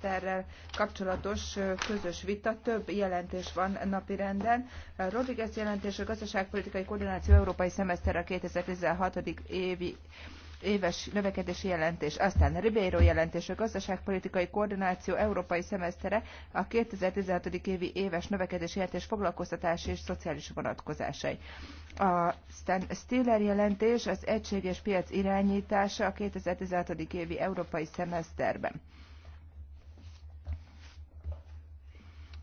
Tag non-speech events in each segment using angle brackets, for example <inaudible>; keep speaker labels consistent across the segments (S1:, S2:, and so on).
S1: szemeszterrel kapcsolatos közös vita. Több jelentés van napirenden. Rodriguez jelentés a gazdaságpolitikai koordináció európai a 2016. évi éves növekedési jelentés, aztán Ribeiro jelentés, a gazdaságpolitikai koordináció európai szemesztere, a 2016. évi éves növekedési jelentés foglalkoztatási és szociális vonatkozásai. Aztán Stiller jelentés, az egységes piac irányítása a 2016. évi európai szemeszterben.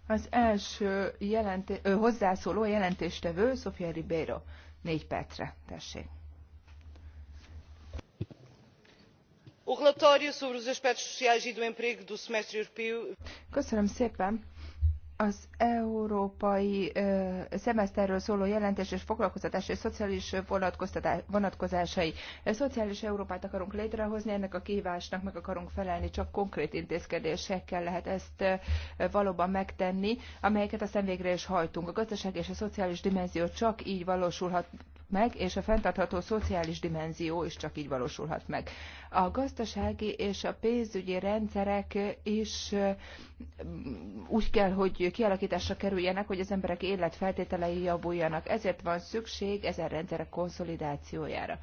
S1: Az első jelenté- ö, hozzászóló jelentéstevő, Sofia Ribeiro, négy percre, tessék. E Köszönöm szépen az európai ö, szemeszterről szóló jelentés és foglalkoztatás és szociális vonatkozásai. Szociális Európát akarunk létrehozni, ennek a kívásnak meg akarunk felelni, csak konkrét intézkedésekkel lehet ezt ö, valóban megtenni, amelyeket aztán végre is hajtunk. A gazdaság és a szociális dimenzió csak így valósulhat meg, és a fenntartható szociális dimenzió is csak így valósulhat meg. A gazdasági és a pénzügyi rendszerek is mm, úgy kell, hogy kialakításra kerüljenek, hogy az emberek életfeltételei javuljanak. Ezért van szükség ezen rendszerek konszolidációjára.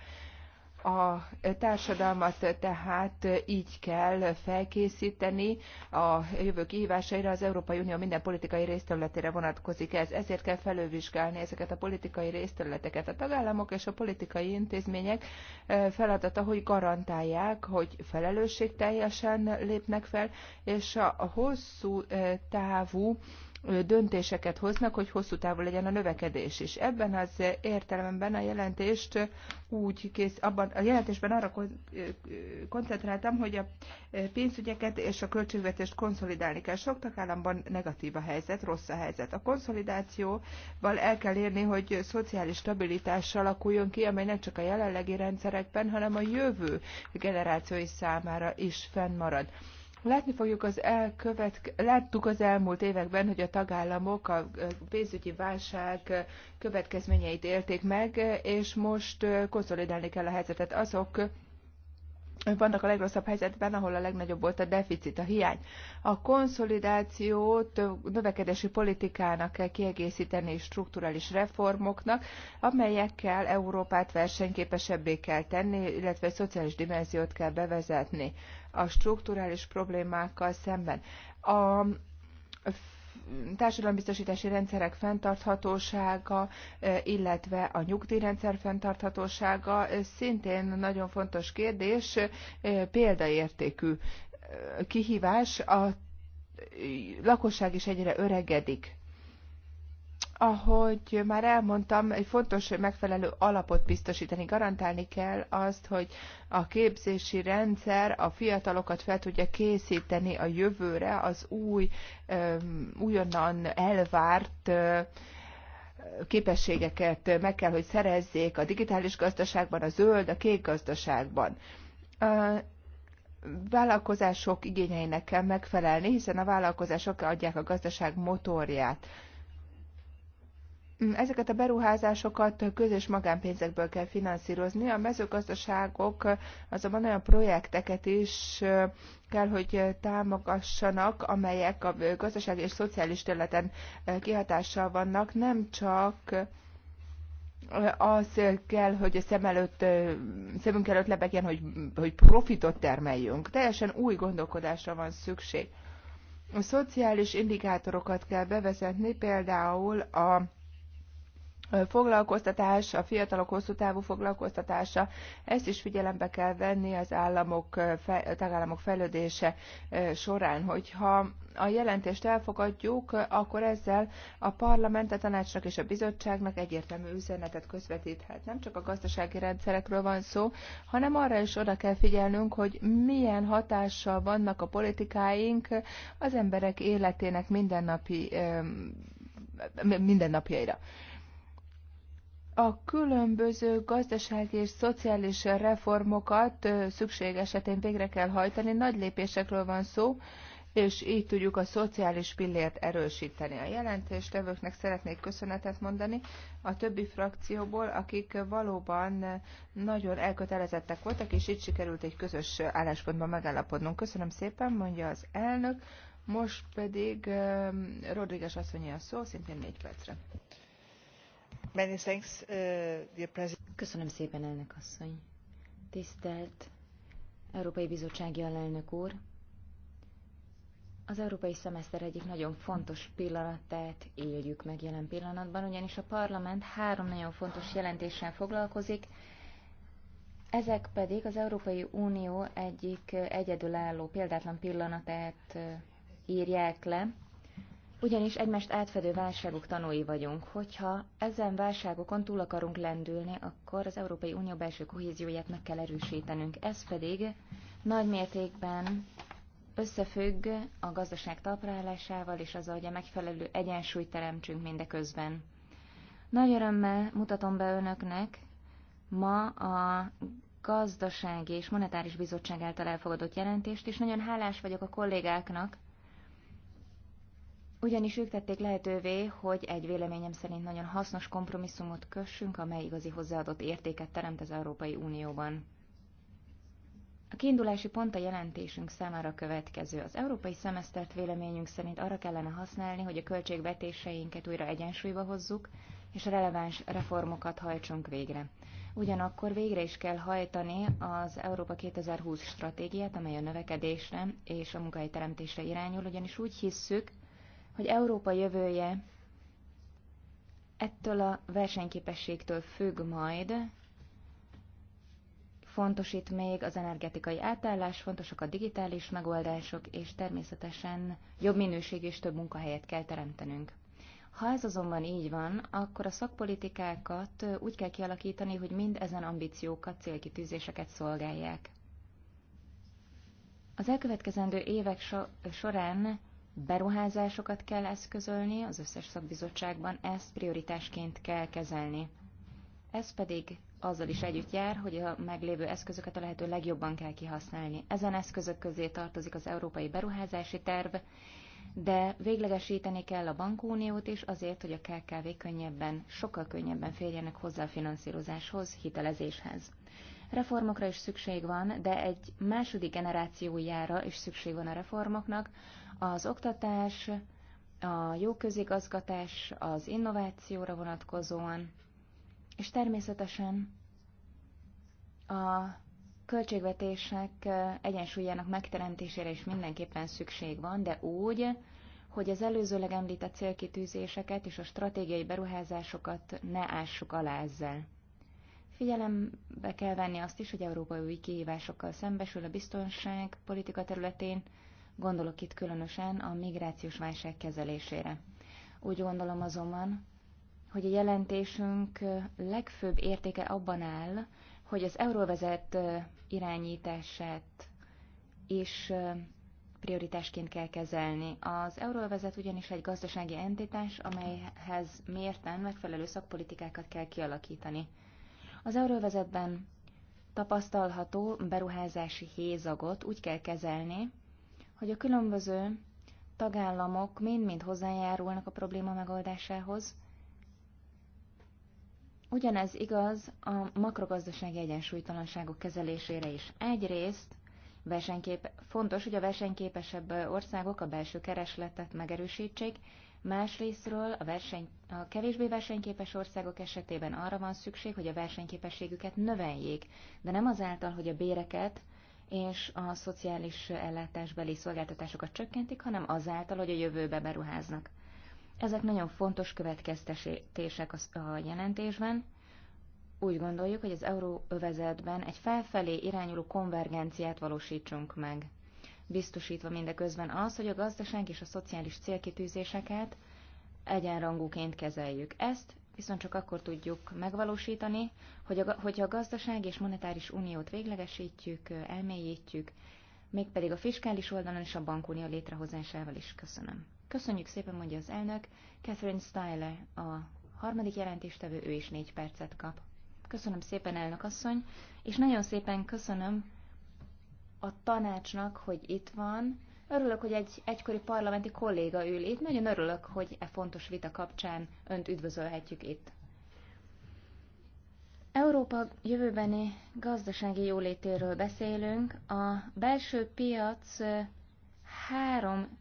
S1: A társadalmat tehát így kell felkészíteni a jövő kihívásaira, az Európai Unió minden politikai részterületére vonatkozik ez. Ezért kell felővizsgálni ezeket a politikai részterületeket. A tagállamok és a politikai intézmények eh, feladata, hogy garantálják, hogy felelősségteljesen lépnek fel, és a hosszú eh, távú döntéseket hoznak, hogy hosszú távon legyen a növekedés is. Ebben az értelemben a jelentést úgy kész, abban a jelentésben arra koncentráltam, hogy a pénzügyeket és a költségvetést konszolidálni kell. Sok tagállamban negatív a helyzet, rossz a helyzet. A konszolidációval el kell érni, hogy szociális stabilitás alakuljon ki, amely nem csak a jelenlegi rendszerekben, hanem a jövő generációi számára is fennmarad. Látni fogjuk az elkövet, láttuk az elmúlt években, hogy a tagállamok a pénzügyi válság következményeit élték meg, és most konszolidálni kell a helyzetet. Azok vannak a legrosszabb helyzetben, ahol a legnagyobb volt a deficit, a hiány. A konszolidációt növekedési politikának kell kiegészíteni strukturális reformoknak, amelyekkel Európát versenyképesebbé kell tenni, illetve egy szociális dimenziót kell bevezetni a strukturális problémákkal szemben. A társadalombiztosítási rendszerek fenntarthatósága, illetve a nyugdíjrendszer fenntarthatósága szintén nagyon fontos kérdés, példaértékű kihívás. A lakosság is egyre öregedik ahogy már elmondtam, egy fontos megfelelő alapot biztosítani. Garantálni kell azt, hogy a képzési rendszer a fiatalokat fel tudja készíteni a jövőre az új, újonnan elvárt képességeket meg kell, hogy szerezzék a digitális gazdaságban, a zöld, a kék gazdaságban vállalkozások igényeinek kell megfelelni, hiszen a vállalkozások adják a gazdaság motorját. Mm, ezeket a beruházásokat közös magánpénzekből kell finanszírozni. A mezőgazdaságok azonban olyan projekteket is kell, hogy támogassanak, amelyek a gazdasági és szociális területen kihatással vannak, nem csak az kell, hogy a szem előtt, szemünk előtt lebegjen, hogy, hogy profitot termeljünk. Teljesen új gondolkodásra van szükség. A szociális indikátorokat kell bevezetni, például a foglalkoztatás, a fiatalok hosszú távú foglalkoztatása, ezt is figyelembe kell venni az államok, tagállamok fejlődése során, hogyha a jelentést elfogadjuk, akkor ezzel a parlament, a tanácsnak és a bizottságnak egyértelmű üzenetet közvetíthet. Nem csak a gazdasági rendszerekről van szó, hanem arra is oda kell figyelnünk, hogy milyen hatással vannak a politikáink az emberek életének mindennapi mindennapjaira a különböző gazdasági és szociális reformokat szükség esetén végre kell hajtani. Nagy lépésekről van szó, és így tudjuk a szociális pillért erősíteni. A jelentéstevőknek szeretnék köszönetet mondani a többi frakcióból, akik valóban nagyon elkötelezettek voltak, és így sikerült egy közös álláspontban megállapodnunk. Köszönöm szépen, mondja az elnök. Most pedig Rodriguez asszonyi a szó, szintén négy percre.
S2: Uh, Köszönöm szépen, elnök asszony. Tisztelt Európai Bizottsági Alelnök úr, az európai szemeszter egyik nagyon fontos pillanatát éljük meg jelen pillanatban, ugyanis a parlament három nagyon fontos jelentéssel foglalkozik, ezek pedig az Európai Unió egyik egyedülálló példátlan pillanatát uh, írják le, ugyanis egymást átfedő válságok tanúi vagyunk. Hogyha ezen válságokon túl akarunk lendülni, akkor az Európai Unió belső kohézióját meg kell erősítenünk. Ez pedig nagy mértékben összefügg a gazdaság talprálásával és azzal, hogy a megfelelő egyensúlyt teremtsünk mindeközben. Nagy örömmel mutatom be önöknek ma a Gazdasági és Monetáris Bizottság által elfogadott jelentést, és nagyon hálás vagyok a kollégáknak, ugyanis ők tették lehetővé, hogy egy véleményem szerint nagyon hasznos kompromisszumot kössünk, amely igazi hozzáadott értéket teremt az Európai Unióban. A kiindulási pont a jelentésünk számára a következő. Az európai szemesztert véleményünk szerint arra kellene használni, hogy a költségvetéseinket újra egyensúlyba hozzuk, és releváns reformokat hajtsunk végre. Ugyanakkor végre is kell hajtani az Európa 2020 stratégiát, amely a növekedésre és a munkahelyteremtésre irányul, ugyanis úgy hisszük, hogy Európa jövője ettől a versenyképességtől függ majd, Fontos itt még az energetikai átállás, fontosak a digitális megoldások, és természetesen jobb minőség és több munkahelyet kell teremtenünk. Ha ez azonban így van, akkor a szakpolitikákat úgy kell kialakítani, hogy mind ezen ambíciókat, célkitűzéseket szolgálják. Az elkövetkezendő évek során beruházásokat kell eszközölni, az összes szakbizottságban ezt prioritásként kell kezelni. Ez pedig azzal is együtt jár, hogy a meglévő eszközöket a lehető legjobban kell kihasználni. Ezen eszközök közé tartozik az európai beruházási terv, de véglegesíteni kell a bankuniót is azért, hogy a KKV könnyebben, sokkal könnyebben férjenek hozzá a finanszírozáshoz, hitelezéshez. Reformokra is szükség van, de egy második generációjára is szükség van a reformoknak, az oktatás, a jó közigazgatás, az innovációra vonatkozóan, és természetesen a költségvetések egyensúlyának megteremtésére is mindenképpen szükség van, de úgy, hogy az előzőleg említett célkitűzéseket és a stratégiai beruházásokat ne ássuk alá ezzel. Figyelembe kell venni azt is, hogy Európai új kihívásokkal szembesül a biztonság politika területén, gondolok itt különösen a migrációs válság kezelésére. Úgy gondolom azonban, hogy a jelentésünk legfőbb értéke abban áll, hogy az euróvezet irányítását is prioritásként kell kezelni. Az euróvezet ugyanis egy gazdasági entitás, amelyhez mérten megfelelő szakpolitikákat kell kialakítani. Az euróvezetben tapasztalható beruházási hézagot úgy kell kezelni, hogy a különböző tagállamok mind-mind hozzájárulnak a probléma megoldásához. Ugyanez igaz a makrogazdasági egyensúlytalanságok kezelésére is. Egyrészt versenykép, fontos, hogy a versenyképesebb országok a belső keresletet megerősítsék, másrésztről a, verseny, a kevésbé versenyképes országok esetében arra van szükség, hogy a versenyképességüket növeljék, de nem azáltal, hogy a béreket és a szociális ellátásbeli szolgáltatásokat csökkentik, hanem azáltal, hogy a jövőbe beruháznak. Ezek nagyon fontos következtetések a jelentésben. Úgy gondoljuk, hogy az euróövezetben egy felfelé irányuló konvergenciát valósítsunk meg. Biztosítva mindeközben az, hogy a gazdaság és a szociális célkitűzéseket egyenrangúként kezeljük. Ezt viszont csak akkor tudjuk megvalósítani, hogy a, hogyha a gazdaság és monetáris uniót véglegesítjük, elmélyítjük, mégpedig a fiskális oldalon és a bankunió létrehozásával is köszönöm. Köszönjük szépen, mondja az elnök. Catherine Styler, a harmadik jelentéstevő, ő is négy percet kap. Köszönöm szépen, elnök asszony, és nagyon szépen köszönöm a tanácsnak, hogy itt van, Örülök, hogy egy egykori parlamenti kolléga ül itt. Nagyon örülök, hogy e fontos vita kapcsán önt üdvözölhetjük itt. Európa jövőbeni gazdasági jólétéről beszélünk. A belső piac 3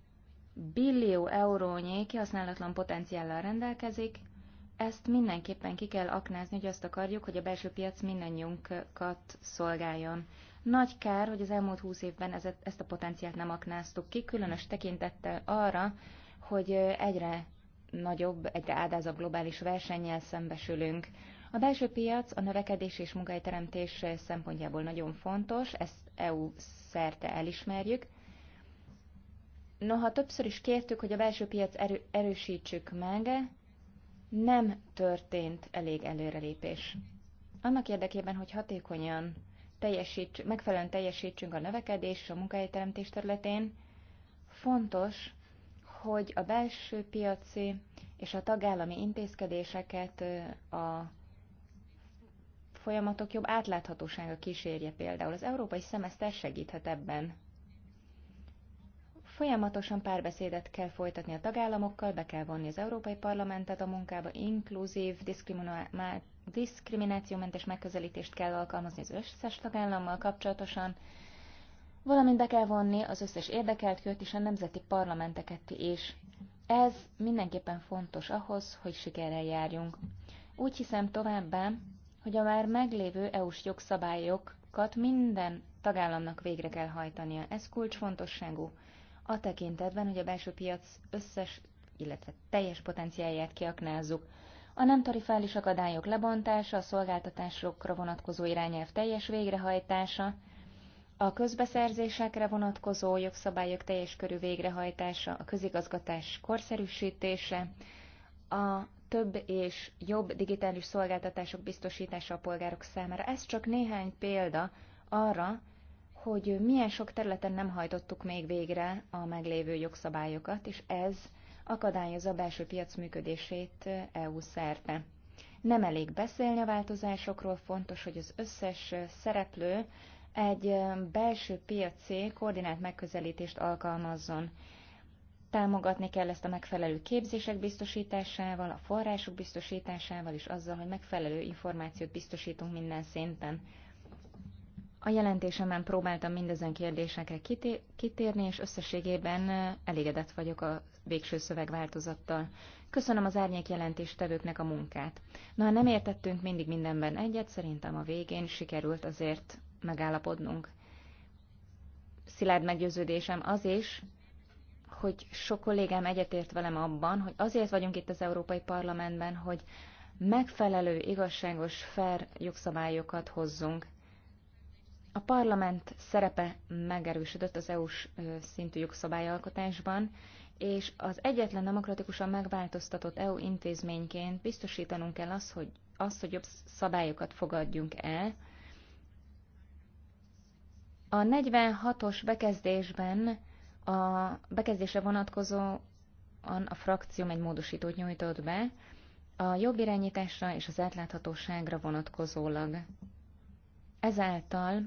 S2: billió eurónyi kihasználatlan potenciállal rendelkezik. Ezt mindenképpen ki kell aknázni, hogy azt akarjuk, hogy a belső piac mindannyiunkat szolgáljon. Nagy kár, hogy az elmúlt húsz évben ezt a potenciált nem aknáztuk ki, különös tekintettel arra, hogy egyre nagyobb, egyre áldázabb globális versennyel szembesülünk. A belső piac a növekedés és munkahelyteremtés szempontjából nagyon fontos, ezt EU szerte elismerjük. Noha többször is kértük, hogy a belső piac erő, erősítsük meg, nem történt elég előrelépés. Annak érdekében, hogy hatékonyan teljesíts, megfelelően teljesítsünk a növekedés és a munkahelyteremtés területén, fontos, hogy a belső piaci és a tagállami intézkedéseket a folyamatok jobb átláthatósága kísérje például. Az európai szemeszter segíthet ebben. Folyamatosan párbeszédet kell folytatni a tagállamokkal, be kell vonni az Európai Parlamentet a munkába, inkluzív, diszkriminációmentes megközelítést kell alkalmazni az összes tagállammal kapcsolatosan, valamint be kell vonni az összes érdekelt költ és a nemzeti parlamenteket is. Ez mindenképpen fontos ahhoz, hogy sikerrel járjunk. Úgy hiszem továbbá, hogy a már meglévő EU-s jogszabályokat minden tagállamnak végre kell hajtania. Ez kulcsfontosságú a tekintetben, hogy a belső piac összes, illetve teljes potenciáját kiaknázzuk. A nem tarifális akadályok lebontása, a szolgáltatásokra vonatkozó irányelv teljes végrehajtása, a közbeszerzésekre vonatkozó jogszabályok teljes körű végrehajtása, a közigazgatás korszerűsítése, a több és jobb digitális szolgáltatások biztosítása a polgárok számára. Ez csak néhány példa arra, hogy milyen sok területen nem hajtottuk még végre a meglévő jogszabályokat, és ez akadályozza a belső piac működését EU szerte. Nem elég beszélni a változásokról, fontos, hogy az összes szereplő egy belső piaci koordinált megközelítést alkalmazzon. Támogatni kell ezt a megfelelő képzések biztosításával, a források biztosításával és azzal, hogy megfelelő információt biztosítunk minden szinten. A jelentésemben próbáltam mindezen kérdésekre kitérni, és összességében elégedett vagyok a végső szövegváltozattal. Köszönöm az árnyék jelentéstevőknek a munkát. Na, ha nem értettünk mindig mindenben egyet, szerintem a végén sikerült azért megállapodnunk. Szilárd meggyőződésem az is, hogy sok kollégám egyetért velem abban, hogy azért vagyunk itt az Európai Parlamentben, hogy megfelelő, igazságos, fair jogszabályokat hozzunk. A parlament szerepe megerősödött az EU-s szintű jogszabályalkotásban, és az egyetlen demokratikusan megváltoztatott EU intézményként biztosítanunk kell azt, hogy, azt, hogy jobb szabályokat fogadjunk el. A 46-os bekezdésben a bekezdésre vonatkozóan a frakcióm egy módosítót nyújtott be, a jobb irányításra és az átláthatóságra vonatkozólag. Ezáltal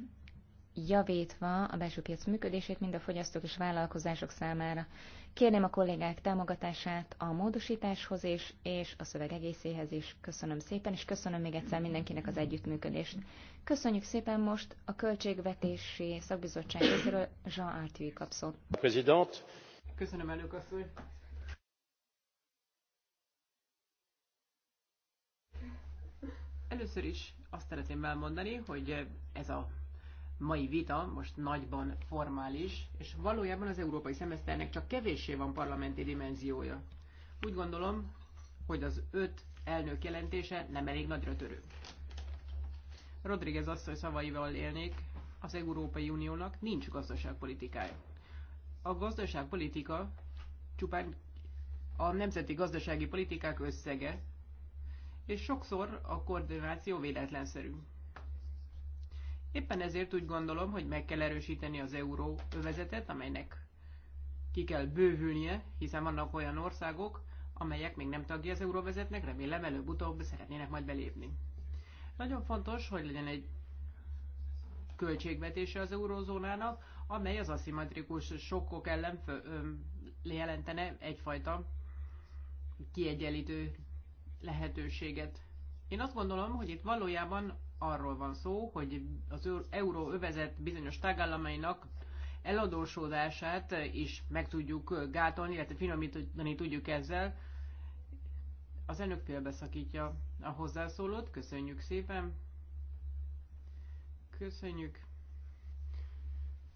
S2: javítva a belső piac működését mind a fogyasztók és vállalkozások számára. Kérném a kollégák támogatását a módosításhoz is, és a szöveg egészéhez is. Köszönöm szépen, és köszönöm még egyszer mindenkinek az együttműködést. Köszönjük szépen most a Költségvetési Szakbizottság részéről Jean Arthuis kapszót.
S3: Köszönöm, elnök asszony. Először is azt szeretném elmondani, hogy ez a mai vita most nagyban formális, és valójában az európai szemeszternek csak kevéssé van parlamenti dimenziója. Úgy gondolom, hogy az öt elnök jelentése nem elég nagyra törő. Rodriguez asszony szavaival élnék, az Európai Uniónak nincs gazdaságpolitikája. A gazdaságpolitika csupán a nemzeti gazdasági politikák összege, és sokszor a koordináció véletlenszerű. Éppen ezért úgy gondolom, hogy meg kell erősíteni az euróövezetet, amelynek ki kell bővülnie, hiszen vannak olyan országok, amelyek még nem tagja az euróvezetnek, remélem előbb-utóbb szeretnének majd belépni. Nagyon fontos, hogy legyen egy költségvetése az eurózónának, amely az aszimmetrikus sokkok ellen fő, ö, jelentene egyfajta kiegyenlítő lehetőséget. Én azt gondolom, hogy itt valójában arról van szó, hogy az euróövezet bizonyos tagállamainak eladósodását is meg tudjuk gátolni, illetve finomítani tudjuk ezzel. Az elnök félbeszakítja a hozzászólót. Köszönjük szépen. Köszönjük.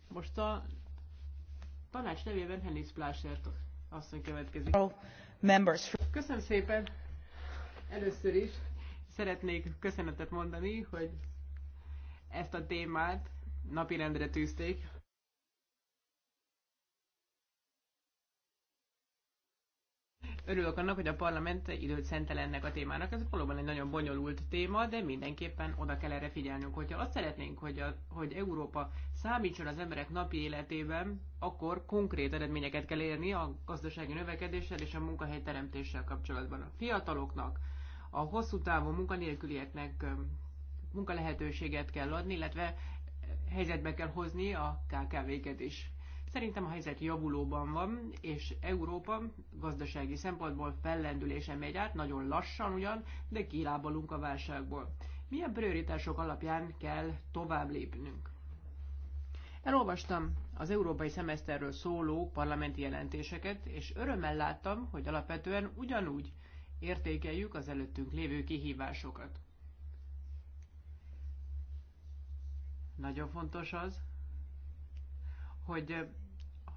S3: Most a tanács nevében Hennis azt, hogy következik. Köszönöm szépen. Először is szeretnék köszönetet mondani, hogy ezt a témát napirendre tűzték. Örülök annak, hogy a parlament időt szentel ennek a témának. Ez valóban egy nagyon bonyolult téma, de mindenképpen oda kell erre figyelnünk. Hogyha azt szeretnénk, hogy, a, hogy Európa számítson az emberek napi életében, akkor konkrét eredményeket kell érni a gazdasági növekedéssel és a munkahelyteremtéssel kapcsolatban. A fiataloknak, a hosszú távú munkanélkülieknek munkalehetőséget kell adni, illetve helyzetbe kell hozni a KKV-ket is. Szerintem a helyzet javulóban van, és Európa gazdasági szempontból fellendülésen megy át, nagyon lassan ugyan, de kilábalunk a válságból. Milyen prioritások alapján kell tovább lépnünk? Elolvastam az európai szemeszterről szóló parlamenti jelentéseket, és örömmel láttam, hogy alapvetően ugyanúgy értékeljük az előttünk lévő kihívásokat. Nagyon fontos az, hogy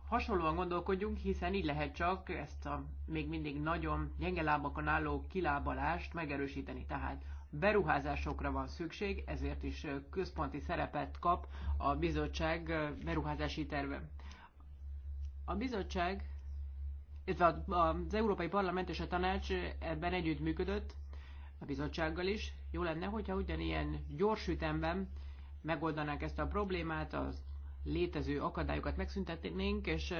S3: hasonlóan gondolkodjunk, hiszen így lehet csak ezt a még mindig nagyon gyenge lábakon álló kilábalást megerősíteni. Tehát beruházásokra van szükség, ezért is központi szerepet kap a bizottság beruházási terve. A bizottság illetve az Európai Parlament és a Tanács ebben együttműködött, a bizottsággal is. Jó lenne, hogyha ugyanilyen gyors ütemben megoldanánk ezt a problémát, az létező akadályokat megszüntetnénk, és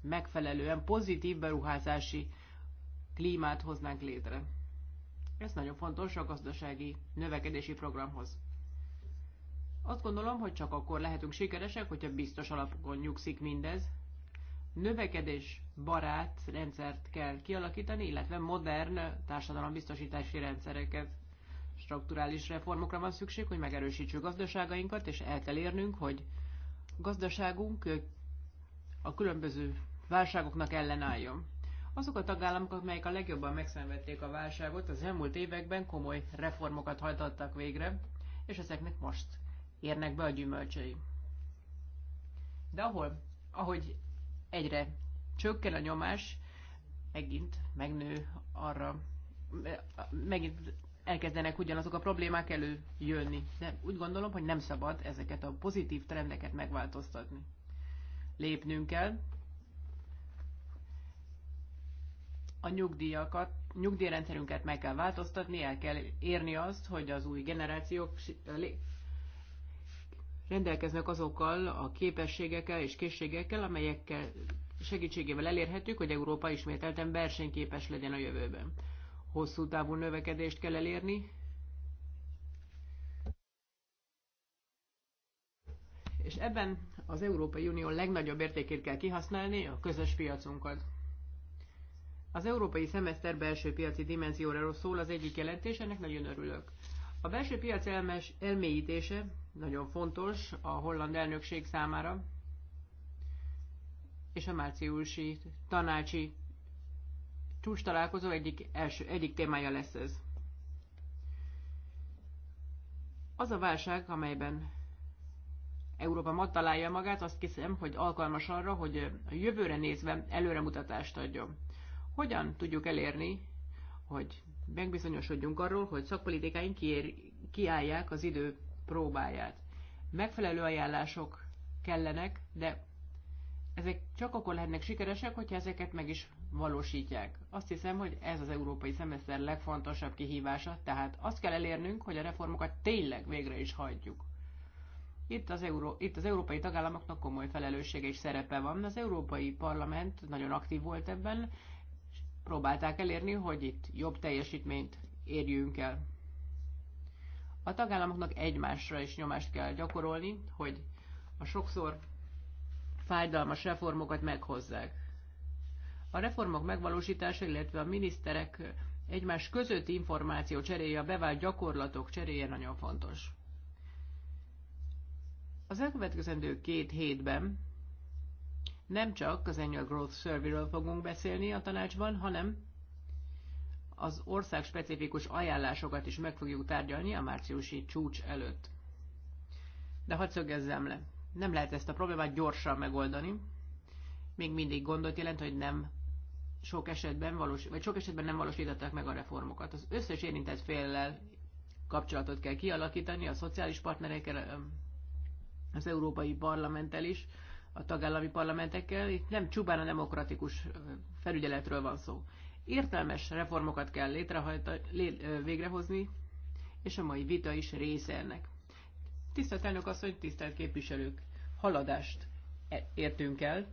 S3: megfelelően pozitív beruházási klímát hoznánk létre. Ez nagyon fontos a gazdasági növekedési programhoz. Azt gondolom, hogy csak akkor lehetünk sikeresek, hogyha biztos alapokon nyugszik mindez, növekedés barát rendszert kell kialakítani, illetve modern társadalombiztosítási rendszereket. Strukturális reformokra van szükség, hogy megerősítsük gazdaságainkat, és el kell érnünk, hogy gazdaságunk a különböző válságoknak ellenálljon. Azok a tagállamok, amelyek a legjobban megszenvedték a válságot, az elmúlt években komoly reformokat hajtottak végre, és ezeknek most érnek be a gyümölcsei. De ahol, ahogy egyre csökken a nyomás, megint megnő arra, megint elkezdenek ugyanazok a problémák előjönni. De úgy gondolom, hogy nem szabad ezeket a pozitív trendeket megváltoztatni. Lépnünk kell. A nyugdíjakat, nyugdíjrendszerünket meg kell változtatni, el kell érni azt, hogy az új generációk rendelkeznek azokkal a képességekkel és készségekkel, amelyekkel segítségével elérhetjük, hogy Európa ismételten versenyképes legyen a jövőben. Hosszú távú növekedést kell elérni, és ebben az Európai Unió legnagyobb értékét kell kihasználni, a közös piacunkat. Az európai szemeszter belső piaci dimenzióra szól az egyik jelentés, ennek nagyon örülök. A belső piac elmes, elmélyítése nagyon fontos a holland elnökség számára, és a márciusi tanácsi csúcs találkozó egyik, első, egyik témája lesz ez. Az a válság, amelyben Európa ma találja magát, azt hiszem, hogy alkalmas arra, hogy a jövőre nézve előremutatást adjon. Hogyan tudjuk elérni, hogy megbizonyosodjunk arról, hogy szakpolitikáink kiállják az idő próbáját. Megfelelő ajánlások kellenek, de ezek csak akkor lehetnek sikeresek, hogyha ezeket meg is valósítják. Azt hiszem, hogy ez az európai szemeszter legfontosabb kihívása, tehát azt kell elérnünk, hogy a reformokat tényleg végre is hagyjuk. Itt az, Euró- itt az európai tagállamoknak komoly felelőssége és szerepe van. Az Európai Parlament nagyon aktív volt ebben, és próbálták elérni, hogy itt jobb teljesítményt érjünk el. A tagállamoknak egymásra is nyomást kell gyakorolni, hogy a sokszor fájdalmas reformokat meghozzák. A reformok megvalósítása, illetve a miniszterek egymás közötti információ cseréje, a bevált gyakorlatok cseréje nagyon fontos. Az elkövetkezendő két hétben nem csak az Annual Growth Survey-ről fogunk beszélni a tanácsban, hanem az ország specifikus ajánlásokat is meg fogjuk tárgyalni a márciusi csúcs előtt. De hadd szögezzem le, nem lehet ezt a problémát gyorsan megoldani. Még mindig gondot jelent, hogy nem sok esetben, valós, vagy sok esetben nem valósították meg a reformokat. Az összes érintett féllel kapcsolatot kell kialakítani, a szociális partnerekkel, az Európai Parlamenttel is, a tagállami parlamentekkel. Itt nem csupán a demokratikus felügyeletről van szó. Értelmes reformokat kell létrehajta, lé, végrehozni, és a mai vita is része ennek. Tisztelt elnök asszony, tisztelt képviselők, haladást e-, értünk el.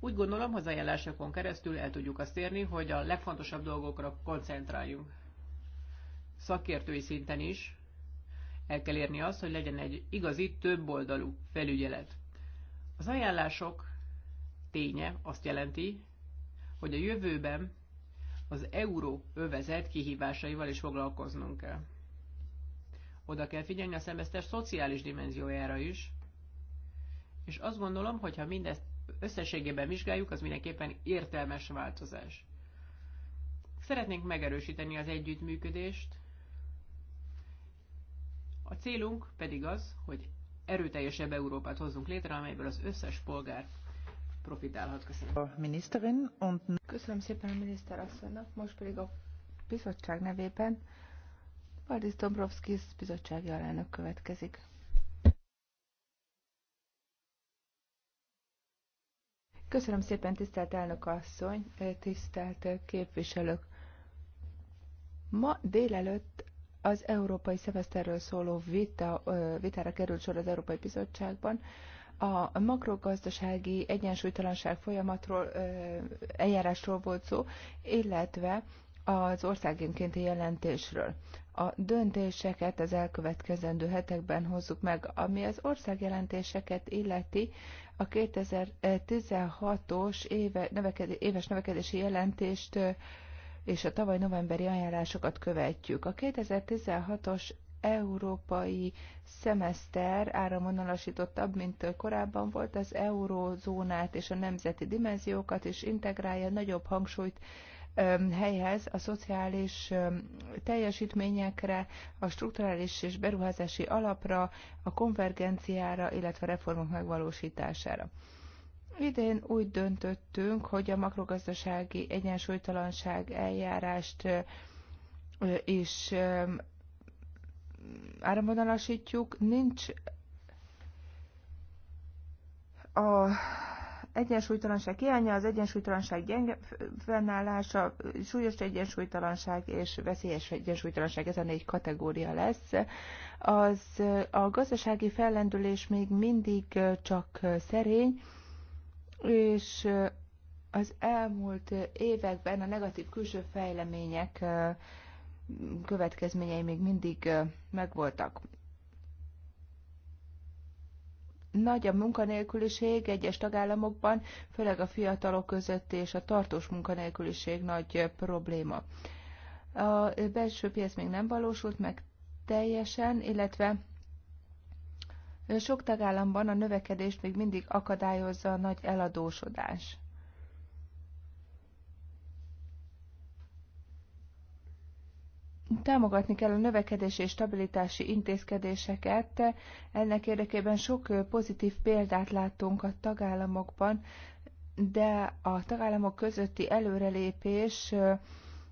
S3: Úgy gondolom, hogy az ajánlásokon keresztül el tudjuk azt érni, hogy a legfontosabb dolgokra koncentráljunk. Szakértői szinten is el kell érni azt, hogy legyen egy igazi többoldalú felügyelet. Az ajánlások ténye azt jelenti, hogy a jövőben az euró övezet kihívásaival is foglalkoznunk kell. Oda kell figyelni a szemeszter szociális dimenziójára is, és azt gondolom, hogy ha mindezt összességében vizsgáljuk, az mindenképpen értelmes változás. Szeretnénk megerősíteni az együttműködést, a célunk pedig az, hogy erőteljesebb Európát hozzunk létre, amelyből az összes polgár profitálhat. Köszönöm. A
S1: miniszterin. Und... Köszönöm szépen a miniszter asszonynak, most pedig a bizottság nevében Valdis Dombrovskis bizottsági alelnök következik. Köszönöm szépen, tisztelt elnök asszony, eh, tisztelt eh, képviselők! Ma délelőtt az európai szemeszterről szóló vita, eh, vitára került sor az Európai Bizottságban. A makrogazdasági egyensúlytalanság folyamatról, eljárásról volt szó, illetve az országénkénti jelentésről. A döntéseket az elkövetkezendő hetekben hozzuk meg, ami az országjelentéseket illeti, a 2016-os éve, éves növekedési jelentést és a tavaly novemberi ajánlásokat követjük. A 2016-os európai szemeszter áramvonalasítottabb, mint korábban volt, az eurózónát és a nemzeti dimenziókat is integrálja, nagyobb hangsúlyt helyez a szociális teljesítményekre, a strukturális és beruházási alapra, a konvergenciára, illetve a reformok megvalósítására. Idén úgy döntöttünk, hogy a makrogazdasági egyensúlytalanság eljárást és áramvonalasítjuk, nincs a egyensúlytalanság hiánya, az egyensúlytalanság gyenge fennállása, súlyos egyensúlytalanság és veszélyes egyensúlytalanság, ez a négy kategória lesz. Az, a gazdasági fellendülés még mindig csak szerény, és az elmúlt években a negatív külső fejlemények következményei még mindig megvoltak. Nagy a munkanélküliség egyes tagállamokban, főleg a fiatalok között, és a tartós munkanélküliség nagy probléma. A belső piac még nem valósult meg teljesen, illetve sok tagállamban a növekedést még mindig akadályozza a nagy eladósodás. támogatni kell a növekedési és stabilitási intézkedéseket. Ennek érdekében sok pozitív példát láttunk a tagállamokban, de a tagállamok közötti előrelépés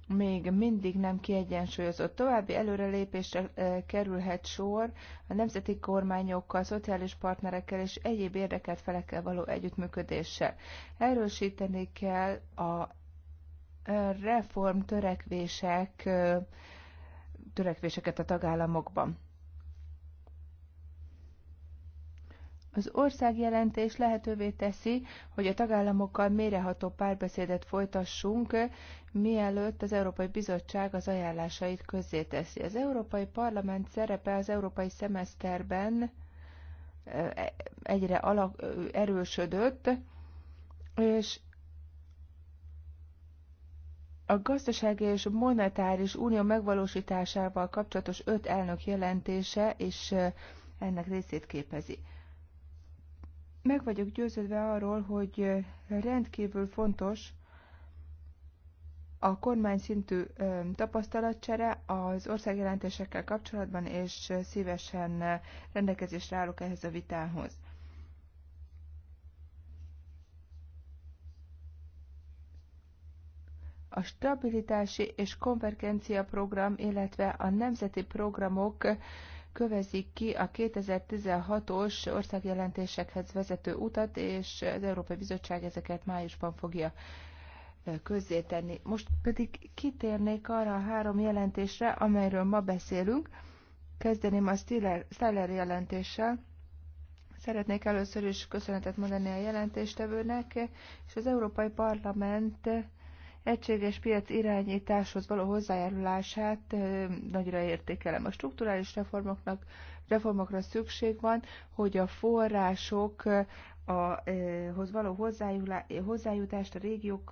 S1: még mindig nem kiegyensúlyozott. További előrelépésre kerülhet sor a nemzeti kormányokkal, szociális partnerekkel és egyéb érdekelt felekkel való együttműködéssel. Erősíteni kell a reform törekvések törekvéseket a tagállamokban. Az országjelentés lehetővé teszi, hogy a tagállamokkal méreható párbeszédet folytassunk, mielőtt az Európai Bizottság az ajánlásait közzéteszi. Az Európai Parlament szerepe az európai szemeszterben eh, egyre alak, erősödött, és a gazdasági és monetáris unió megvalósításával kapcsolatos öt elnök jelentése és ennek részét képezi. Meg vagyok győződve arról, hogy rendkívül fontos a kormány szintű tapasztalatcsere az országjelentésekkel kapcsolatban, és szívesen rendelkezésre állok ehhez a vitához. a stabilitási és konvergencia program, illetve a nemzeti programok kövezik ki a 2016-os országjelentésekhez vezető utat, és az Európai Bizottság ezeket májusban fogja közzétenni. Most pedig kitérnék arra a három jelentésre, amelyről ma beszélünk. Kezdeném a Steller jelentéssel. Szeretnék először is köszönetet mondani a jelentéstevőnek, és az Európai Parlament egységes piac irányításhoz való hozzájárulását nagyra értékelem. A strukturális reformoknak, reformokra szükség van, hogy a források a, hoz való hozzájutást a régiók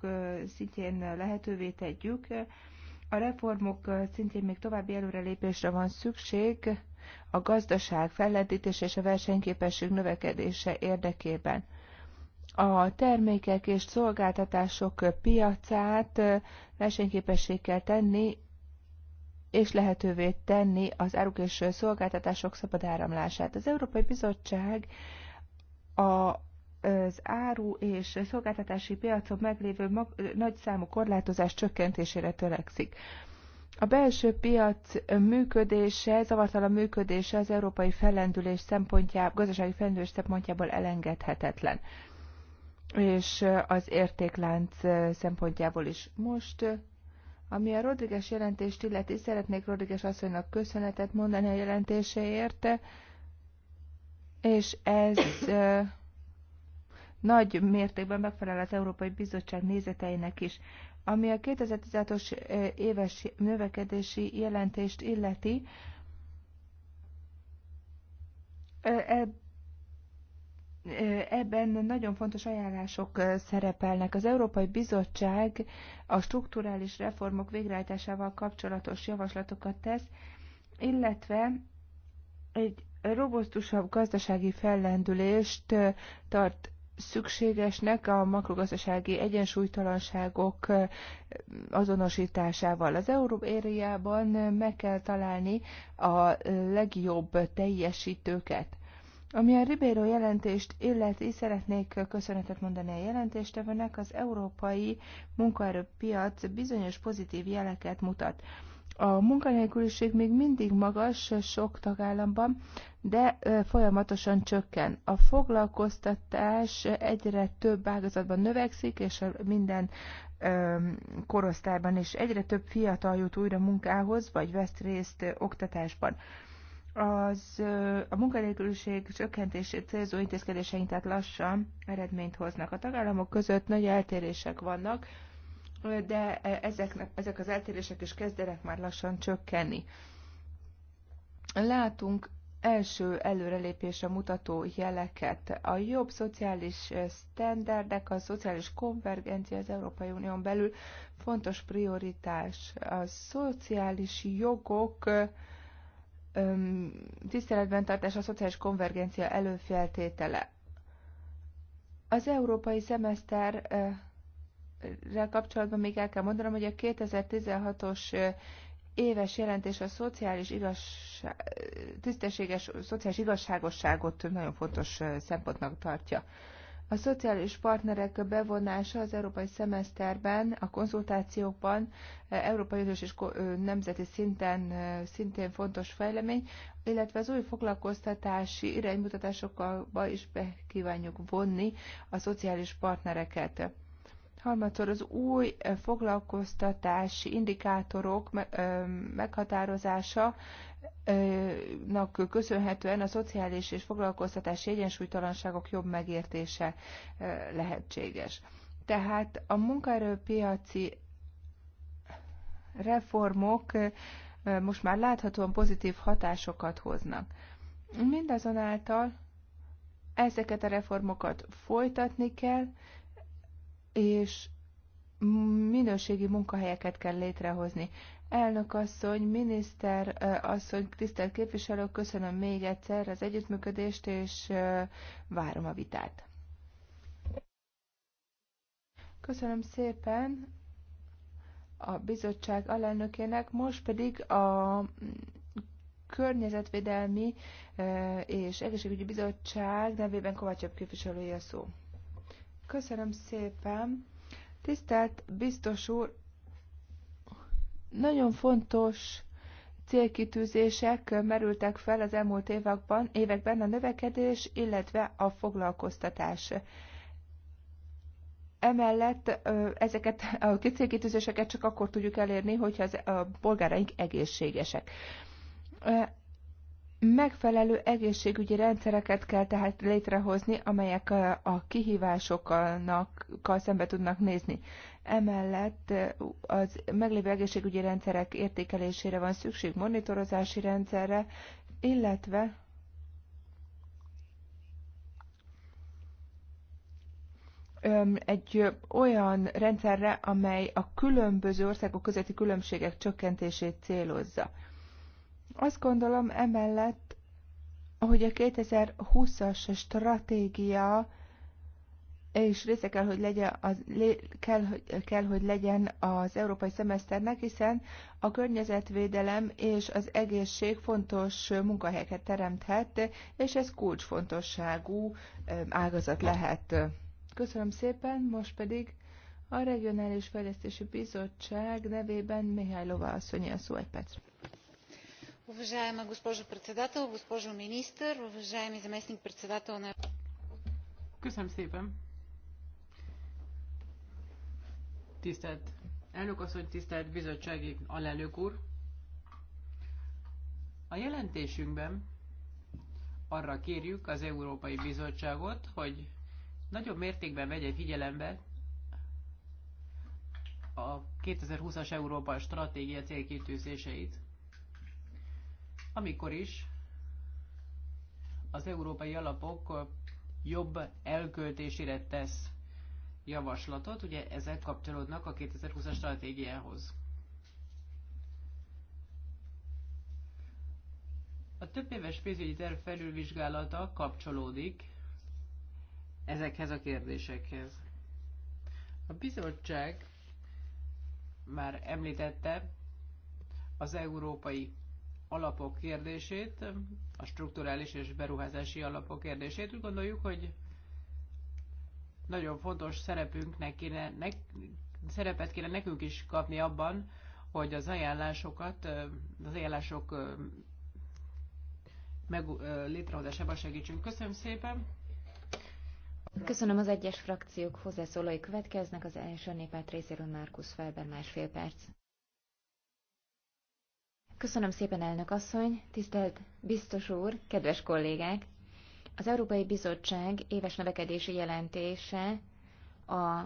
S1: szintjén lehetővé tegyük. A reformok szintjén még további előrelépésre van szükség a gazdaság fellendítése és a versenyképesség növekedése érdekében a termékek és szolgáltatások piacát versenyképességkel tenni, és lehetővé tenni az áruk és szolgáltatások szabad áramlását. Az Európai Bizottság a az áru és szolgáltatási piacon meglévő mag, nagy számú korlátozás csökkentésére törekszik. A belső piac működése, zavartalan működése az európai fellendülés szempontjából, gazdasági fellendülés szempontjából elengedhetetlen és az értéklánc szempontjából is. Most, ami a rodriges jelentést illeti, szeretnék Rodriges asszonynak köszönetet mondani a érte és ez nagy mértékben megfelel az Európai Bizottság nézeteinek is. Ami a 2016-os éves növekedési jelentést illeti, Ebben nagyon fontos ajánlások szerepelnek. Az Európai Bizottság a strukturális reformok végrehajtásával kapcsolatos javaslatokat tesz, illetve egy robosztusabb gazdasági fellendülést tart szükségesnek a makrogazdasági egyensúlytalanságok azonosításával. Az Euróériában meg kell találni a legjobb teljesítőket. Ami a Ribeiro jelentést illeti, szeretnék köszönetet mondani a jelentéstevőnek, az európai munkaerőpiac bizonyos pozitív jeleket mutat. A munkanélküliség még mindig magas sok tagállamban, de folyamatosan csökken. A foglalkoztatás egyre több ágazatban növekszik, és minden korosztályban is egyre több fiatal jut újra munkához, vagy vesz részt oktatásban az, a munkanélküliség csökkentését célzó intézkedéseink tehát lassan eredményt hoznak. A tagállamok között nagy eltérések vannak, de ezeknek, ezek az eltérések is kezdenek már lassan csökkenni. Látunk első előrelépésre mutató jeleket. A jobb szociális sztenderdek, a szociális konvergencia az Európai Unión belül fontos prioritás. A szociális jogok tiszteletben tartás a szociális konvergencia előfeltétele. Az európai szemeszterrel kapcsolatban még el kell mondanom, hogy a 2016-os éves jelentés a szociális igazság, tisztességes, szociális igazságosságot nagyon fontos szempontnak tartja. A szociális partnerek bevonása az európai szemeszterben, a konzultációkban, eh, európai Uniós és nemzeti szinten eh, szintén fontos fejlemény, illetve az új foglalkoztatási iránymutatásokba is be kívánjuk vonni a szociális partnereket. Harmadszor az új eh, foglalkoztatási indikátorok meghatározása nak köszönhetően a szociális és foglalkoztatási egyensúlytalanságok jobb megértése lehetséges. Tehát a munkaerőpiaci reformok most már láthatóan pozitív hatásokat hoznak. Mindazonáltal ezeket a reformokat folytatni kell, és minőségi munkahelyeket kell létrehozni. Elnök asszony, miniszter asszony, tisztelt képviselők, köszönöm még egyszer az együttműködést, és várom a vitát. Köszönöm szépen a bizottság alelnökének, most pedig a környezetvédelmi és egészségügyi bizottság nevében Kovácsabb képviselője szó. Köszönöm szépen! Tisztelt biztos úr, nagyon fontos célkitűzések merültek fel az elmúlt években, években a növekedés, illetve a foglalkoztatás. Emellett ezeket a célkitűzéseket csak akkor tudjuk elérni, hogyha az, a polgáraink egészségesek. Megfelelő egészségügyi rendszereket kell tehát létrehozni, amelyek a kihívásoknak szembe tudnak nézni. Emellett az meglévő egészségügyi rendszerek értékelésére van szükség, monitorozási rendszerre, illetve egy olyan rendszerre, amely a különböző országok közötti különbségek csökkentését célozza. Azt gondolom emellett, hogy a 2020-as stratégia és része kell, hogy legyen, az, kell, kell, hogy legyen az európai szemeszternek, hiszen a környezetvédelem és az egészség fontos munkahelyeket teremthet, és ez kulcsfontosságú ágazat lehet. Köszönöm szépen, most pedig a Regionális Fejlesztési Bizottság nevében Mihály Lova asszonyi a szó egy percre. Уважаема госпожо председател, госпожо министър, уважаеми заместник
S2: председател на...
S3: Köszönöm szépen! Tisztelt elnök asszony, tisztelt bizottsági alelnök úr! A jelentésünkben arra kérjük az Európai Bizottságot, hogy nagyobb mértékben vegye figyelembe a 2020-as Európa stratégia célkitűzéseit amikor is az európai alapok jobb elköltésére tesz javaslatot, ugye ezek kapcsolódnak a 2020-as stratégiához. A több éves pénzügyi terv felülvizsgálata kapcsolódik ezekhez a kérdésekhez. A bizottság már említette az európai alapok kérdését, a strukturális és beruházási alapok kérdését. Úgy gondoljuk, hogy nagyon fontos szerepünknek kéne, ne, szerepet kéne nekünk is kapni abban, hogy az ajánlásokat, az ajánlások meg, létrehozásában segítsünk. Köszönöm szépen!
S2: Köszönöm az egyes frakciók hozzászólói következnek, az első népát részéről Márkusz Felber másfél perc. Köszönöm szépen, elnök asszony, tisztelt biztos úr, kedves kollégák! Az Európai Bizottság éves növekedési jelentése a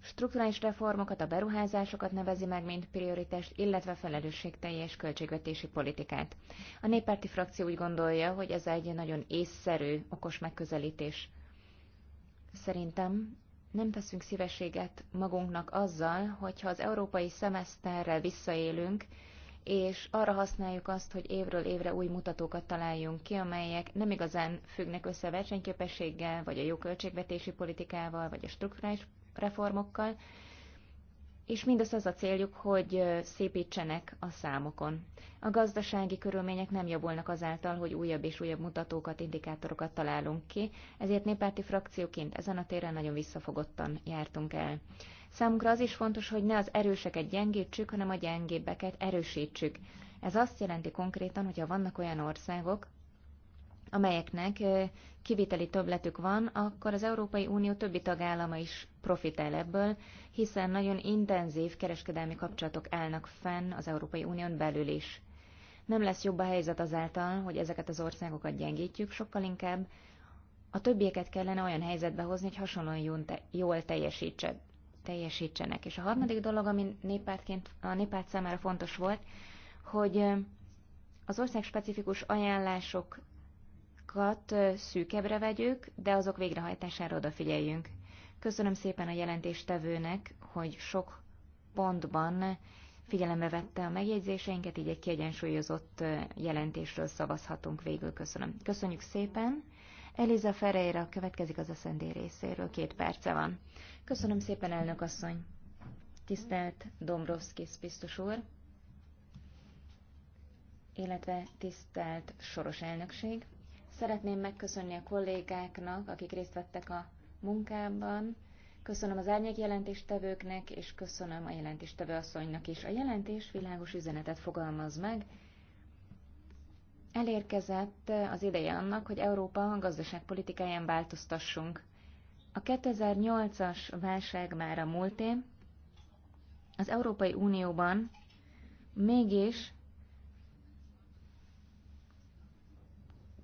S2: strukturális reformokat, a beruházásokat nevezi meg, mint prioritást, illetve felelősségteljes költségvetési politikát. A néppárti frakció úgy gondolja, hogy ez egy nagyon észszerű, okos megközelítés. Szerintem nem teszünk szívességet magunknak azzal, hogyha az európai szemeszterrel visszaélünk, és arra használjuk azt, hogy évről évre új mutatókat találjunk ki, amelyek nem igazán függnek össze a versenyképességgel, vagy a jó költségvetési politikával, vagy a strukturális reformokkal, és mindez az a céljuk, hogy szépítsenek a számokon. A gazdasági körülmények nem javulnak azáltal, hogy újabb és újabb mutatókat, indikátorokat találunk ki, ezért néppárti frakcióként ezen a téren nagyon visszafogottan jártunk el. Számunkra az is fontos, hogy ne az erőseket gyengítsük, hanem a gyengébbeket erősítsük. Ez azt jelenti konkrétan, hogyha vannak olyan országok, amelyeknek kiviteli többletük van, akkor az Európai Unió többi tagállama is profitál ebből, hiszen nagyon intenzív kereskedelmi kapcsolatok állnak fenn az Európai Unión belül is. Nem lesz jobb a helyzet azáltal, hogy ezeket az országokat gyengítjük, sokkal inkább a többieket kellene olyan helyzetbe hozni, hogy hasonlóan jól teljesítse, teljesítsenek. És a harmadik dolog, ami népártként, a népárt számára fontos volt, hogy az ország specifikus ajánlásokat szűkebbre vegyük, de azok végrehajtására odafigyeljünk. Köszönöm szépen a jelentéstevőnek, hogy sok pontban figyelembe vette a megjegyzéseinket, így egy kiegyensúlyozott jelentésről szavazhatunk végül. Köszönöm. Köszönjük szépen! Eliza Ferreira következik az SZND részéről, két perce van. Köszönöm szépen, elnök asszony. Tisztelt Dombrovskis biztos úr, illetve tisztelt Soros elnökség. Szeretném megköszönni a kollégáknak, akik részt vettek a munkában. Köszönöm az árnyék jelentéstevőknek, és köszönöm a jelentéstevő asszonynak is. A jelentés világos üzenetet fogalmaz meg, Elérkezett eh, az ideje annak, hogy Európa gazdaságpolitikáján változtassunk. A 2008-as válság már a múlté, az Európai Unióban mégis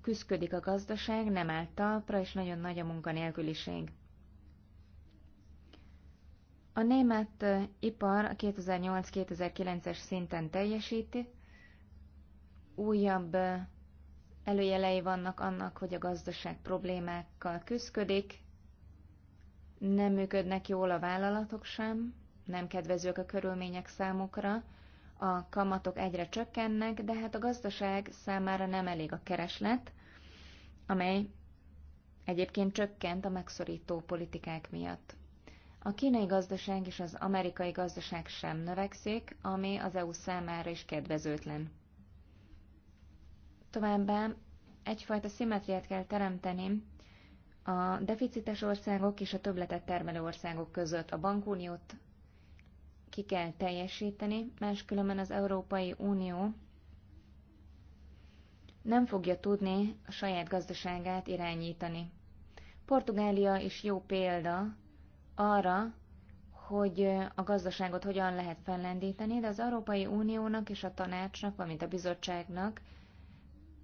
S2: küzdködik a gazdaság, nem áll talpra, és nagyon nagy a munkanélküliség. A német eh, ipar a 2008-2009-es szinten teljesíti, újabb előjelei vannak annak, hogy a gazdaság problémákkal küzdik, nem működnek jól a vállalatok sem, nem kedvezők a körülmények számukra, a kamatok egyre csökkennek, de hát a gazdaság számára nem elég a kereslet, amely egyébként csökkent a megszorító politikák miatt. A kínai gazdaság és az amerikai gazdaság sem növekszik, ami az EU számára is kedvezőtlen. Továbbá egyfajta szimmetriát kell teremteni a deficites országok és a többletet termelő országok között. A bankuniót ki kell teljesíteni, máskülönben az Európai Unió nem fogja tudni a saját gazdaságát irányítani. Portugália is jó példa arra, hogy a gazdaságot hogyan lehet fellendíteni, de az Európai Uniónak és a tanácsnak, valamint a bizottságnak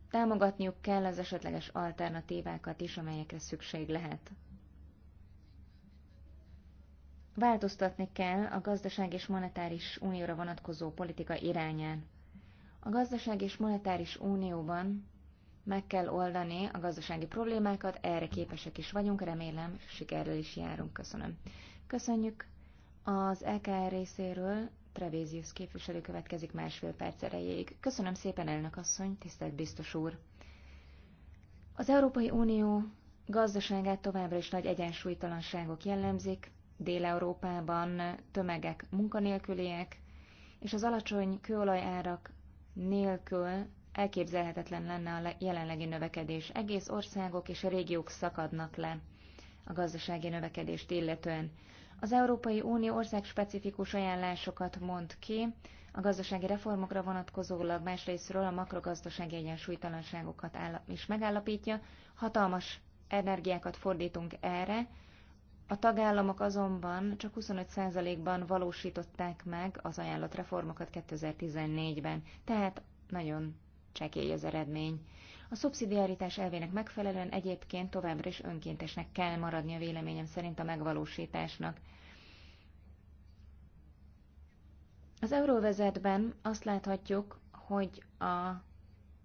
S2: Támogatniuk kell az esetleges alternatívákat is, amelyekre szükség lehet. Változtatni kell a gazdaság és monetáris unióra vonatkozó politika irányán. A gazdaság és monetáris unióban meg kell oldani a gazdasági problémákat, erre képesek is vagyunk, remélem sikerrel is járunk. Köszönöm. Köszönjük az EKR részéről Trevézius képviselő következik másfél perc erejéig. Köszönöm szépen, elnök asszony, tisztelt biztos úr! Az Európai Unió gazdaságát továbbra is nagy egyensúlytalanságok jellemzik, Dél-Európában tömegek munkanélküliek, és az alacsony kőolajárak nélkül elképzelhetetlen lenne a jelenlegi növekedés. Egész országok és a régiók szakadnak le a gazdasági növekedést illetően. Az Európai Unió ország specifikus ajánlásokat mond ki, a gazdasági reformokra vonatkozólag másrésztről a makrogazdasági egyensúlytalanságokat is megállapítja, hatalmas energiákat fordítunk erre, a tagállamok azonban csak 25%-ban valósították meg az ajánlott reformokat 2014-ben, tehát nagyon csekély az eredmény. A szubszidiaritás elvének megfelelően egyébként továbbra is önkéntesnek kell maradni a véleményem szerint a megvalósításnak. Az euróvezetben azt láthatjuk, hogy a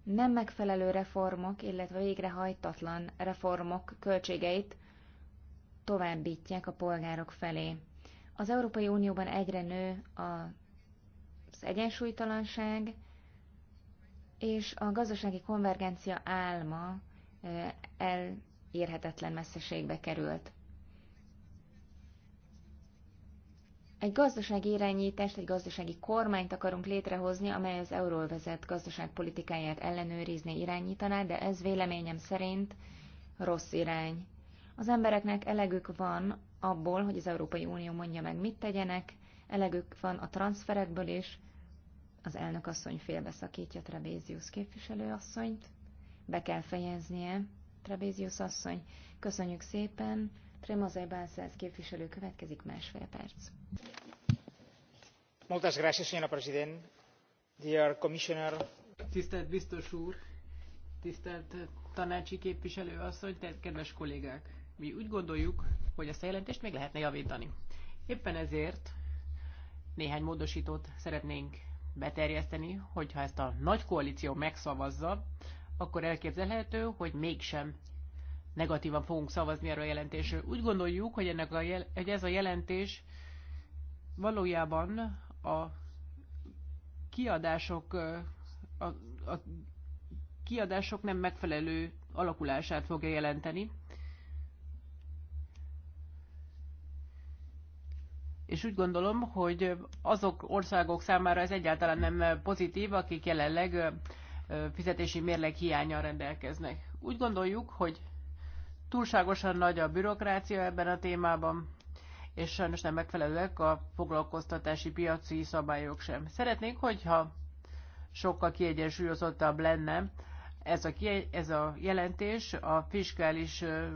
S2: nem megfelelő reformok, illetve végrehajtatlan reformok költségeit továbbítják a polgárok felé. Az Európai Unióban egyre nő az egyensúlytalanság, és a gazdasági konvergencia álma elérhetetlen messzeségbe került. Egy gazdasági irányítást, egy gazdasági kormányt akarunk létrehozni, amely az euról vezet gazdaságpolitikáját ellenőrizni, irányítaná, de ez véleményem szerint rossz irány. Az embereknek elegük van abból, hogy az Európai Unió mondja meg, mit tegyenek, elegük van a transferekből is, az elnök asszony félbeszakítja Trebézius asszonyt. Be kell fejeznie. Trebézius asszony, köszönjük szépen. Tremazai Bálszáz képviselő következik másfél perc.
S3: Moltes gracias, señora president. Dear commissioner. Tisztelt biztos úr, tisztelt tanácsi képviselő asszony, kedves kollégák! Mi úgy gondoljuk, hogy ezt a jelentést még lehetne javítani. Éppen ezért néhány módosítót szeretnénk beterjeszteni, hogyha ezt a nagy koalíció megszavazza, akkor elképzelhető, hogy mégsem negatívan fogunk szavazni erről a jelentésről. Úgy gondoljuk, hogy, ennek a jel- hogy ez a jelentés valójában a kiadások, a, a kiadások nem megfelelő alakulását fogja jelenteni. és úgy gondolom, hogy azok országok számára ez egyáltalán nem pozitív, akik jelenleg fizetési mérleg hiányal rendelkeznek. Úgy gondoljuk, hogy túlságosan nagy a bürokrácia ebben a témában, és sajnos nem megfelelőek a foglalkoztatási piaci szabályok sem. Szeretnénk, hogyha sokkal kiegyensúlyozottabb lenne ez a, ez a jelentés, a fiskális e,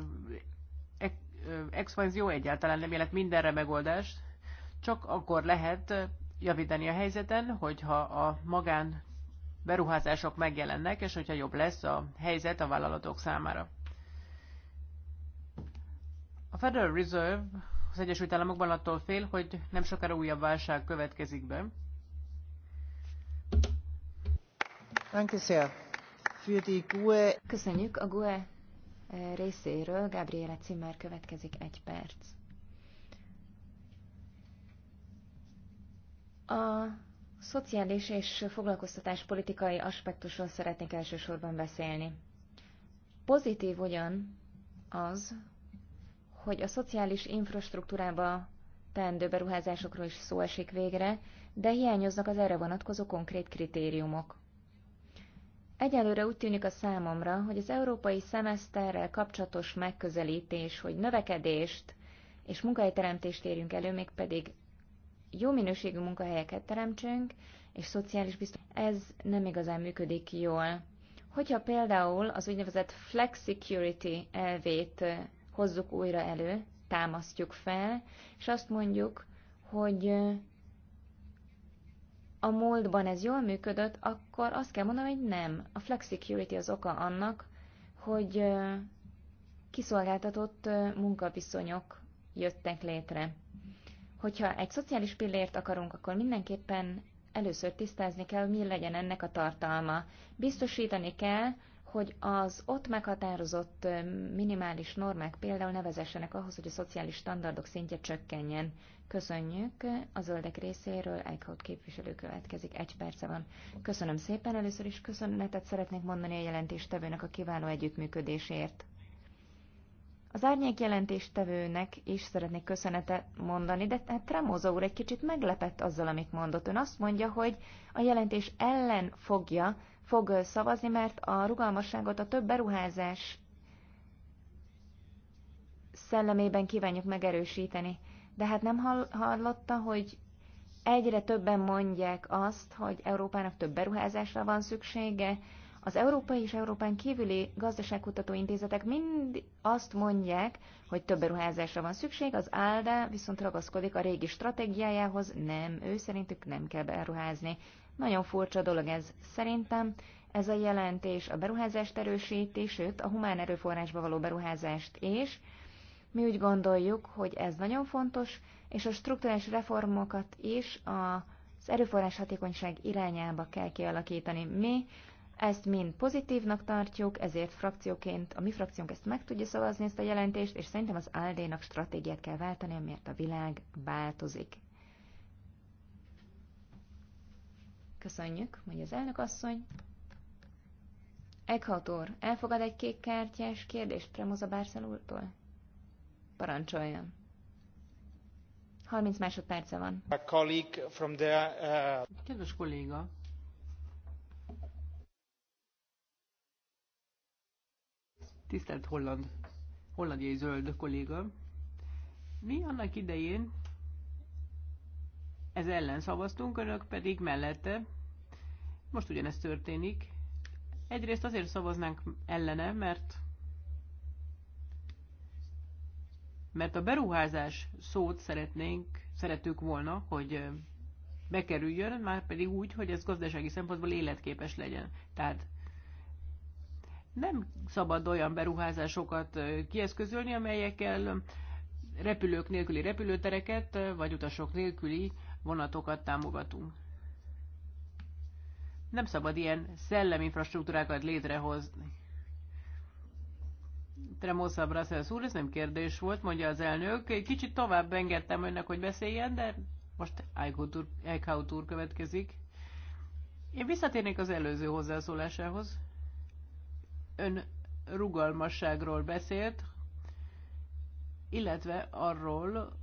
S3: expanzió egyáltalán nem jelent mindenre megoldást, csak akkor lehet javítani a helyzeten, hogyha a magán beruházások megjelennek, és hogyha jobb lesz a helyzet a vállalatok számára. A Federal Reserve az Egyesült Államokban attól fél, hogy nem sokára újabb válság következik be.
S2: E Köszönjük a GUE részéről. Gabriela Zimmer következik egy perc. A szociális és foglalkoztatás politikai aspektusról szeretnék elsősorban beszélni. Pozitív ugyan az, hogy a szociális infrastruktúrába teendő beruházásokról is szó esik végre, de hiányoznak az erre vonatkozó konkrét kritériumok. Egyelőre úgy tűnik a számomra, hogy az európai szemeszterrel kapcsolatos megközelítés, hogy növekedést és munkahelyteremtést érjünk elő, még pedig jó minőségű munkahelyeket teremtsünk, és szociális biztos, ez nem igazán működik jól. Hogyha például az úgynevezett flex security elvét hozzuk újra elő, támasztjuk fel, és azt mondjuk, hogy a múltban ez jól működött, akkor azt kell mondanom, hogy nem. A flex security az oka annak, hogy kiszolgáltatott munkaviszonyok jöttek létre. Hogyha egy szociális pillért akarunk, akkor mindenképpen először tisztázni kell, hogy mi legyen ennek a tartalma. Biztosítani kell, hogy az ott meghatározott minimális normák például nevezessenek ahhoz, hogy a szociális standardok szintje csökkenjen. Köszönjük a zöldek részéről, Eichhout képviselő következik, egy perce van. Köszönöm szépen, először is köszönetet szeretnék mondani a jelentéstevőnek a kiváló együttműködésért. Az árnyék jelentéstevőnek is szeretnék köszönetet mondani, de hát Tremóza úr egy kicsit meglepett azzal, amit mondott. Ön azt mondja, hogy a jelentés ellen fogja, fog szavazni, mert a rugalmasságot a több beruházás szellemében kívánjuk megerősíteni. De hát nem hallotta, hogy egyre többen mondják azt, hogy Európának több beruházásra van szüksége, az európai és Európán kívüli gazdaságkutató intézetek mind azt mondják, hogy több beruházásra van szükség, az ALDA viszont ragaszkodik a régi stratégiájához, nem, ő szerintük nem kell beruházni. Nagyon furcsa dolog ez szerintem. Ez a jelentés a beruházást erősíti, sőt a humán erőforrásba való beruházást és Mi úgy gondoljuk, hogy ez nagyon fontos, és a struktúrás reformokat is az erőforrás hatékonyság irányába kell kialakítani. Mi ezt mind pozitívnak tartjuk, ezért frakcióként, a mi frakciónk ezt meg tudja szavazni, ezt a jelentést, és szerintem az ALDE-nak stratégiát kell váltani, amiért a világ változik. Köszönjük, mondja az elnök asszony. Eghator, elfogad egy kék kártyás kérdést Premoza Bárszel úrtól? Parancsoljon. 30 másodperce
S3: van. A colleague from the, uh... Kedves kolléga, Tisztelt holland, hollandiai zöld kolléga, mi annak idején ez ellen szavaztunk, önök pedig mellette. Most ugyanezt történik. Egyrészt azért szavaznánk ellene, mert mert a beruházás szót szeretnénk, szeretők volna, hogy bekerüljön, már pedig úgy, hogy ez gazdasági szempontból életképes legyen. Tehát nem szabad olyan beruházásokat kieszközölni, amelyekkel repülők nélküli repülőtereket, vagy utasok nélküli vonatokat támogatunk. Nem szabad ilyen szelleminfrastruktúrákat létrehozni. Tremosza Brassels úr, ez nem kérdés volt, mondja az elnök. Egy kicsit tovább engedtem önnek, hogy beszéljen, de most Eichhout úr következik. Én visszatérnék az előző hozzászólásához ön rugalmasságról beszélt, illetve arról,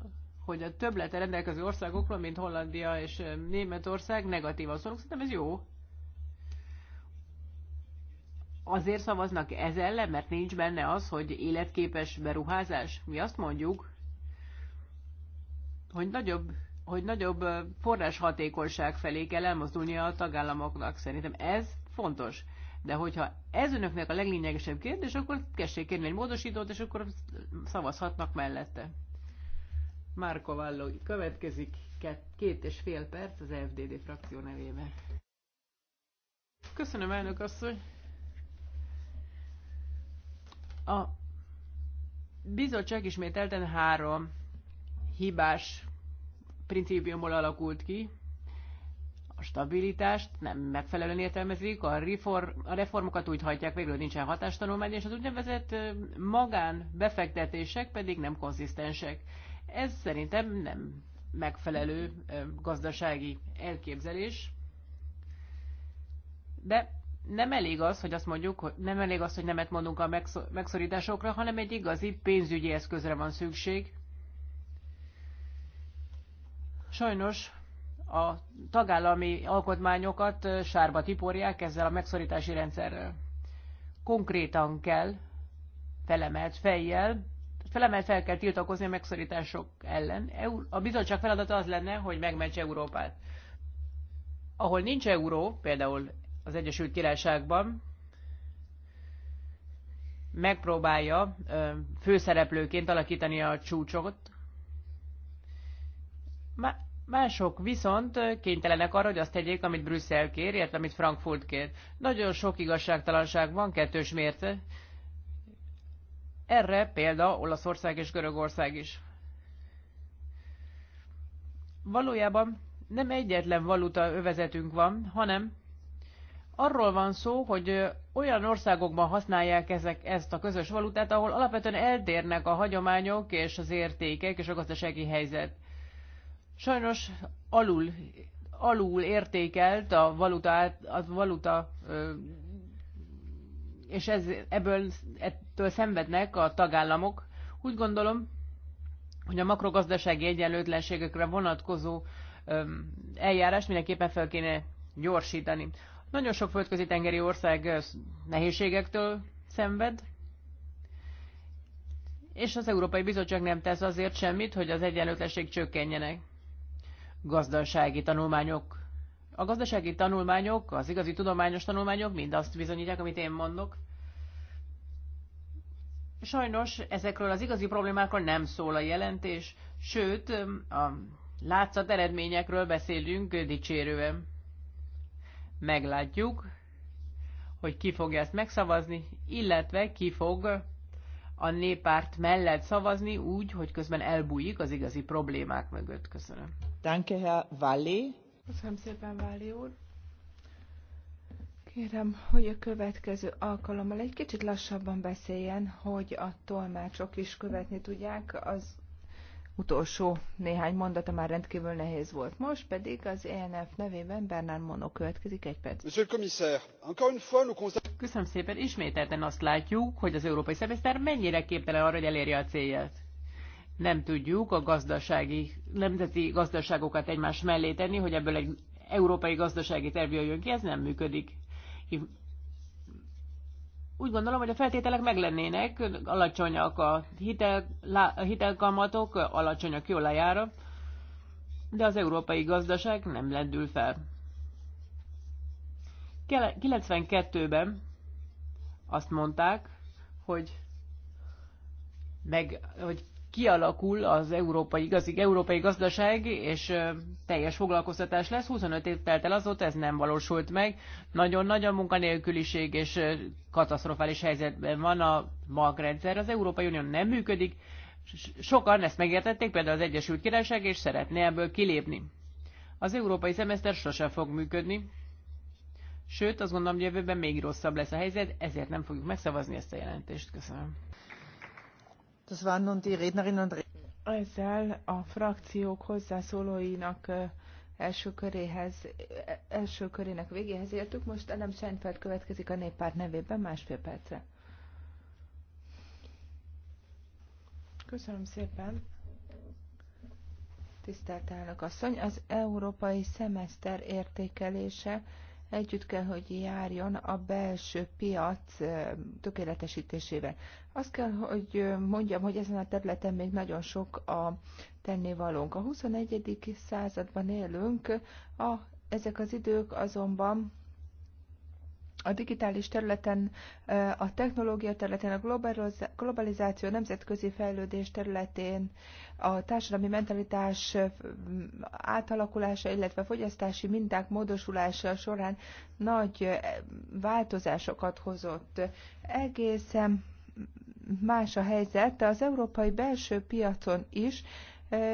S3: hogy a többlete rendelkező országokról, mint Hollandia és Németország negatívan szólunk. Szerintem ez jó. Azért szavaznak ez ellen, mert nincs benne az, hogy életképes beruházás. Mi azt mondjuk, hogy nagyobb, hogy nagyobb forráshatékonyság felé kell elmozdulnia a tagállamoknak. Szerintem ez fontos. De hogyha ez önöknek a leglényegesebb kérdés, akkor kessék kérni egy módosítót, és akkor szavazhatnak mellette. Márko Valló következik két és fél perc az FDD frakció nevében. Köszönöm, elnök asszony! A bizottság ismételten három hibás principiumból alakult ki, stabilitást nem megfelelően értelmezik, a, reform, a reformokat úgy hajtják végül, hogy nincsen hatástanulmány, és az úgynevezett magán befektetések pedig nem konzisztensek. Ez szerintem nem megfelelő gazdasági elképzelés, de nem elég az, hogy azt mondjuk, hogy nem elég az, hogy nemet mondunk a megszorításokra, hanem egy igazi pénzügyi eszközre van szükség. Sajnos a tagállami alkotmányokat sárba tiporják ezzel a megszorítási rendszerrel. Konkrétan kell, felemelt fejjel, felemelt fel kell tiltakozni a megszorítások ellen. A bizottság feladata az lenne, hogy megmentse Európát. Ahol nincs euró, például az Egyesült Királyságban, megpróbálja főszereplőként alakítani a csúcsot. Mások viszont kénytelenek arra, hogy azt tegyék, amit Brüsszel kér, illetve amit Frankfurt kér. Nagyon sok igazságtalanság van, kettős mérce. Erre példa Olaszország és Görögország is. Valójában nem egyetlen valuta övezetünk van, hanem arról van szó, hogy olyan országokban használják ezek, ezt a közös valutát, ahol alapvetően eltérnek a hagyományok és az értékek és a gazdasági helyzet. Sajnos alul, alul értékelt a valuta, a valuta és ez, ebből, ettől szenvednek a tagállamok. Úgy gondolom, hogy a makrogazdasági egyenlőtlenségekre vonatkozó eljárás mindenképpen fel kéne gyorsítani. Nagyon sok földközi tengeri ország nehézségektől szenved, és az Európai Bizottság nem tesz azért semmit, hogy az egyenlőtlenség csökkenjenek gazdasági tanulmányok. A gazdasági tanulmányok, az igazi tudományos tanulmányok mind azt bizonyítják, amit én mondok. Sajnos ezekről az igazi problémákról nem szól a jelentés, sőt, a látszat eredményekről beszélünk dicsérően. Meglátjuk, hogy ki fogja ezt megszavazni, illetve ki fog a néppárt mellett szavazni úgy, hogy közben elbújik az igazi problémák mögött. Köszönöm.
S1: Danke, Herr Valli. Köszönöm szépen, Valli úr. Kérem, hogy a következő alkalommal egy kicsit lassabban beszéljen, hogy a tolmácsok is követni tudják. Az utolsó néhány mondata már rendkívül nehéz volt. Most pedig az ENF nevében Bernard Monó következik egy perc.
S3: Köszönöm szépen, ismételten azt látjuk, hogy az európai szemeszter mennyire képtelen arra, hogy elérje a célját nem tudjuk a gazdasági, nemzeti gazdaságokat egymás mellé tenni, hogy ebből egy európai gazdasági terv jöjjön ki, ez nem működik. Úgy gondolom, hogy a feltételek meglennének, alacsonyak a, hitel, a hitelkamatok, alacsony a kőolajára, de az európai gazdaság nem lendül fel. 92-ben azt mondták, hogy meg, hogy kialakul az európai, igazi európai gazdaság, és teljes foglalkoztatás lesz. 25 év telt el azóta, ez nem valósult meg. Nagyon nagy a munkanélküliség, és katasztrofális helyzetben van a magrendszer. Az Európai Unió nem működik. Sokan ezt megértették, például az Egyesült Királyság, és szeretné ebből kilépni. Az európai szemeszter sosem fog működni. Sőt, azt gondolom, hogy jövőben még rosszabb lesz a helyzet, ezért nem fogjuk megszavazni ezt a jelentést. Köszönöm.
S1: Das waren nun die Rednerinnen und Redner. Ezzel a frakciók hozzászólóinak első köréhez, első körének végéhez értük. Most Elem Seinfeld következik a néppárt nevében másfél percre. Köszönöm szépen. Tisztelt elnök asszony, az európai szemeszter értékelése együtt kell, hogy járjon a belső piac tökéletesítésével. Azt kell, hogy mondjam, hogy ezen a területen még nagyon sok a tennivalónk. A 21. században élünk, a, ezek az idők azonban a digitális területen, a technológia területén, a globalizáció, a nemzetközi fejlődés területén, a társadalmi mentalitás átalakulása, illetve fogyasztási minták módosulása során nagy változásokat hozott. Egészen más a helyzet az európai belső piacon is,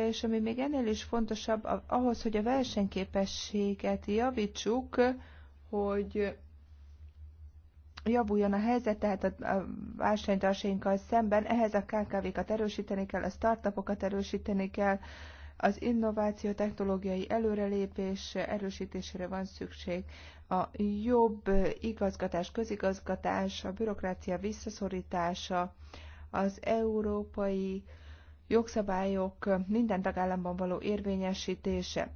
S1: és ami még ennél is fontosabb, ahhoz, hogy a versenyképességet javítsuk, hogy javuljon a helyzet, tehát a versenytársainkkal szemben ehhez a KKV-kat erősíteni kell, a startupokat erősíteni kell, az innováció technológiai előrelépés erősítésére van szükség, a jobb igazgatás, közigazgatás, a bürokrácia visszaszorítása, az európai jogszabályok minden tagállamban való érvényesítése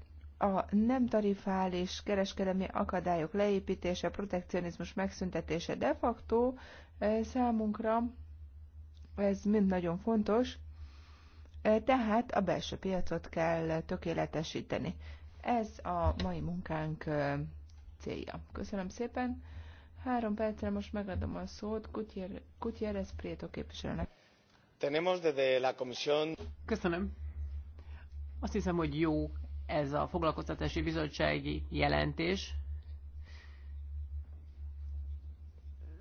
S1: a nem tarifális kereskedelmi akadályok leépítése, protekcionizmus megszüntetése de facto e, számunkra ez mind nagyon fontos, e, tehát a belső piacot kell tökéletesíteni. Ez a mai munkánk e, célja. Köszönöm szépen. Három percre most megadom a szót Kutyer, ez Prieto képviselőnek.
S3: Tenemos desde la comisión... Köszönöm. Azt hiszem, hogy jó ez a foglalkoztatási bizottsági jelentés.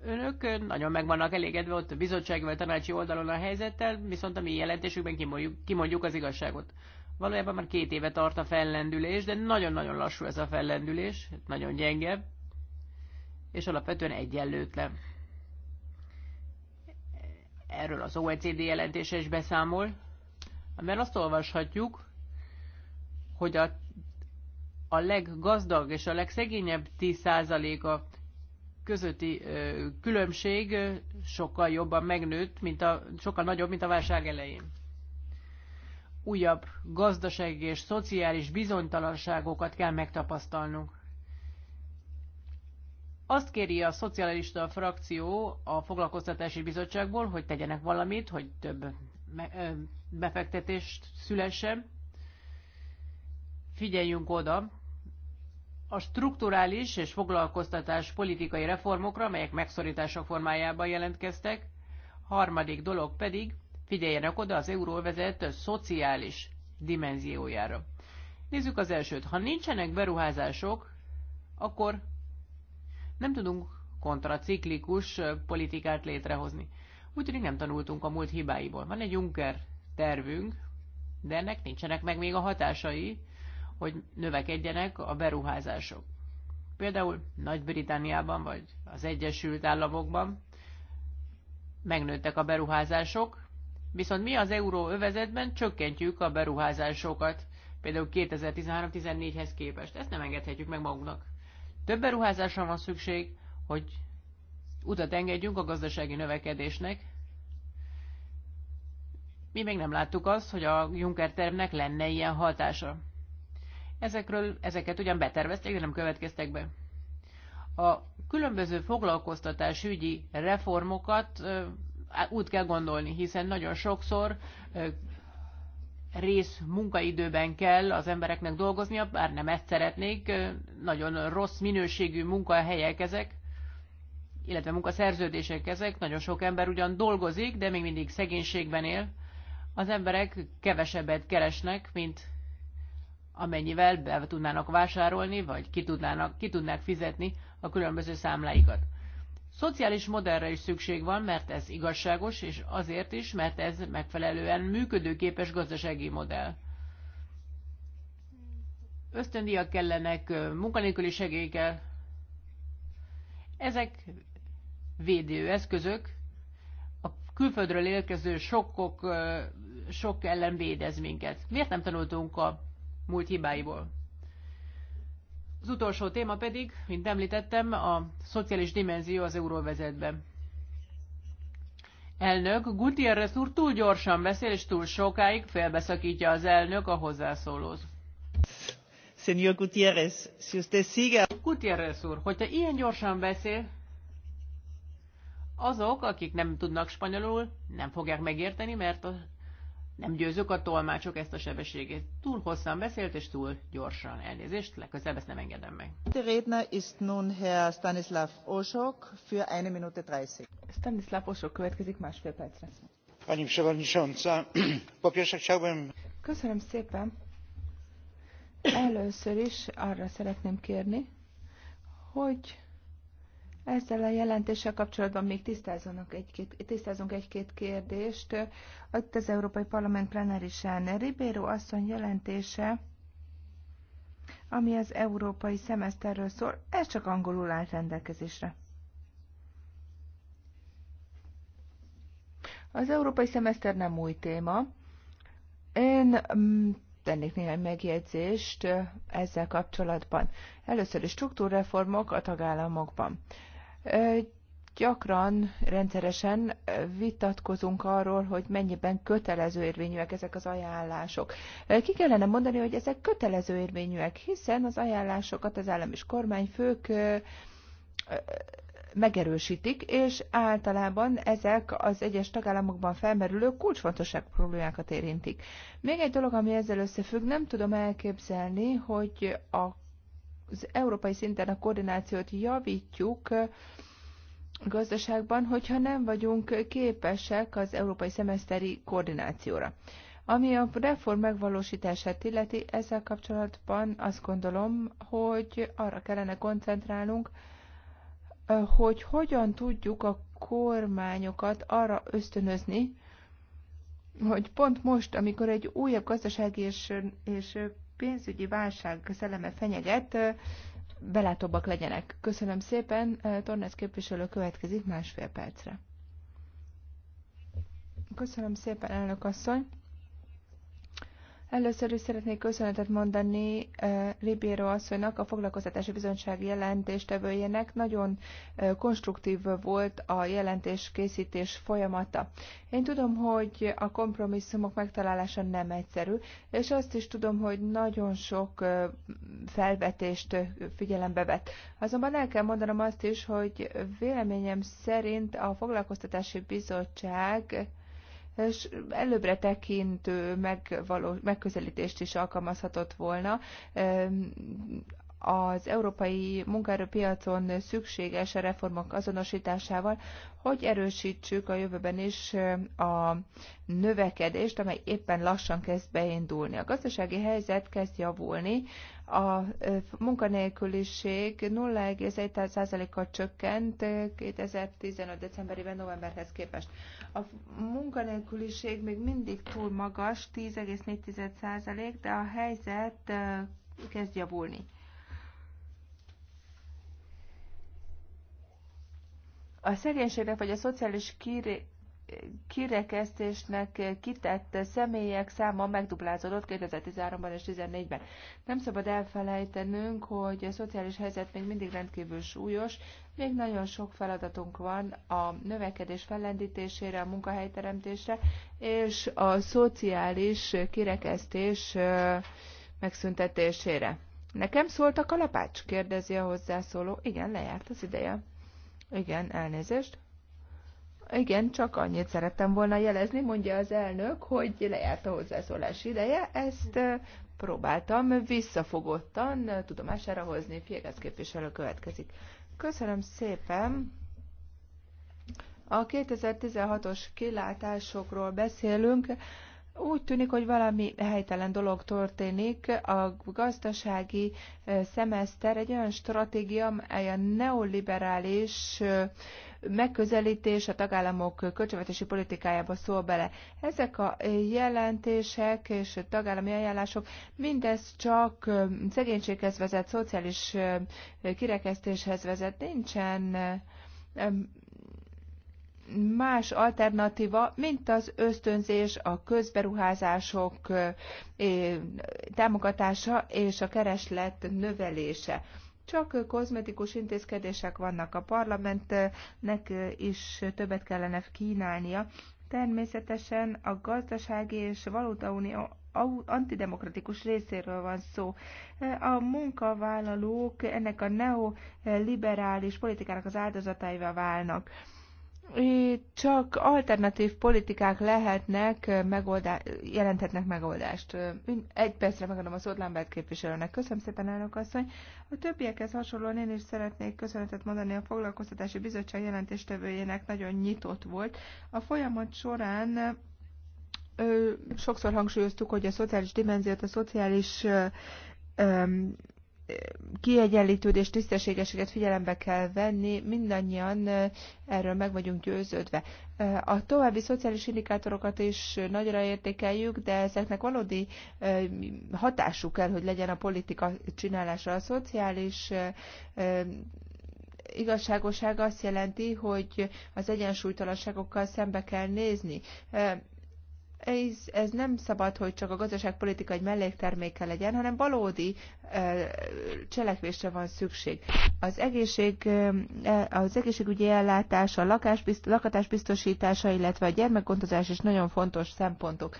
S3: Önök nagyon meg vannak elégedve ott a bizottsági vagy tanácsi oldalon a helyzettel, viszont a mi jelentésükben kimondjuk, kimondjuk az igazságot. Valójában már két éve tart a fellendülés, de nagyon-nagyon lassú ez a fellendülés, nagyon gyenge, és alapvetően egyenlőtlen. Erről az OECD jelentése is beszámol, amiben azt olvashatjuk, hogy a, a leggazdag és a legszegényebb 10%-a közötti ö, különbség sokkal jobban megnőtt, mint a, sokkal nagyobb, mint a válság elején. Újabb gazdasági és szociális bizonytalanságokat kell megtapasztalnunk. Azt kéri a szocialista frakció a foglalkoztatási bizottságból, hogy tegyenek valamit, hogy több befektetést szülessen, figyeljünk oda a strukturális és foglalkoztatás politikai reformokra, melyek megszorítások formájában jelentkeztek, harmadik dolog pedig figyeljenek oda az euróvezet szociális dimenziójára. Nézzük az elsőt. Ha nincsenek beruházások, akkor nem tudunk kontraciklikus politikát létrehozni. Úgy tűnik nem tanultunk a múlt hibáiból. Van egy Juncker tervünk, de ennek nincsenek meg még a hatásai, hogy növekedjenek a beruházások. Például Nagy-Britániában vagy az Egyesült Államokban megnőttek a beruházások, viszont mi az euróövezetben csökkentjük a beruházásokat, például 2013-14-hez képest. Ezt nem engedhetjük meg magunknak. Több beruházásra van szükség, hogy utat engedjünk a gazdasági növekedésnek. Mi még nem láttuk azt, hogy a Juncker tervnek lenne ilyen hatása. Ezekről, ezeket ugyan betervezték, de nem következtek be. A különböző foglalkoztatásügyi reformokat úgy kell gondolni, hiszen nagyon sokszor rész munkaidőben kell az embereknek dolgoznia, bár nem ezt szeretnék, nagyon rossz minőségű munkahelyek ezek, illetve munkaszerződések ezek, nagyon sok ember ugyan dolgozik, de még mindig szegénységben él. Az emberek kevesebbet keresnek, mint amennyivel be tudnának vásárolni, vagy ki, tudnának, ki tudnák fizetni a különböző számláikat. Szociális modellre is szükség van, mert ez igazságos, és azért is, mert ez megfelelően működőképes gazdasági modell. Ösztöndíjak kellenek, munkanélküli segélykel. Ezek védő eszközök, a külföldről érkező sokkok, sok ellen védez minket. Miért nem tanultunk a múlt hibáiból. Az utolsó téma pedig, mint említettem, a szociális dimenzió az euróvezetben. Elnök, Gutierrez úr túl gyorsan beszél, és túl sokáig félbeszakítja az elnök a hozzászólóz. Señor Gutierrez, si usted sigue... Gutierrez úr, hogyha ilyen gyorsan beszél, azok, akik nem tudnak spanyolul, nem fogják megérteni, mert a nem győzök a tolmácsok ezt a sebességét. Túl hosszan beszélt, és túl gyorsan. Elnézést, legközelebb ezt nem engedem meg.
S1: A Redner ist nun Herr Stanislav Osok für 1 Minute 30. Stanislav Osok következik másfél percre. Pani Przewodnicząca, <clears throat> po pierwsze chciałbym... Köszönöm szépen. Először is arra szeretném kérni, hogy ezzel a jelentéssel kapcsolatban még tisztázunk egy-két, tisztázunk egy-két kérdést. Ott az Európai Parlament plenárisán Ribéro asszony jelentése, ami az európai szemeszterről szól, ez csak angolul áll rendelkezésre. Az európai szemeszter nem új téma. Én mm, tennék néhány megjegyzést eh, ezzel kapcsolatban. Először is struktúrreformok a tagállamokban. Gyakran, rendszeresen vitatkozunk arról, hogy mennyiben kötelező érvényűek ezek az ajánlások. Ki kellene mondani, hogy ezek kötelező érvényűek, hiszen az ajánlásokat az állam és kormányfők megerősítik, és általában ezek az egyes tagállamokban felmerülő kulcsfontosság problémákat érintik. Még egy dolog, ami ezzel összefügg, nem tudom elképzelni, hogy a az európai szinten a koordinációt javítjuk a gazdaságban, hogyha nem vagyunk képesek az európai szemeszteri koordinációra. Ami a reform megvalósítását illeti, ezzel kapcsolatban azt gondolom, hogy arra kellene koncentrálnunk, hogy hogyan tudjuk a kormányokat arra ösztönözni, hogy pont most, amikor egy újabb gazdasági és, és pénzügyi válság szelleme fenyeget, belátóbbak legyenek. Köszönöm szépen, Tornász képviselő következik másfél percre. Köszönöm szépen, elnök asszony. Először is szeretnék köszönetet mondani eh, Ribéro asszonynak, a Foglalkoztatási Bizottság jelentéstevőjének. Nagyon eh, konstruktív volt a jelentés készítés folyamata. Én tudom, hogy a kompromisszumok megtalálása nem egyszerű, és azt is tudom, hogy nagyon sok eh, felvetést figyelembe vett. Azonban el kell mondanom azt is, hogy véleményem szerint a Foglalkoztatási Bizottság előbbre tekintő megvaló, megközelítést is alkalmazhatott volna. Az európai munkaerőpiacon szükséges a reformok azonosításával, hogy erősítsük a jövőben is a növekedést, amely éppen lassan kezd beindulni. A gazdasági helyzet kezd javulni, a munkanélküliség 0,1%-kal csökkent 2015. decemberében novemberhez képest. A munkanélküliség még mindig túl magas, 10,4%, de a helyzet kezd javulni. A szegénységnek vagy a szociális kirekesztésnek kitett személyek száma megduplázódott 2013-ban és 2014-ben. Nem szabad elfelejtenünk, hogy a szociális helyzet még mindig rendkívül súlyos, még nagyon sok feladatunk van a növekedés fellendítésére, a munkahelyteremtésre, és a szociális kirekesztés megszüntetésére. Nekem szólt a kalapács? kérdezi a hozzászóló. Igen, lejárt az ideje. Igen, elnézést. Igen, csak annyit szerettem volna jelezni, mondja az elnök, hogy lejárt a hozzászólás ideje. Ezt próbáltam visszafogottan tudomására hozni. Fiegez képviselő következik. Köszönöm szépen. A 2016-os kilátásokról beszélünk. Úgy tűnik, hogy valami helytelen dolog történik. A gazdasági szemeszter egy olyan stratégia, amely a neoliberális megközelítés a tagállamok költségvetési politikájába szól bele. Ezek a jelentések és tagállami ajánlások mindez csak szegénységhez vezet, szociális kirekesztéshez vezet. Nincsen más alternatíva, mint az ösztönzés, a közberuházások támogatása és a kereslet növelése. Csak kozmetikus intézkedések vannak a parlamentnek, is többet kellene kínálnia. Természetesen a gazdasági és valutaunió antidemokratikus részéről van szó. A munkavállalók ennek a neoliberális politikának az áldozataival válnak csak alternatív politikák lehetnek, megoldá, jelenthetnek megoldást. Egy percre megadom a szót Lambert képviselőnek. Köszönöm szépen, elnök asszony. A többiekhez hasonlóan én is szeretnék köszönetet mondani a Foglalkoztatási Bizottság jelentéstevőjének, nagyon nyitott volt. A folyamat során ö, sokszor hangsúlyoztuk, hogy a szociális dimenziót, a szociális ö, kiegyenlítőd tisztességeséget figyelembe kell venni, mindannyian erről meg vagyunk győződve. A további szociális indikátorokat is nagyra értékeljük, de ezeknek valódi hatásuk kell, hogy legyen a politika csinálása. A szociális igazságoság azt jelenti, hogy az egyensúlytalanságokkal szembe kell nézni ez, ez nem szabad, hogy csak a gazdaságpolitika egy mellékterméke legyen, hanem valódi cselekvésre van szükség. Az, egészség, e, az egészségügyi ellátás, a lakás, lakatás biztosítása, illetve a gyermekgondozás is nagyon fontos szempontok.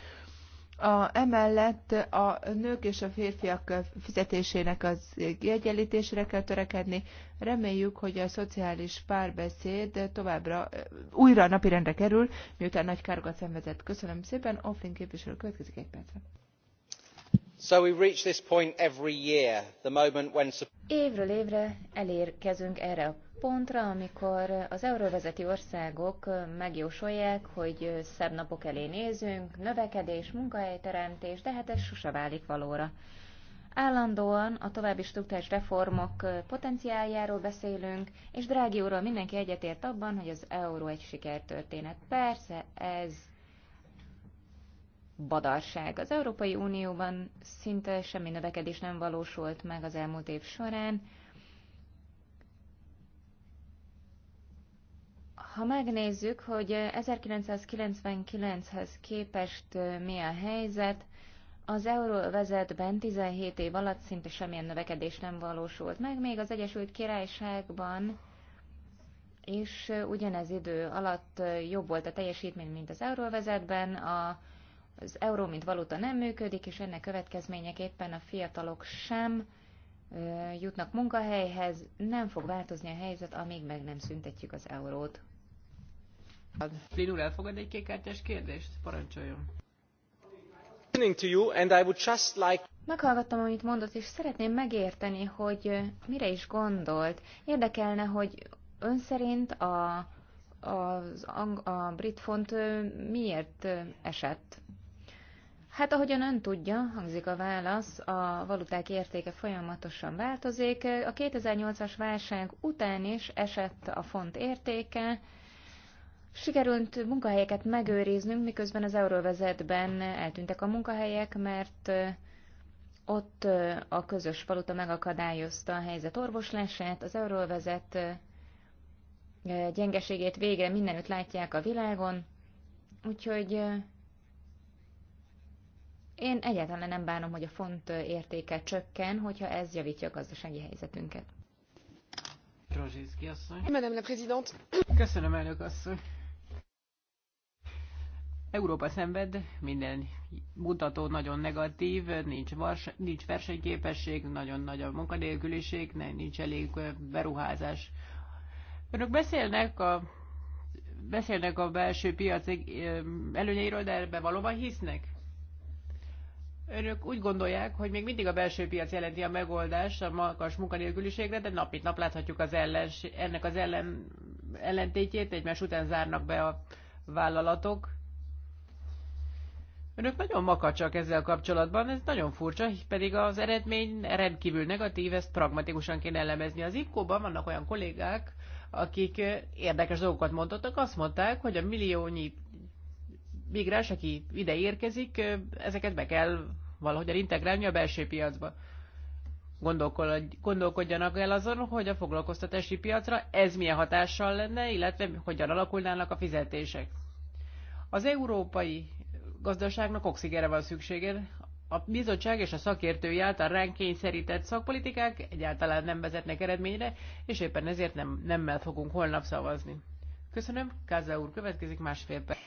S1: A, emellett a nők és a férfiak fizetésének az kiegyenlítésére kell törekedni. Reméljük, hogy a szociális párbeszéd továbbra újra napirendre kerül, miután nagy károkat szenvedett. Köszönöm
S2: szépen, Offlin képviselő következik egy percre. Évről évre elérkezünk erre a pontra, amikor az euróvezeti országok megjósolják, hogy szebb napok elé nézünk, növekedés, munkahelyteremtés, de hát ez sose válik valóra. Állandóan a további struktúrás reformok potenciáljáról beszélünk, és Drági úrral mindenki egyetért abban, hogy az euró egy sikertörténet. Persze, ez badarság. Az Európai Unióban szinte semmi növekedés nem valósult meg az elmúlt év során. Ha megnézzük, hogy 1999-hez képest mi a helyzet, az euróvezetben 17 év alatt szinte semmilyen növekedés nem valósult meg, még az Egyesült Királyságban és ugyanez idő alatt jobb volt a teljesítmény, mint az euróvezetben, a az euró mint valuta nem működik, és ennek következményeképpen a fiatalok sem jutnak munkahelyhez, nem fog változni a helyzet, amíg meg nem szüntetjük
S3: az eurót. Lin úr, elfogad egy kékártyás kérdést? Parancsoljon.
S2: Meghallgattam, amit mondott, és szeretném megérteni, hogy mire is gondolt. Érdekelne, hogy ön szerint a, a, a brit font miért esett? Hát ahogyan ön tudja, hangzik a válasz, a valuták értéke folyamatosan változik. A 2008-as válság után is esett a font értéke, Sikerült munkahelyeket megőriznünk, miközben az euróvezetben eltűntek a munkahelyek, mert eh, ott eh, a közös valuta megakadályozta a helyzet orvoslását, az euróvezet eh, gyengeségét végre mindenütt látják a világon, úgyhogy én egyáltalán nem bánom, hogy a font értéke csökken, hogyha ez javítja a gazdasági helyzetünket.
S3: asszony. Madame la Présidente. Köszönöm, elnök asszony. Európa szenved, minden mutató nagyon negatív, nincs, vars, nincs versenyképesség, nagyon nagy a munkanélküliség, nincs elég beruházás. Önök beszélnek a, beszélnek a belső piac eh, előnyeiről, de ebbe valóban hisznek? Önök úgy gondolják, hogy még mindig a belső piac jelenti a megoldást a magas munkanélküliségre, de nap mint nap láthatjuk az ellens, ennek az ellen, ellentétjét, egymás után zárnak be a vállalatok. Önök nagyon makacsak ezzel kapcsolatban, ez nagyon furcsa, pedig az eredmény rendkívül negatív, ezt pragmatikusan kéne elemezni. Az ipco ban vannak olyan kollégák, akik érdekes dolgokat mondottak, azt mondták, hogy a milliónyi migráns, aki ide érkezik, ezeket be kell valahogyan integrálni a belső piacba. Gondolkodjanak el azon, hogy a foglalkoztatási piacra ez milyen hatással lenne, illetve hogyan alakulnának a fizetések. Az európai gazdaságnak oxigére van szüksége. A bizottság és a szakértői által ránk kényszerített szakpolitikák egyáltalán nem vezetnek eredményre, és éppen ezért nem, nemmel fogunk holnap szavazni. Köszönöm, Káza úr, következik másfél perc.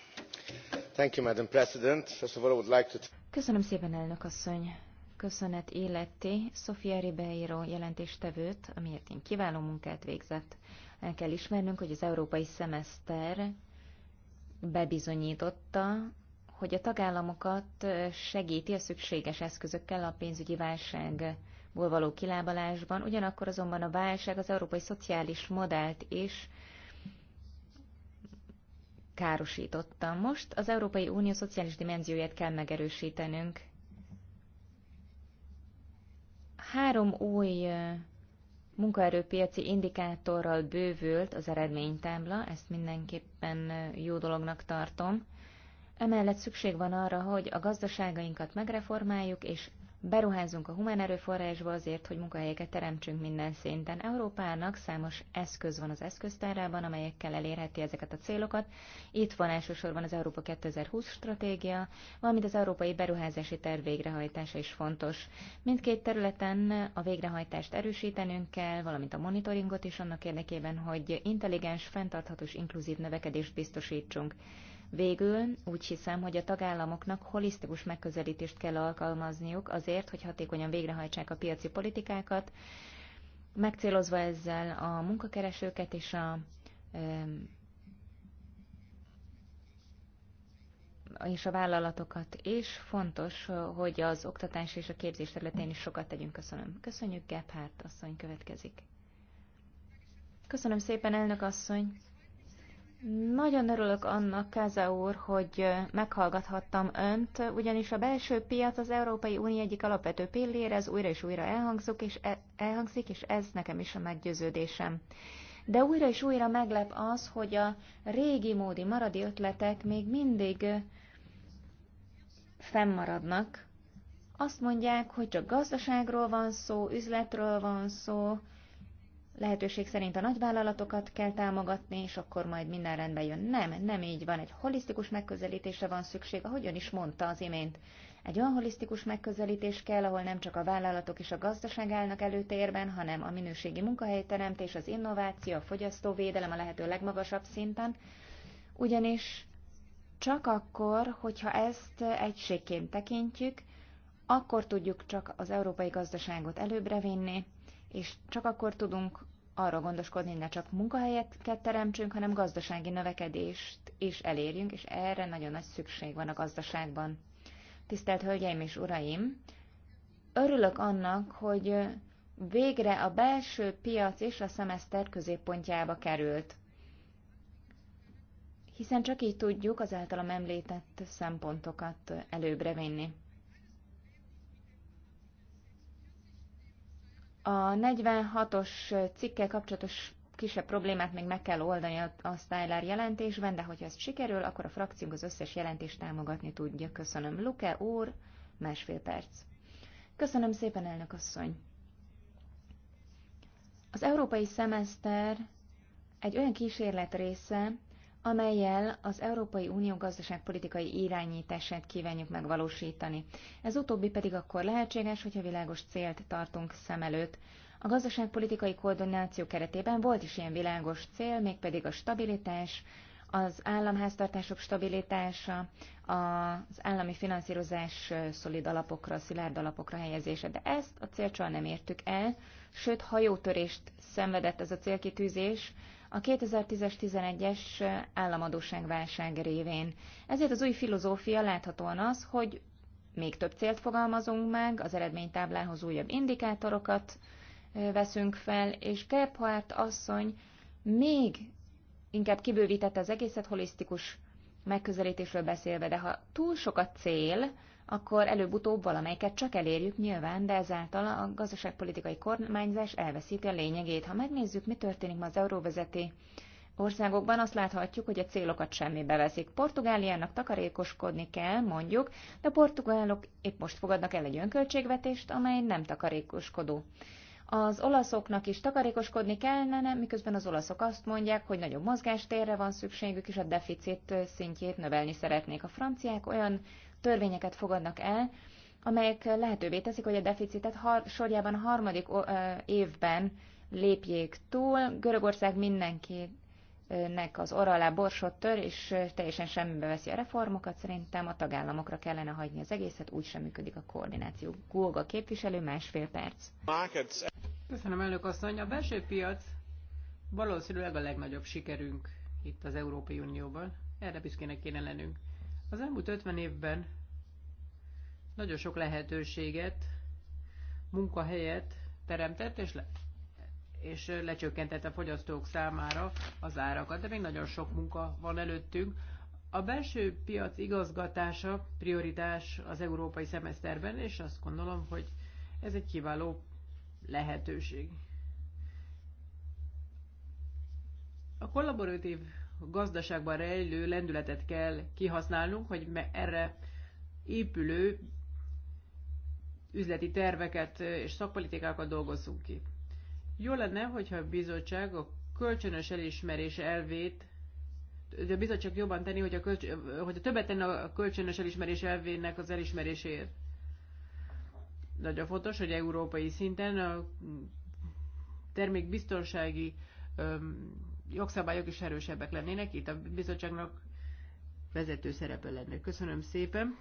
S2: Köszönöm szépen, elnök asszony! Köszönet illeti Sofia Ribeiro jelentéstevőt, amiért én kiváló munkát végzett. El kell ismernünk, hogy az európai szemeszter bebizonyította, hogy a tagállamokat segíti a szükséges eszközökkel a pénzügyi válságból való kilábalásban, ugyanakkor azonban a válság az európai szociális modellt is károsította. Most az Európai Unió szociális dimenzióját kell megerősítenünk. Három új munkaerőpiaci indikátorral bővült az eredménytábla, ezt mindenképpen jó dolognak tartom. Emellett szükség van arra, hogy a gazdaságainkat megreformáljuk, és beruházunk a humán erőforrásba azért, hogy munkahelyeket teremtsünk minden szinten. Európának számos eszköz van az eszköztárában, amelyekkel elérheti ezeket a célokat. Itt van elsősorban az Európa 2020 stratégia, valamint az Európai Beruházási Terv végrehajtása is fontos. Mindkét területen a végrehajtást erősítenünk kell, valamint a monitoringot is annak érdekében, hogy intelligens, fenntartható és inkluzív növekedést biztosítsunk. Végül úgy hiszem, hogy a tagállamoknak holisztikus megközelítést kell alkalmazniuk azért, hogy hatékonyan végrehajtsák a piaci politikákat, megcélozva ezzel a munkakeresőket és a és a vállalatokat is. Fontos, hogy az oktatás és a képzés területén is sokat tegyünk. Köszönöm. Köszönjük, Gebhardt asszony következik. Köszönöm szépen, elnök asszony. Nagyon örülök annak, Káza úr, hogy meghallgathattam önt, ugyanis a belső piac az Európai Unió egyik alapvető pillére, ez újra és újra elhangzik, és e, elhangzik, és ez nekem is a meggyőződésem. De újra és újra meglep az, hogy a régi módi maradi ötletek még mindig fennmaradnak. Azt mondják, hogy csak gazdaságról van szó, üzletről van szó, lehetőség szerint a nagyvállalatokat kell támogatni, és akkor majd minden rendben jön. Nem, nem így van. Egy holisztikus megközelítésre van szükség, ahogy ön is mondta az imént. Egy olyan holisztikus megközelítés kell, ahol nem csak a vállalatok és a gazdaság állnak előtérben, hanem a minőségi munkahelyteremtés, az innováció, a fogyasztóvédelem a lehető legmagasabb szinten. Ugyanis csak akkor, hogyha ezt egységként tekintjük, akkor tudjuk csak az európai gazdaságot előbbre vinni, és csak akkor tudunk arra gondoskodni, hogy ne csak munkahelyeket teremtsünk, hanem gazdasági növekedést is elérjünk, és erre nagyon nagy szükség van a gazdaságban. Tisztelt Hölgyeim és Uraim! Örülök annak, hogy végre a belső piac és a szemeszter középpontjába került. Hiszen csak így tudjuk az általam említett szempontokat előbbre vinni. A 46-os cikkel kapcsolatos kisebb problémát még meg kell oldani a Styler jelentésben, de hogyha ez sikerül, akkor a frakciónk az összes jelentést támogatni tudja. Köszönöm. Luke úr, másfél perc. Köszönöm szépen, elnök asszony. Az európai szemeszter egy olyan kísérlet része, amelyel az Európai Unió gazdaságpolitikai irányítását kívánjuk megvalósítani. Ez utóbbi pedig akkor lehetséges, hogyha világos célt tartunk szem előtt. A gazdaságpolitikai koordináció keretében volt is ilyen világos cél, mégpedig a stabilitás, az államháztartások stabilitása, az állami finanszírozás szolid alapokra, szilárd alapokra helyezése, de ezt a célcsal nem értük el, sőt hajótörést szenvedett ez a célkitűzés, a 2010-11-es államadóságválság révén. Ezért az új filozófia láthatóan az, hogy még több célt fogalmazunk meg, az eredménytáblához újabb indikátorokat veszünk fel, és Gerhardt asszony még inkább kibővítette az egészet holisztikus megközelítésről beszélve, de ha túl sok a cél, akkor előbb-utóbb valamelyiket csak elérjük nyilván, de ezáltal a gazdaságpolitikai kormányzás elveszíti a lényegét. Ha megnézzük, mi történik ma az euróvezeti országokban, azt láthatjuk, hogy a célokat semmi beveszik. Portugáliának takarékoskodni kell, mondjuk, de a portugálok épp most fogadnak el egy önköltségvetést, amely nem takarékoskodó. Az olaszoknak is takarékoskodni kellene, miközben az olaszok azt mondják, hogy nagyobb mozgástérre van szükségük, és a deficit szintjét növelni szeretnék. A franciák olyan törvényeket fogadnak el, amelyek lehetővé teszik, hogy a deficitet har- sorjában a harmadik évben lépjék túl. Görögország mindenkinek az orra alá borsot tör, és teljesen semmibe veszi a reformokat. Szerintem a tagállamokra kellene hagyni az egészet, úgy sem működik a koordináció. Gulga képviselő, másfél perc.
S3: Köszönöm, elnök asszony. A belső piac valószínűleg a legnagyobb sikerünk itt az Európai Unióban. Erre büszkének kéne lennünk. Az elmúlt 50 évben nagyon sok lehetőséget, munkahelyet teremtett, és, le, és lecsökkentett a fogyasztók számára az árakat, de még nagyon sok munka van előttünk. A belső piac igazgatása prioritás az európai szemeszterben, és azt gondolom, hogy ez egy kiváló lehetőség. A kollaboratív gazdaságban rejlő lendületet kell kihasználnunk, hogy erre épülő üzleti terveket és szakpolitikákat dolgozzunk ki. Jó lenne, hogyha a bizottság a kölcsönös elismerés elvét, de a bizottság jobban tenni, hogy a, hogy a többet tenne a kölcsönös elismerés elvének az elismeréséért. Nagyon fontos, hogy európai szinten a termék öm, jogszabályok is erősebbek lennének, itt a bizottságnak vezető szerepe lenne. Köszönöm szépen.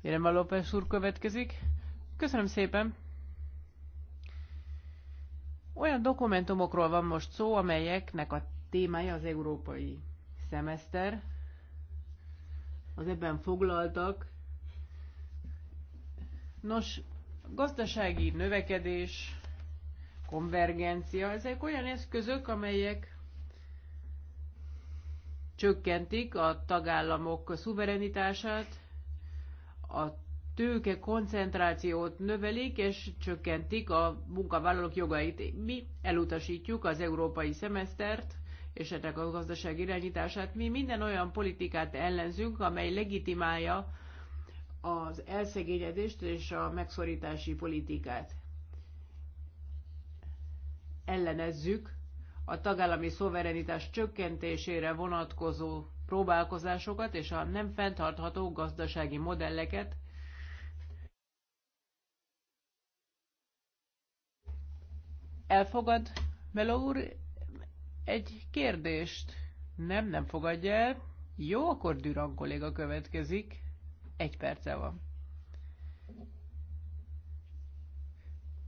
S3: Érem a López úr következik. Köszönöm szépen. Olyan dokumentumokról van most szó, amelyeknek a témája az európai szemeszter. Az ebben foglaltak. Nos, gazdasági növekedés, konvergencia, ezek olyan eszközök, amelyek csökkentik a tagállamok szuverenitását, a tőke koncentrációt növelik, és csökkentik a munkavállalók jogait. Mi elutasítjuk az európai szemesztert, és ennek a gazdaság irányítását. Mi minden olyan politikát ellenzünk, amely legitimálja az elszegényedést és a megszorítási politikát ellenezzük a tagállami szoverenitás csökkentésére vonatkozó próbálkozásokat és a nem fenntartható gazdasági modelleket, Elfogad, Melo úr, egy kérdést. Nem, nem fogadja el. Jó, akkor Düran kolléga következik. Egy perce van.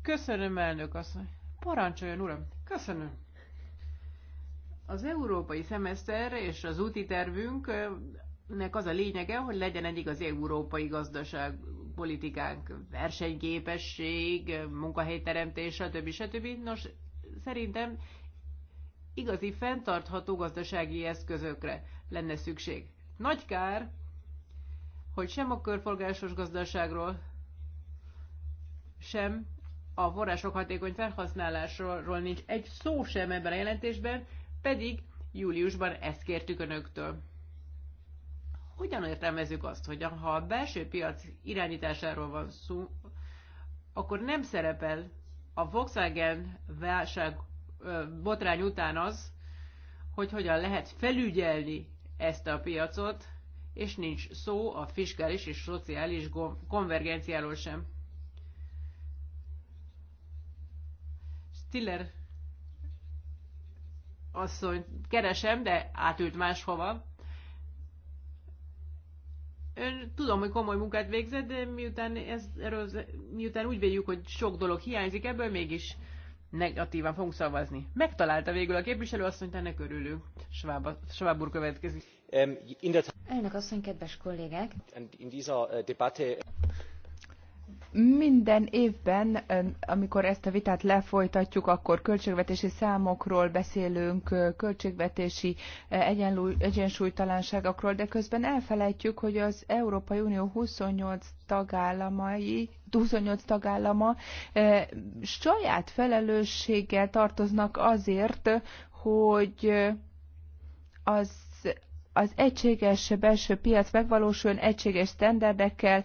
S3: Köszönöm, elnök asszony. Parancsoljon, uram! Köszönöm! Az európai szemeszter és az úti nek az a lényege, hogy legyen egy igazi európai gazdaság politikánk, versenyképesség, munkahelyteremtés, stb. stb. Nos, szerintem igazi fenntartható gazdasági eszközökre lenne szükség. Nagy kár, hogy sem a körforgásos gazdaságról, sem a források hatékony felhasználásról nincs egy szó sem ebben a jelentésben, pedig júliusban ezt kértük önöktől. Hogyan értelmezzük azt, hogy ha a belső piac irányításáról van szó, akkor nem szerepel a Volkswagen válság botrány után az, hogy hogyan lehet felügyelni ezt a piacot, és nincs szó a fiskális és szociális konvergenciáról sem. Tiller asszony keresem, de átült máshova. Ön tudom, hogy komoly munkát végzett, de miután, ez, erről, miután úgy véljük, hogy sok dolog hiányzik ebből, mégis negatívan fogunk szavazni. Megtalálta végül a képviselő asszonyt, ennek örülünk. Schwab, úr következik. Elnök asszony,
S2: kedves kollégák!
S3: In dieser äh, Debatte
S1: minden évben, amikor ezt a vitát lefolytatjuk, akkor költségvetési számokról beszélünk, költségvetési egyensúlytalanságokról, de közben elfelejtjük, hogy az Európai Unió 28 tagállamai 28 tagállama saját felelősséggel tartoznak azért, hogy az az egységes belső piac megvalósuljon egységes sztenderdekkel,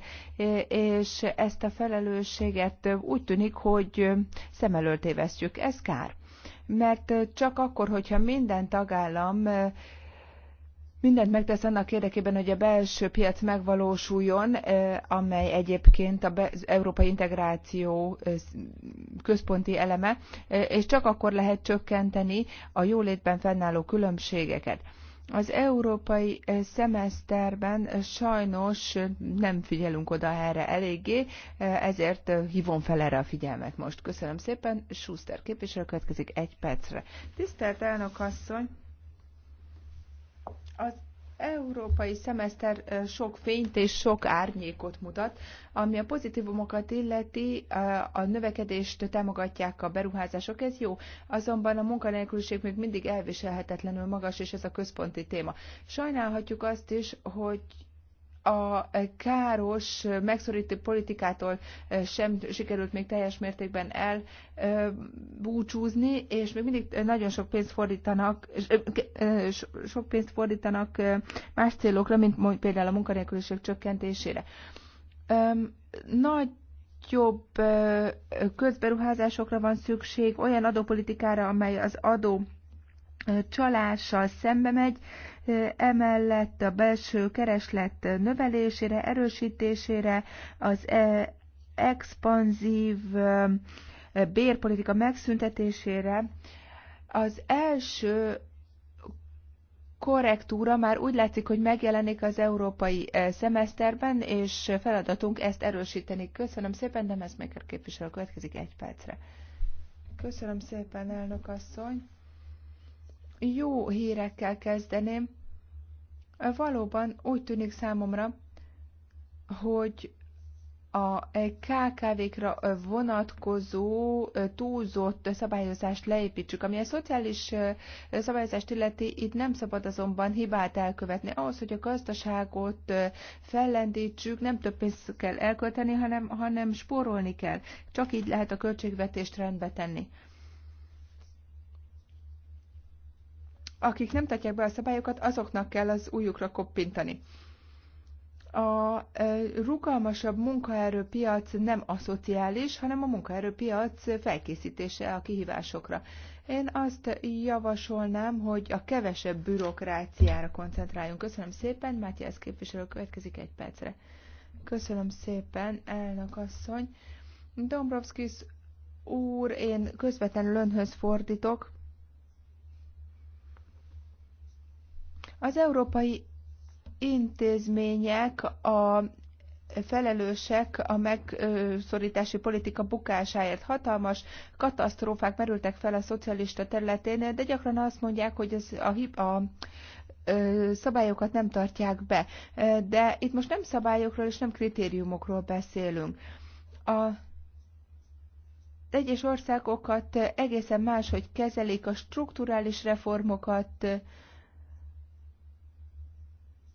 S1: és ezt a felelősséget úgy tűnik, hogy szem előtt évesztjük. Ez kár. Mert csak akkor, hogyha minden tagállam mindent megtesz annak érdekében, hogy a belső piac megvalósuljon, amely egyébként az európai integráció központi eleme, és csak akkor lehet csökkenteni a jólétben fennálló különbségeket. Az európai szemeszterben sajnos nem figyelünk oda erre eléggé, ezért hívom fel erre a figyelmet most. Köszönöm szépen, Schuster képviselő következik egy percre. Tisztelt elnök asszony! Az európai szemeszter sok fényt és sok árnyékot mutat, ami a pozitívumokat illeti, a növekedést támogatják a beruházások, ez jó, azonban a munkanélküliség még mindig elviselhetetlenül magas, és ez a központi téma. Sajnálhatjuk azt is, hogy a káros megszorító politikától sem sikerült még teljes mértékben elbúcsúzni, és még mindig nagyon sok pénzt fordítanak, sok pénzt fordítanak más célokra, mint például a munkanélküliség csökkentésére. Nagy jobb közberuházásokra van szükség, olyan adópolitikára, amely az adó csalással szembe megy, emellett a belső kereslet növelésére, erősítésére, az expanzív bérpolitika megszüntetésére. Az első korrektúra már úgy látszik, hogy megjelenik az európai szemeszterben, és feladatunk ezt erősíteni. Köszönöm szépen, de Messmaker képviselő következik egy percre. Köszönöm szépen, elnök asszony jó hírekkel kezdeném. Valóban úgy tűnik számomra, hogy a KKV-kra vonatkozó túlzott szabályozást leépítsük. Ami a szociális szabályozást illeti, itt nem szabad azonban hibát elkövetni. Ahhoz, hogy a gazdaságot fellendítsük, nem több pénzt kell elkölteni, hanem, hanem spórolni kell. Csak így lehet a költségvetést rendbe tenni. akik nem tartják be a szabályokat, azoknak kell az újukra koppintani. A e, rugalmasabb munkaerőpiac nem a szociális, hanem a munkaerőpiac felkészítése a kihívásokra. Én azt javasolnám, hogy a kevesebb bürokráciára koncentráljunk. Köszönöm szépen, Mátyász képviselő következik egy percre. Köszönöm szépen, elnök asszony. Dombrovskis úr, én közvetlenül önhöz fordítok. Az európai intézmények a felelősek a megszorítási politika bukásáért. Hatalmas katasztrófák merültek fel a szocialista területén, de gyakran azt mondják, hogy az a, a szabályokat nem tartják be. De itt most nem szabályokról és nem kritériumokról beszélünk. A egyes országokat egészen máshogy kezelik a strukturális reformokat,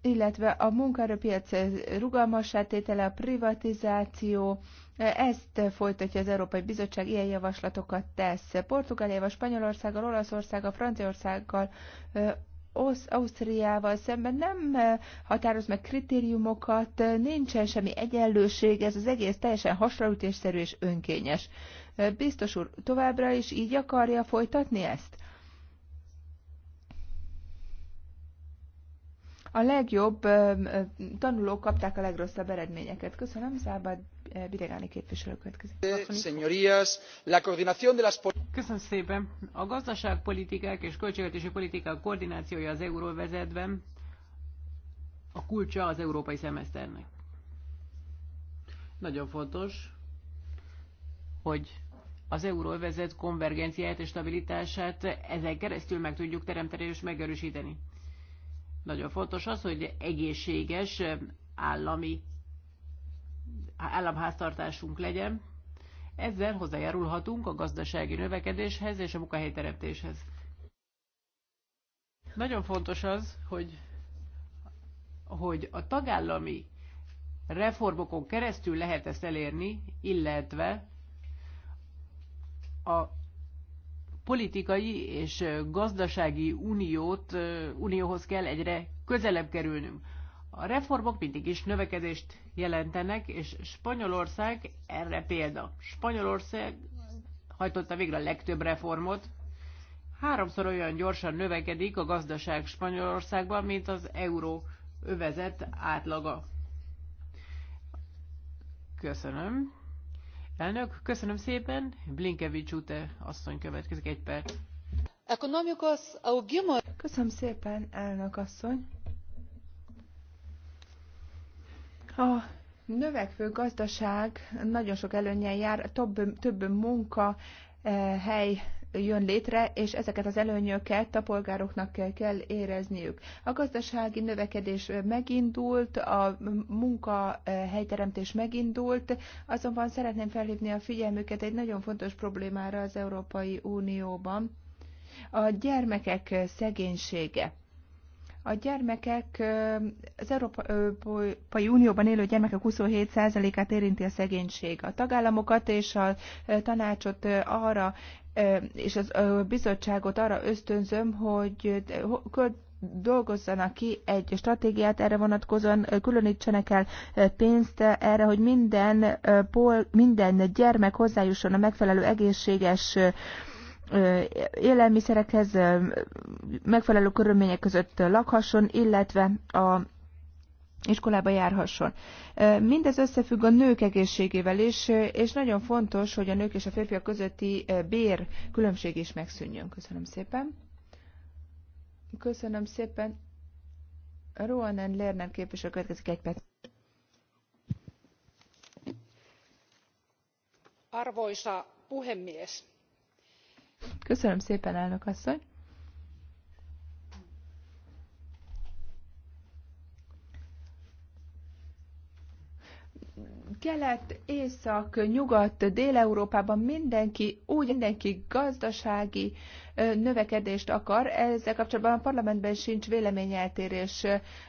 S1: illetve a munkaerőpiac rugalmassá tétele, a privatizáció, ezt folytatja az Európai Bizottság, ilyen javaslatokat tesz. Portugáliával, Spanyolországgal, Olaszországgal, Franciaországgal, Ausztriával szemben nem határoz meg kritériumokat, nincsen semmi egyenlőség, ez az egész teljesen hasraütésszerű és önkényes. Biztos úr, továbbra is így akarja folytatni ezt? a legjobb tanulók kapták a legrosszabb eredményeket. Köszönöm, Szábad Bidegáni képviselő következik.
S3: Eh, Köszönöm szépen. A gazdaságpolitikák és költségvetési politikák koordinációja az euróvezetben a kulcsa az európai szemeszternek. Nagyon fontos, hogy az euróvezet konvergenciáját és stabilitását ezen keresztül meg tudjuk teremteni és megerősíteni. Nagyon fontos az, hogy egészséges eh, állami államháztartásunk legyen. Ezzel hozzájárulhatunk a gazdasági növekedéshez és a munkahelyteremtéshez. Nagyon fontos az, hogy, hogy a tagállami reformokon keresztül lehet ezt elérni, illetve a politikai és gazdasági uniót, unióhoz kell egyre közelebb kerülnünk. A reformok mindig is növekedést jelentenek, és Spanyolország erre példa. Spanyolország hajtotta végre a legtöbb reformot. Háromszor olyan gyorsan növekedik a gazdaság Spanyolországban, mint az euró övezet átlaga. Köszönöm. Elnök, köszönöm szépen. Blinkevics úte asszony következik egy perc.
S1: Köszönöm szépen, elnök asszony. A növekvő gazdaság nagyon sok előnyel jár, több, több munka, eh, hely jön létre, és ezeket az előnyöket a polgároknak kell érezniük. A gazdasági növekedés megindult, a munkahelyteremtés megindult, azonban szeretném felhívni a figyelmüket egy nagyon fontos problémára az Európai Unióban, a gyermekek szegénysége. A gyermekek, az Európai Unióban élő gyermekek 27%-át érinti a szegénység. A tagállamokat és a tanácsot arra, és az bizottságot arra ösztönzöm, hogy dolgozzanak ki egy stratégiát erre vonatkozóan, különítsenek el pénzt erre, hogy minden, pol, minden gyermek hozzájusson a megfelelő egészséges élelmiszerekhez megfelelő körülmények között lakhasson, illetve a iskolába járhasson. Mindez összefügg a nők egészségével is, és nagyon fontos, hogy a nők és a férfiak közötti bér különbség is megszűnjön. Köszönöm szépen. Köszönöm szépen. Ruanen Lerner képviselő következik egy perc. Arvoisa puhemies, Köszönöm szépen, elnök asszony. kelet, észak, nyugat, dél-európában mindenki úgy, mindenki gazdasági növekedést akar. Ezzel kapcsolatban a parlamentben sincs véleményeltérés.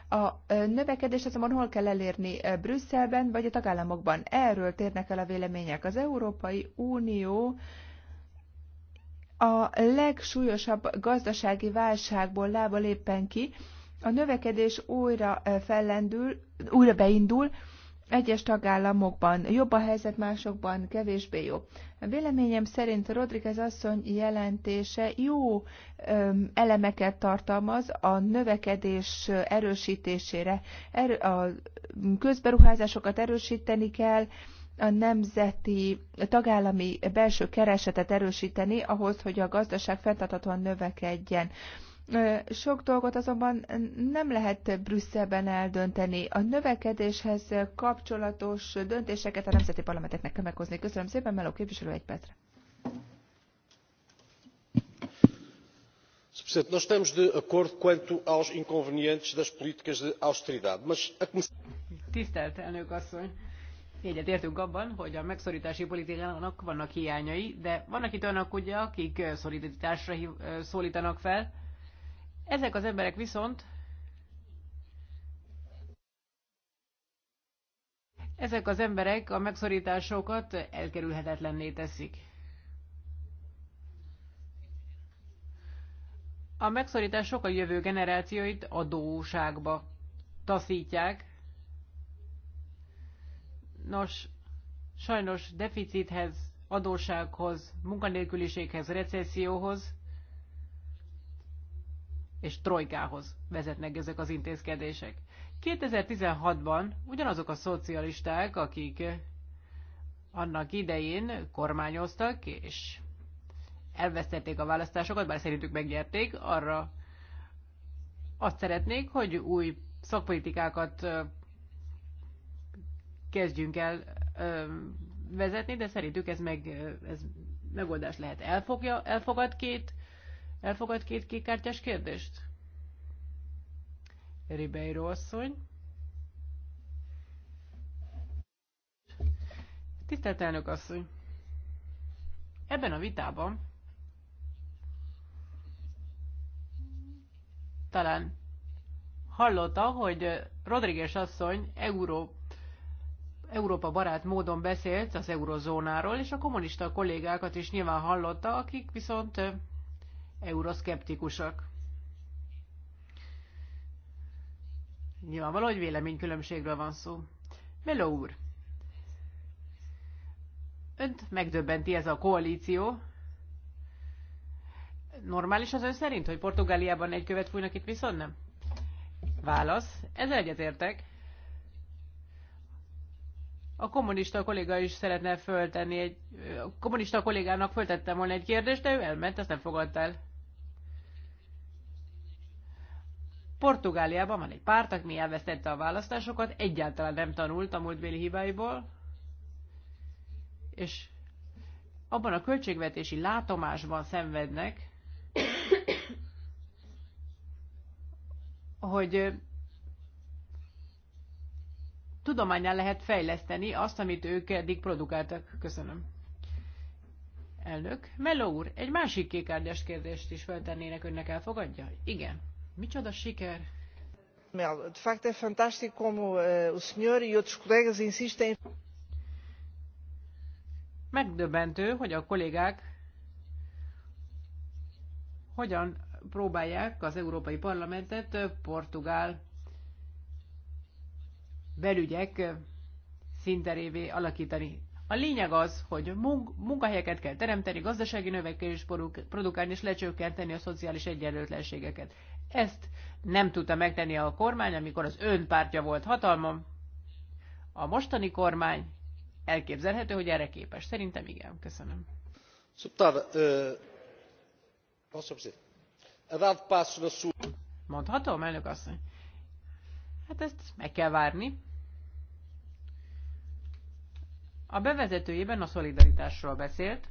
S1: A növekedés azonban hol kell elérni? Brüsszelben vagy a tagállamokban? Erről térnek el a vélemények. Az Európai Unió a legsúlyosabb gazdasági válságból lába léppen ki, a növekedés újra fellendül, újra beindul, egyes tagállamokban jobb a helyzet, másokban kevésbé jobb. A véleményem szerint Rodriguez asszony jelentése jó elemeket tartalmaz a növekedés erősítésére. Erő, a közberuházásokat erősíteni kell, a nemzeti, a tagállami belső keresetet erősíteni ahhoz, hogy a gazdaság fenntarthatóan növekedjen. Sok dolgot azonban nem lehet Brüsszelben eldönteni. A növekedéshez kapcsolatos döntéseket a nemzeti parlamenteknek kell meghozni. Köszönöm szépen, Meló képviselő, egy percre. Presidente, nós estamos de acordo quanto aos inconvenientes das políticas de austeridade, mas a
S3: Tisztelt elnök asszony! egyet értünk abban, hogy a megszorítási politikának vannak hiányai, de vannak itt olyanok ugye, akik szolidaritásra szólítanak fel. Ezek az emberek viszont Ezek az emberek a megszorításokat elkerülhetetlenné teszik. A megszorítások a jövő generációit adóságba taszítják, Nos, sajnos deficithez, adósághoz, munkanélküliséghez, recesszióhoz és trojkához vezetnek ezek az intézkedések. 2016-ban ugyanazok a szocialisták, akik annak idején kormányoztak, és elvesztették a választásokat, bár szerintük megnyerték, arra azt szeretnék, hogy új szakpolitikákat kezdjünk el vezetni, de szerintük ez, meg, ez megoldás lehet. Elfogja, elfogad két elfogad két kékkártyás kérdést? Ribeiro asszony. Tisztelt elnök asszony! Ebben a vitában talán hallotta, hogy Rodriguez asszony Európa Európa barát módon beszélt az eurozónáról, és a kommunista kollégákat is nyilván hallotta, akik viszont euroszkeptikusak. Nyilvánvaló, hogy véleménykülönbségről van szó. Meló úr, önt megdöbbenti ez a koalíció. Normális az ön szerint, hogy Portugáliában egy követ fújnak, itt viszont nem? Válasz, ezzel egyetértek. A kommunista kolléga is szeretne föltenni egy... A kommunista kollégának föltettem volna egy kérdést, de ő elment, ezt nem fogadta el. Portugáliában van egy párt, aki elvesztette a választásokat, egyáltalán nem tanult a múltbéli hibáiból, és abban a költségvetési látomásban szenvednek, hogy tudományán lehet fejleszteni azt, amit ők eddig produkáltak. Köszönöm. Elnök, Melló úr, egy másik kékárdás kérdést is feltennének önnek, elfogadja? Igen. Micsoda siker? Mel, de facto é fantástico como uh, o senhor e outros colegas insistem. Megdöbbentő, hogy a kollégák hogyan próbálják az Európai Parlamentet eh, Portugál belügyek szinterévé alakítani. A lényeg az, hogy munkahelyeket kell teremteni, gazdasági növekedés produkálni és lecsökkenteni a szociális egyenlőtlenségeket. Ezt nem tudta megtenni a kormány, amikor az ön pártja volt hatalmam. A mostani kormány elképzelhető, hogy erre képes. Szerintem igen. Köszönöm. Mondhatom, elnök asszony? Hát ezt meg kell várni. A bevezetőjében a szolidaritásról beszélt,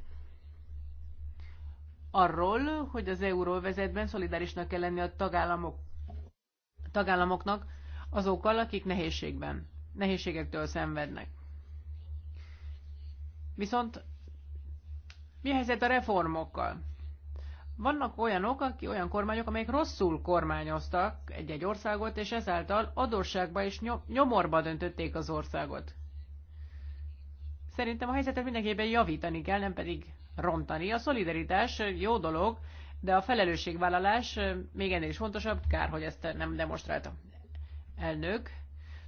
S3: arról, hogy az euróvezetben szolidárisnak kell lenni a tagállamok, tagállamoknak azokkal, akik nehézségben, nehézségektől szenvednek. Viszont mi helyzet a reformokkal? Vannak olyanok, aki, olyan kormányok, amelyek rosszul kormányoztak egy-egy országot, és ezáltal adósságba és nyomorba döntötték az országot. Szerintem a helyzetet mindenképpen javítani kell, nem pedig rontani. A szolidaritás jó dolog, de a felelősségvállalás még ennél is fontosabb, kár, hogy ezt nem demonstrálta. Elnök,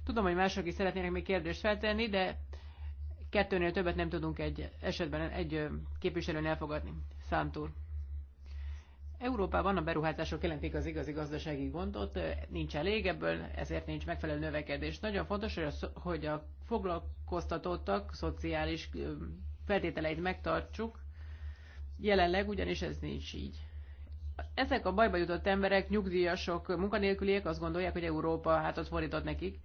S3: tudom, hogy mások is szeretnének még kérdést feltenni, de kettőnél többet nem tudunk egy esetben egy képviselőn elfogadni. Szántúr. Európában a beruházások jelentik az igazi gazdasági gondot, nincs elég ebből, ezért nincs megfelelő növekedés. Nagyon fontos, hogy a, hogy a foglalkoztatottak szociális feltételeit megtartsuk, jelenleg ugyanis ez nincs így. Ezek a bajba jutott emberek, nyugdíjasok, munkanélküliek azt gondolják, hogy Európa hát az fordított nekik.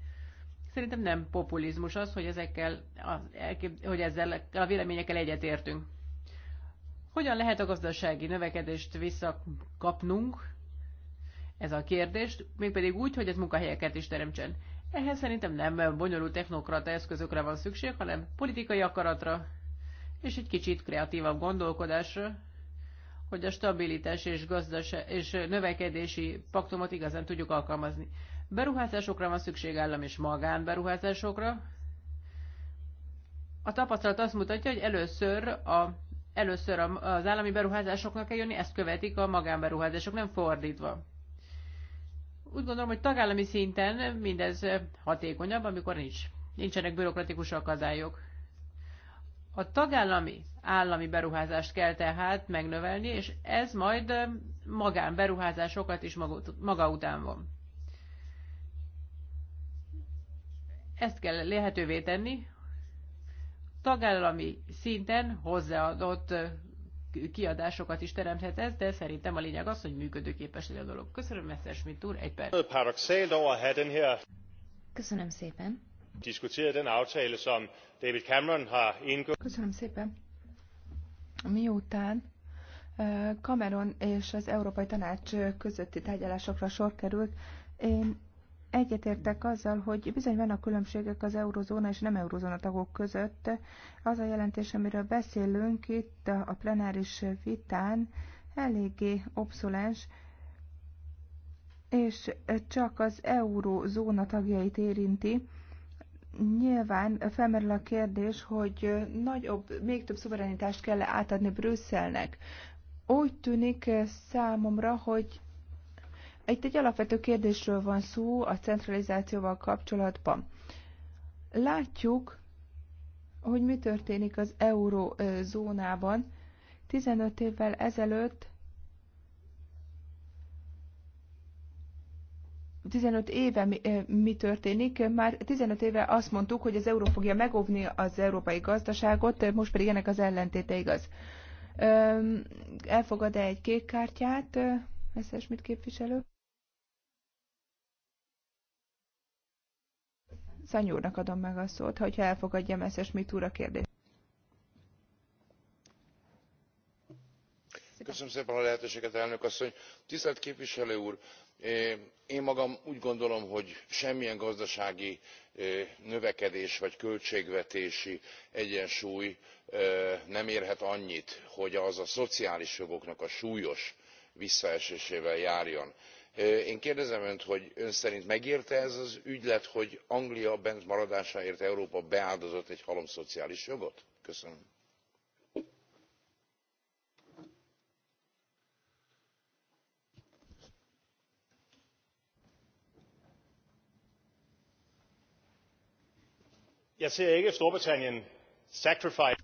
S3: Szerintem nem populizmus az, hogy, ezekkel, a, hogy ezzel a véleményekkel egyetértünk. Hogyan lehet a gazdasági növekedést visszakapnunk? Ez a kérdés, mégpedig úgy, hogy ez munkahelyeket is teremtsen. Ehhez szerintem nem bonyolult technokrata eszközökre van szükség, hanem politikai akaratra és egy kicsit kreatívabb gondolkodásra, hogy a stabilitás és, gazdaság és növekedési paktumot igazán tudjuk alkalmazni. Beruházásokra van szükség állam és magán beruházásokra. A tapasztalat azt mutatja, hogy először a először az állami beruházásoknak kell jönni, ezt követik a magánberuházások, nem fordítva. Úgy gondolom, hogy tagállami szinten mindez hatékonyabb, amikor nincs, nincsenek bürokratikus akadályok. A tagállami állami beruházást kell tehát megnövelni, és ez majd magánberuházásokat is maga után van. Ezt kell lehetővé tenni, tagállami szinten hozzáadott kiadásokat is teremthet ez, de szerintem a lényeg az, hogy működőképes legyen a dolog. Köszönöm, Schmidt úr, egy perc. Köszönöm szépen. Köszönöm szépen.
S1: Miután Cameron és az Európai Tanács közötti tárgyalásokra sor került, én Egyetértek azzal, hogy bizony vannak különbségek az eurozóna és nem eurozóna tagok között. Az a jelentés, amiről beszélünk itt a plenáris vitán, eléggé obszolens, és csak az eurozóna tagjait érinti. Nyilván felmerül a kérdés, hogy nagyobb, még több szuverenitást kell -e átadni Brüsszelnek. Úgy tűnik számomra, hogy itt egy alapvető kérdésről van szó a centralizációval kapcsolatban. Látjuk, hogy mi történik az eurózónában. 15 évvel ezelőtt 15 éve mi, mi történik. Már 15 éve azt mondtuk, hogy az euró fogja megóvni az európai gazdaságot, most pedig ennek az ellentéte igaz. Elfogad-e egy kék kártyát, mit képviselő? Szanyúrnak adom meg a szót, hogyha elfogadja Messzes Mitúra kérdést.
S3: Köszönöm szépen a lehetőséget, elnök asszony. Tisztelt képviselő úr, én magam úgy gondolom, hogy semmilyen gazdasági növekedés vagy költségvetési egyensúly nem érhet annyit, hogy az a szociális jogoknak a súlyos visszaesésével járjon én kérdezem önt hogy ön szerint megérte ez az ügylet hogy anglia bent maradásáért európa beáldozott egy halom szociális jogot? köszönöm.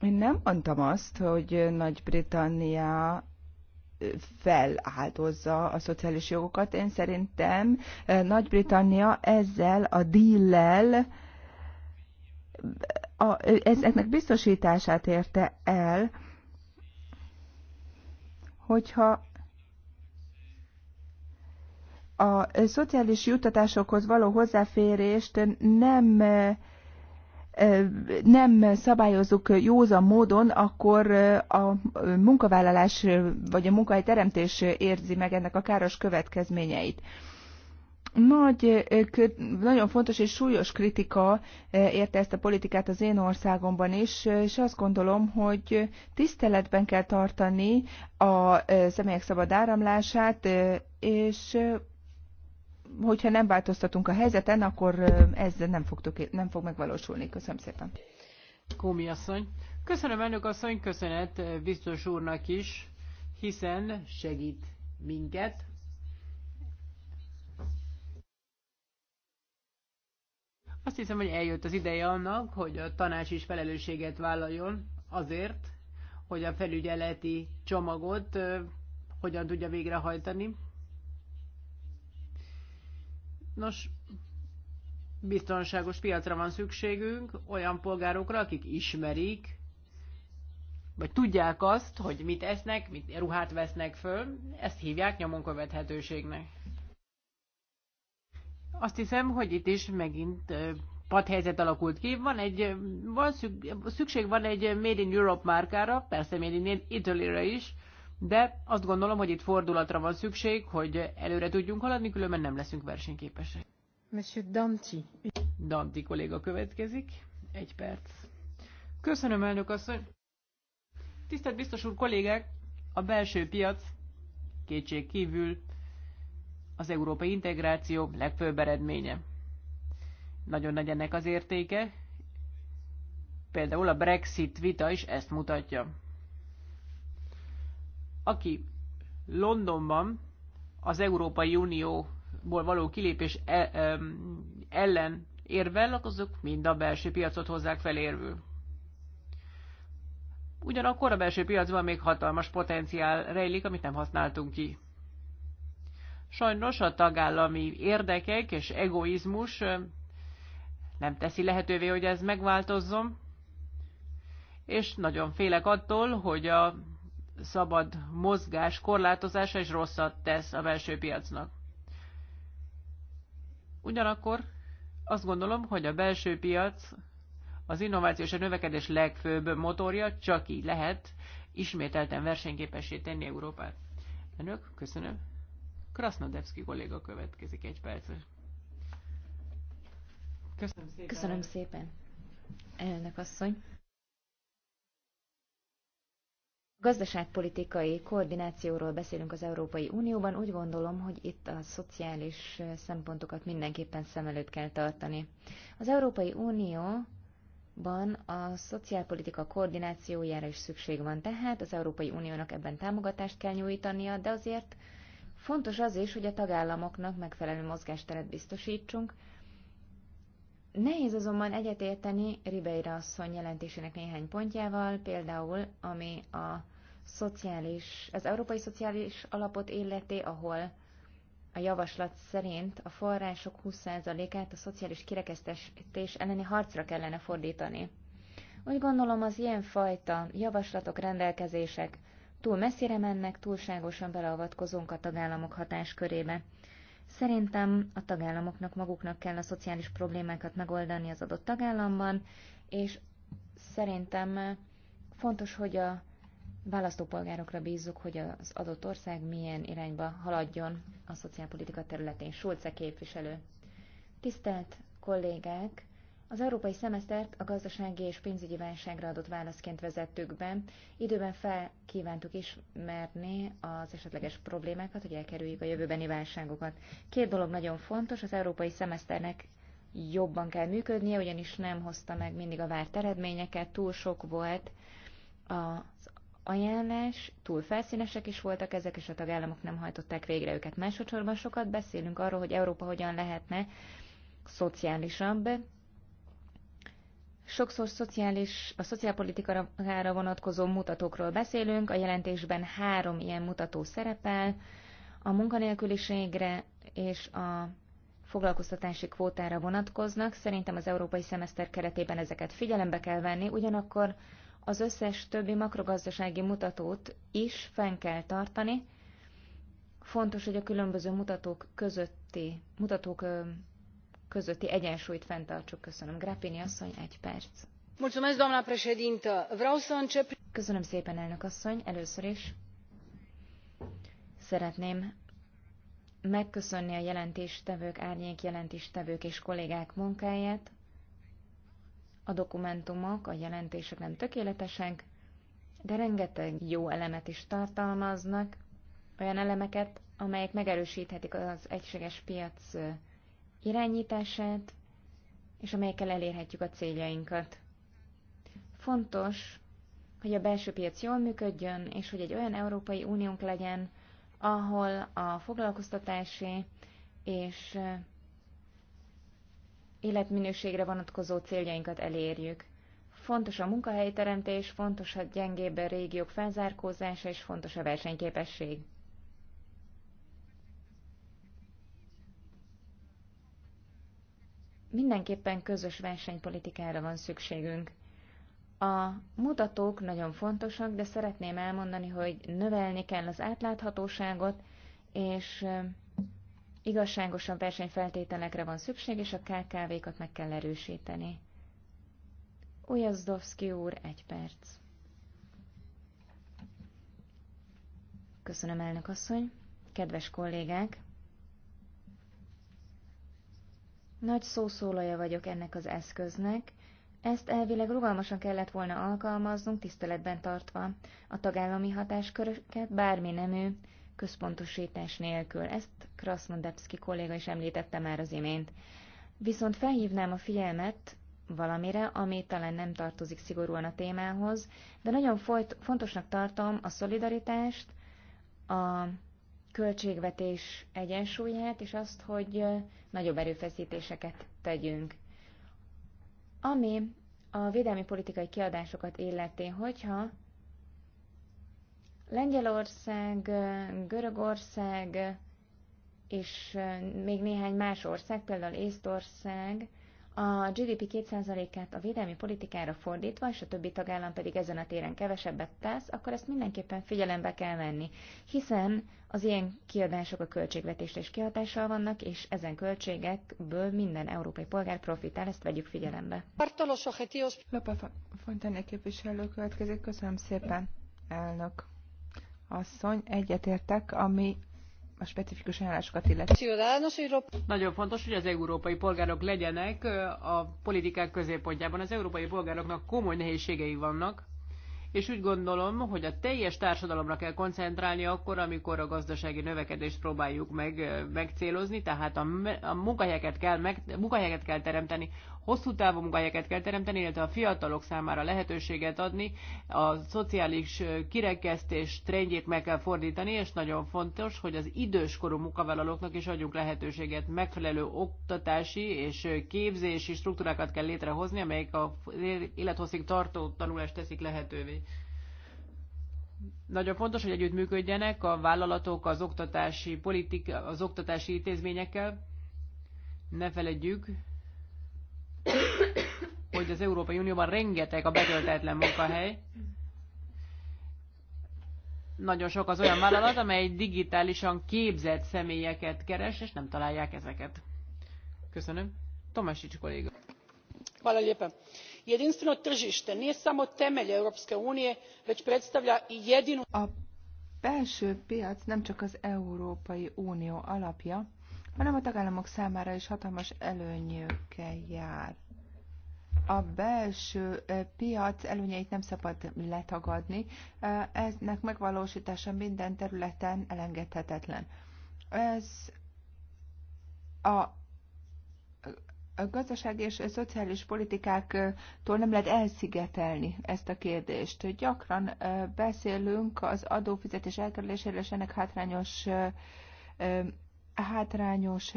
S1: Én nem mondtam azt, hogy Nagy-Britannia feláldozza a szociális jogokat. Én szerintem eh, Nagy-Britannia ezzel a díllel eh, a, ezeknek biztosítását érte el, hogyha a szociális juttatásokhoz való hozzáférést nem eh, nem szabályozzuk józan módon, akkor a munkavállalás vagy a teremtés érzi meg ennek a káros következményeit. Nagy, nagyon fontos és súlyos kritika érte ezt a politikát az én országomban is, és azt gondolom, hogy tiszteletben kell tartani a személyek szabad áramlását, és hogyha nem változtatunk a helyzeten, akkor ez nem fog, nem fog megvalósulni. Köszönöm szépen.
S3: Kómi asszony. Köszönöm elnök asszony, köszönet biztos úrnak is, hiszen segít minket. Azt hiszem, hogy eljött az ideje annak, hogy a tanács is felelősséget vállaljon azért, hogy a felügyeleti csomagot hogyan tudja végrehajtani. Nos, biztonságos piacra van szükségünk olyan polgárokra, akik ismerik, vagy tudják azt, hogy mit esznek, mit ruhát vesznek föl, ezt hívják nyomon követhetőségnek. Azt hiszem, hogy itt is megint padhelyzet alakult ki. Van egy, van szükség, szükség van egy Made in Europe márkára, persze Made in Italy-ra is, de azt gondolom, hogy itt fordulatra van szükség, hogy előre tudjunk haladni, különben nem leszünk versenyképesek. Monsieur Danti. Danti kolléga következik. Egy perc. Köszönöm, elnök asszony. Tisztelt biztos úr kollégák, a belső piac kétség kívül az európai integráció legfőbb eredménye. Nagyon nagy ennek az értéke, például a Brexit vita is ezt mutatja aki Londonban az Európai Unióból való kilépés e, e, ellen érvel, azok mind a belső piacot hozzák felérvül. Ugyanakkor a belső piacban még hatalmas potenciál rejlik, amit nem használtunk ki. Sajnos a tagállami érdekek és egoizmus nem teszi lehetővé, hogy ez megváltozzon, és nagyon félek attól, hogy a szabad mozgás korlátozása is rosszat tesz a belső piacnak. Ugyanakkor azt gondolom, hogy a belső piac az innováció és a növekedés legfőbb motorja, csak így lehet ismételten versenyképessé tenni Európát. Önök, köszönöm. Krasznodevski kolléga következik egy perc. Köszönöm szépen.
S2: Köszönöm szépen, elnök asszony gazdaságpolitikai koordinációról beszélünk az Európai Unióban, úgy gondolom, hogy itt a szociális szempontokat mindenképpen szem előtt kell tartani. Az Európai Unióban a szociálpolitika koordinációjára is szükség van, tehát az Európai Uniónak ebben támogatást kell nyújtania, de azért fontos az is, hogy a tagállamoknak megfelelő mozgásteret biztosítsunk, Nehéz azonban egyetérteni Ribeira asszony jelentésének néhány pontjával, például ami a szociális, az európai szociális alapot illeti, ahol a javaslat szerint a források 20%-át a szociális kirekesztés elleni harcra kellene fordítani. Úgy gondolom, az ilyenfajta javaslatok, rendelkezések túl messzire mennek, túlságosan beleavatkozunk a tagállamok hatáskörébe. Szerintem a tagállamoknak maguknak kell a szociális problémákat megoldani az adott tagállamban, és szerintem fontos, hogy a választópolgárokra bízzuk, hogy az adott ország milyen irányba haladjon a szociálpolitika területén. Sulce képviselő. Tisztelt kollégák! Az európai szemesztert a gazdasági és pénzügyi válságra adott válaszként vezettük be. Időben fel kívántuk ismerni az esetleges problémákat, hogy elkerüljük a jövőbeni válságokat. Két dolog nagyon fontos, az európai szemeszternek jobban kell működnie, ugyanis nem hozta meg mindig a várt eredményeket, túl sok volt az ajánlás, túl felszínesek is voltak ezek, és a tagállamok nem hajtották végre őket. Másodszorban sokat beszélünk arról, hogy Európa hogyan lehetne szociálisabb, Sokszor szociális, a szociálpolitikára vonatkozó mutatókról beszélünk, a jelentésben három ilyen mutató szerepel, a munkanélküliségre és a foglalkoztatási kvótára vonatkoznak. Szerintem az európai szemeszter keretében ezeket figyelembe kell venni, ugyanakkor az összes többi makrogazdasági mutatót is fenn kell tartani. Fontos, hogy a különböző mutatók közötti, mutatók közötti egyensúlyt fenntartsuk. Köszönöm. Grappini asszony, egy perc. Mulțumesc, doamna președintă. Vreau să încep... Köszönöm szépen, elnök asszony. Először is szeretném megköszönni a jelentéstevők, árnyék jelentéstevők és kollégák munkáját. A dokumentumok, a jelentések nem tökéletesek, de rengeteg jó elemet is tartalmaznak, olyan elemeket, amelyek megerősíthetik az egységes piac irányítását, és amelyekkel elérhetjük a céljainkat. Fontos, hogy a belső piac jól működjön, és hogy egy olyan Európai Uniónk legyen, ahol a foglalkoztatási és életminőségre vonatkozó céljainkat elérjük. Fontos a munkahelyteremtés, fontos a gyengébb régiók felzárkózása, és fontos a versenyképesség. Mindenképpen közös versenypolitikára van szükségünk. A mutatók nagyon fontosak, de szeretném elmondani, hogy növelni kell az átláthatóságot, és igazságosan versenyfeltételekre van szükség, és a KKV-kat meg kell erősíteni. Ujazdowski úr, egy perc. Köszönöm, elnök asszony. Kedves kollégák! Nagy szószólója vagyok ennek az eszköznek, ezt elvileg rugalmasan kellett volna alkalmaznunk, tiszteletben tartva a tagállami hatásköröket bármi ő, központosítás nélkül. Ezt Krasnodebski kolléga is említette már az imént. Viszont felhívnám a figyelmet valamire, ami talán nem tartozik szigorúan a témához, de nagyon folyt, fontosnak tartom a szolidaritást, a költségvetés egyensúlyát, és azt, hogy nagyobb erőfeszítéseket tegyünk. Ami a védelmi politikai kiadásokat illeti, hogyha Lengyelország, Görögország és még néhány más ország, például Észtország a GDP 2%-át a védelmi politikára fordítva, és a többi tagállam pedig ezen a téren kevesebbet tesz, akkor ezt mindenképpen figyelembe kell venni, hiszen az ilyen kiadások a költségvetésre is kihatással vannak, és ezen költségekből minden európai polgár profitál, ezt vegyük figyelembe.
S1: Lopa Fontane képviselő következik, köszönöm szépen, elnök asszony, egyetértek, ami a specifikus ajánlásokat illeti.
S3: Nagyon fontos, hogy az európai polgárok legyenek a politikák középpontjában. Az európai polgároknak komoly nehézségei vannak, és úgy gondolom, hogy a teljes társadalomra kell koncentrálni akkor, amikor a gazdasági növekedést próbáljuk meg, megcélozni, tehát a, a munkahelyeket, kell meg, munkahelyeket kell teremteni, hosszú távú munkahelyeket kell teremteni, illetve a fiatalok számára lehetőséget adni, a szociális kirekesztés trendjét meg kell fordítani, és nagyon fontos, hogy az időskorú munkavállalóknak is adjunk lehetőséget, megfelelő oktatási és képzési struktúrákat kell létrehozni, amelyek a élethosszig tartó tanulást teszik lehetővé nagyon fontos, hogy együttműködjenek a vállalatok az oktatási, politika, az oktatási intézményekkel. Ne feledjük, hogy az Európai Unióban rengeteg a betöltetlen munkahely. Nagyon sok az olyan vállalat, amely digitálisan képzett személyeket keres, és nem találják ezeket. Köszönöm. Tomásics kolléga gospodine predsjedniče jedinstveno tržište nije samo temelj europske unije već predstavlja i jedinu.
S1: a belső piac nem csak az európai unió alapja hanem a tagállamok számára is hatalmas előnyökkel jár. A belső piac előnyeit nem szabad letagadni, eznek megvalósítása minden területen elengedhetetlen. Ez a a gazdasági és a szociális politikáktól nem lehet elszigetelni ezt a kérdést. Gyakran beszélünk az adófizetés elkerüléséről és ennek hátrányos hátrányos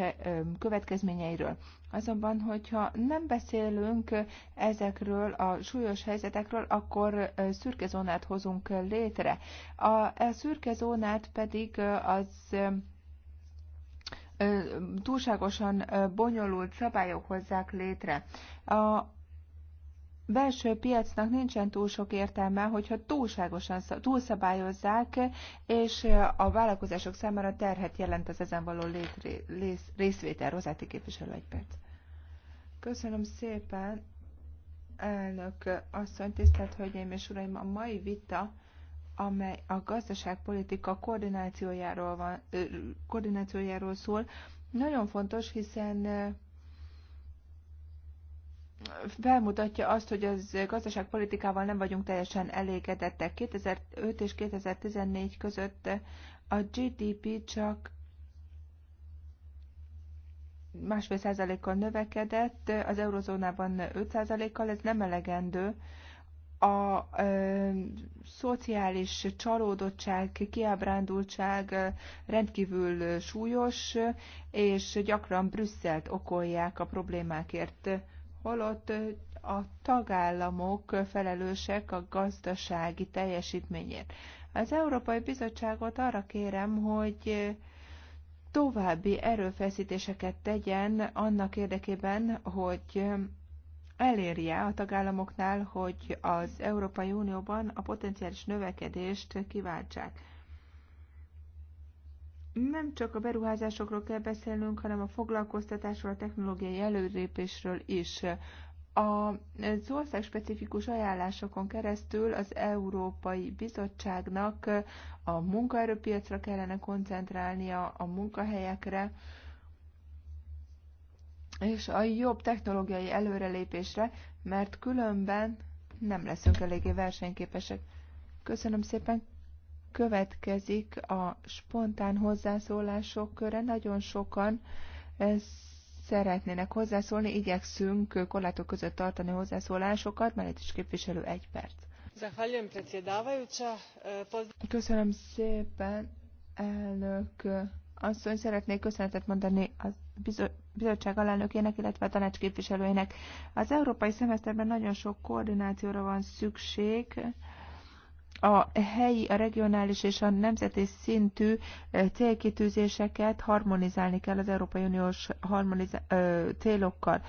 S1: következményeiről. Azonban, hogyha nem beszélünk ezekről a súlyos helyzetekről, akkor szürke zónát hozunk létre. A, a szürke zónát pedig az túlságosan bonyolult szabályok hozzák létre. A belső piacnak nincsen túl sok értelme, hogyha túlságosan túlszabályozzák, és a vállalkozások számára terhet jelent az ezen való létre, rész, részvétel. Rozáti képviselő egy perc. Köszönöm szépen, elnök asszony, tisztelt hölgyeim és uraim, a mai vita amely a gazdaságpolitika koordinációjáról, van, koordinációjáról szól. Nagyon fontos, hiszen felmutatja azt, hogy az gazdaságpolitikával nem vagyunk teljesen elégedettek. 2005 és 2014 között a GDP csak másfél százalékkal növekedett, az eurozónában 5 százalékkal, ez nem elegendő a ö, szociális csalódottság, kiábrándultság rendkívül súlyos, és gyakran Brüsszelt okolják a problémákért, holott a tagállamok felelősek a gazdasági teljesítményért. Az Európai Bizottságot arra kérem, hogy további erőfeszítéseket tegyen annak érdekében, hogy elérje a tagállamoknál, hogy az Európai Unióban a potenciális növekedést kiváltsák. Nem csak a beruházásokról kell beszélnünk, hanem a foglalkoztatásról, a technológiai előrépésről is. A ország specifikus ajánlásokon keresztül az Európai Bizottságnak a munkaerőpiacra kellene koncentrálnia, a munkahelyekre, és a jobb technológiai előrelépésre, mert különben nem leszünk eléggé versenyképesek. Köszönöm szépen. Következik a spontán hozzászólások köre. Nagyon sokan eh, szeretnének hozzászólni. Igyekszünk korlátok között tartani hozzászólásokat, mellett is képviselő egy perc.
S3: Eh,
S1: Köszönöm szépen, elnök asszony. Szeretnék köszönetet mondani a bizottság alelnökének, illetve a tanács képviselőinek. Az európai szemeszterben nagyon sok koordinációra van szükség, a helyi, a regionális és a nemzeti szintű célkitűzéseket harmonizálni kell az Európai Uniós harmoniz- célokkal.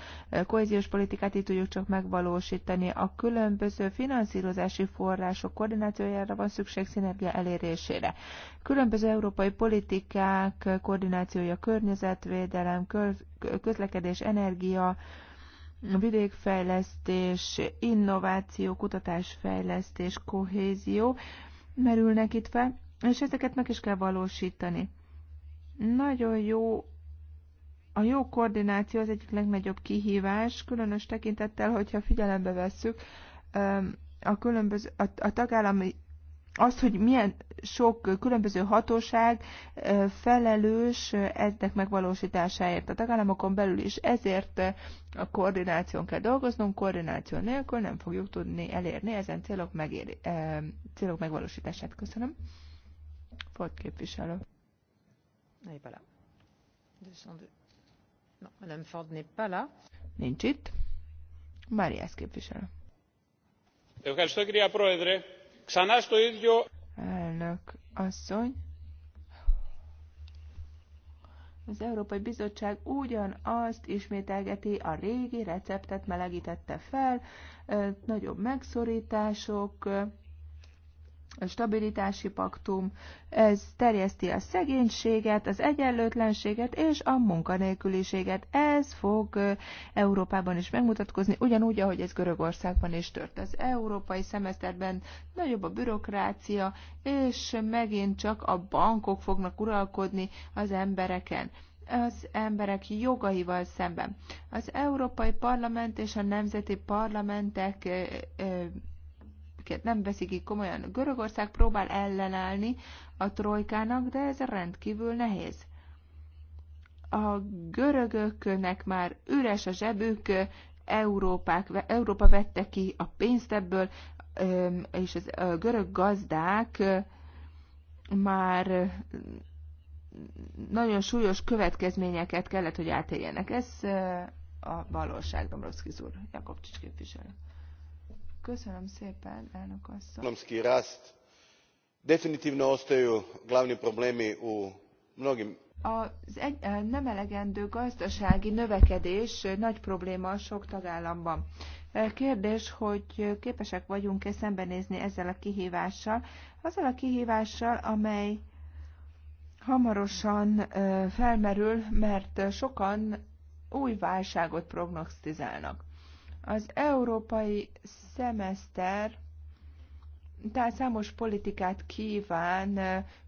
S1: Kohéziós politikát itt tudjuk csak megvalósítani. A különböző finanszírozási források koordinációjára van szükség szinergia elérésére. Különböző európai politikák koordinációja környezetvédelem, közlekedés, energia, vidékfejlesztés, innováció, kutatásfejlesztés, kohézió merülnek itt fel, és ezeket meg is kell valósítani. Nagyon jó a jó koordináció az egyik legnagyobb kihívás, különös tekintettel, hogyha figyelembe vesszük a, különböző, a, a tagállami az, hogy milyen sok különböző hatóság felelős eznek megvalósításáért a tagállamokon belül is. Ezért a koordináción kell dolgoznunk, koordináció nélkül nem fogjuk tudni elérni ezen célok, megéri, célok megvalósítását. Köszönöm. Volt képviselő.
S3: Madame Ford n'est pas képviselő.
S1: Nincs itt. Mariász képviselő.
S3: Köszönöm,
S1: Elnök asszony, az Európai Bizottság ugyanazt ismételgeti, a régi receptet melegítette fel, nagyobb megszorítások, a stabilitási paktum, ez terjeszti a szegénységet, az egyenlőtlenséget és a munkanélküliséget. Ez fog Európában is megmutatkozni, ugyanúgy, ahogy ez Görögországban is tört. Az európai szemeszterben nagyobb a bürokrácia, és megint csak a bankok fognak uralkodni az embereken az emberek jogaival szemben. Az Európai Parlament és a nemzeti parlamentek nem veszik így komolyan. Görögország próbál ellenállni a trojkának, de ez rendkívül nehéz. A görögöknek már üres a zsebük, Európák, Európa vette ki a pénzt ebből, és az görög gazdák már nagyon súlyos következményeket kellett, hogy átéljenek. Ez a valóság, Dombrovszki úr, Jakobcsics képviselő. Köszönöm szépen, elnök asszony.
S3: rast definitivno ostaju glavni problemi u mnogim
S1: az egy, eh, nem elegendő gazdasági növekedés nagy probléma sok tagállamban. Eh, kérdés, hogy képesek vagyunk-e szembenézni ezzel a kihívással, azzal a kihívással, amely hamarosan eh, felmerül, mert sokan új válságot prognosztizálnak. Az európai szemeszter tehát számos politikát kíván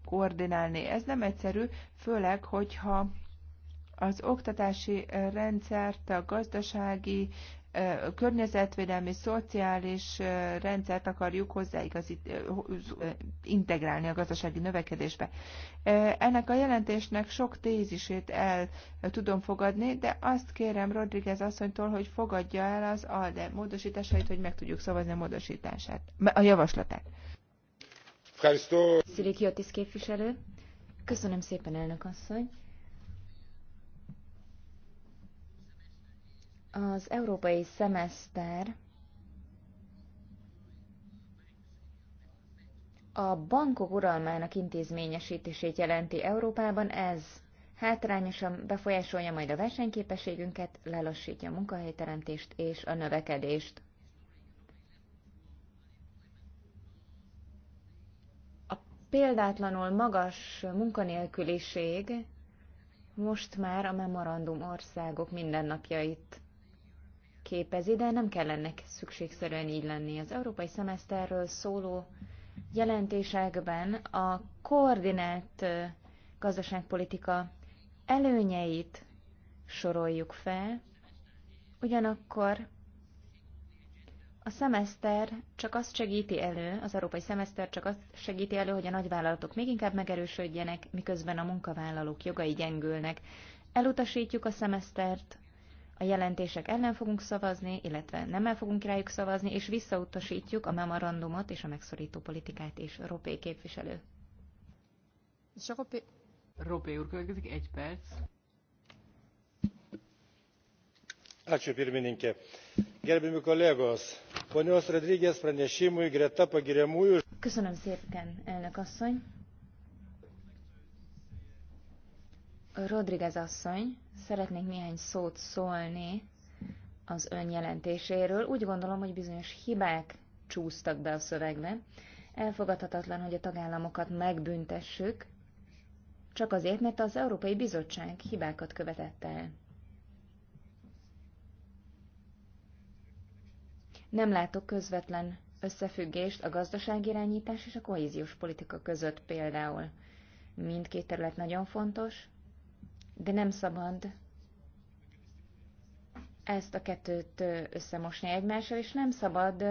S1: koordinálni. Ez nem egyszerű, főleg, hogyha az oktatási rendszert, a gazdasági környezetvédelmi, szociális rendszert akarjuk hozzáigazít, integrálni a gazdasági növekedésbe. Ennek a jelentésnek sok tézisét el tudom fogadni, de azt kérem Rodriguez asszonytól, hogy fogadja el az ALDE módosításait, hogy meg tudjuk szavazni a módosítását, a javaslatát. Szirik
S2: Jotis képviselő. Köszönöm szépen, elnök asszony. Az európai szemeszter a bankok uralmának intézményesítését jelenti Európában, ez hátrányosan befolyásolja majd a versenyképességünket, lelassítja a munkahelyteremtést és a növekedést. A példátlanul magas munkanélküliség most már a memorandum országok mindennapjait képezi, de nem ennek szükségszerűen így lenni. Az európai szemeszterről szóló jelentésekben a koordinált gazdaságpolitika előnyeit soroljuk fel, ugyanakkor a szemeszter csak azt segíti elő, az európai szemeszter csak azt segíti elő, hogy a nagyvállalatok még inkább megerősödjenek, miközben a munkavállalók jogai gyengülnek. Elutasítjuk a szemesztert, a jelentések ellen fogunk szavazni, illetve nem el fogunk rájuk szavazni, és visszautasítjuk a memorandumot és a megszorító politikát is. Ropé képviselő.
S3: Ropé... Ropé úr, következik egy perc. Ačiū pirmininkė. Gerbimi kolegos, ponios Rodrygės pranešimui greta pagiriamųjų.
S2: Köszönöm szépen, elnök asszony. Rodriguez asszony, szeretnék néhány szót szólni az ön jelentéséről. Úgy gondolom, hogy bizonyos hibák csúsztak be a szövegbe. Elfogadhatatlan, hogy a tagállamokat megbüntessük, csak azért, mert az Európai Bizottság hibákat követett el. Nem látok közvetlen összefüggést a gazdaságirányítás és a kohéziós politika között például. Mindkét terület nagyon fontos, de nem szabad ezt a kettőt összemosni egymással, és nem szabad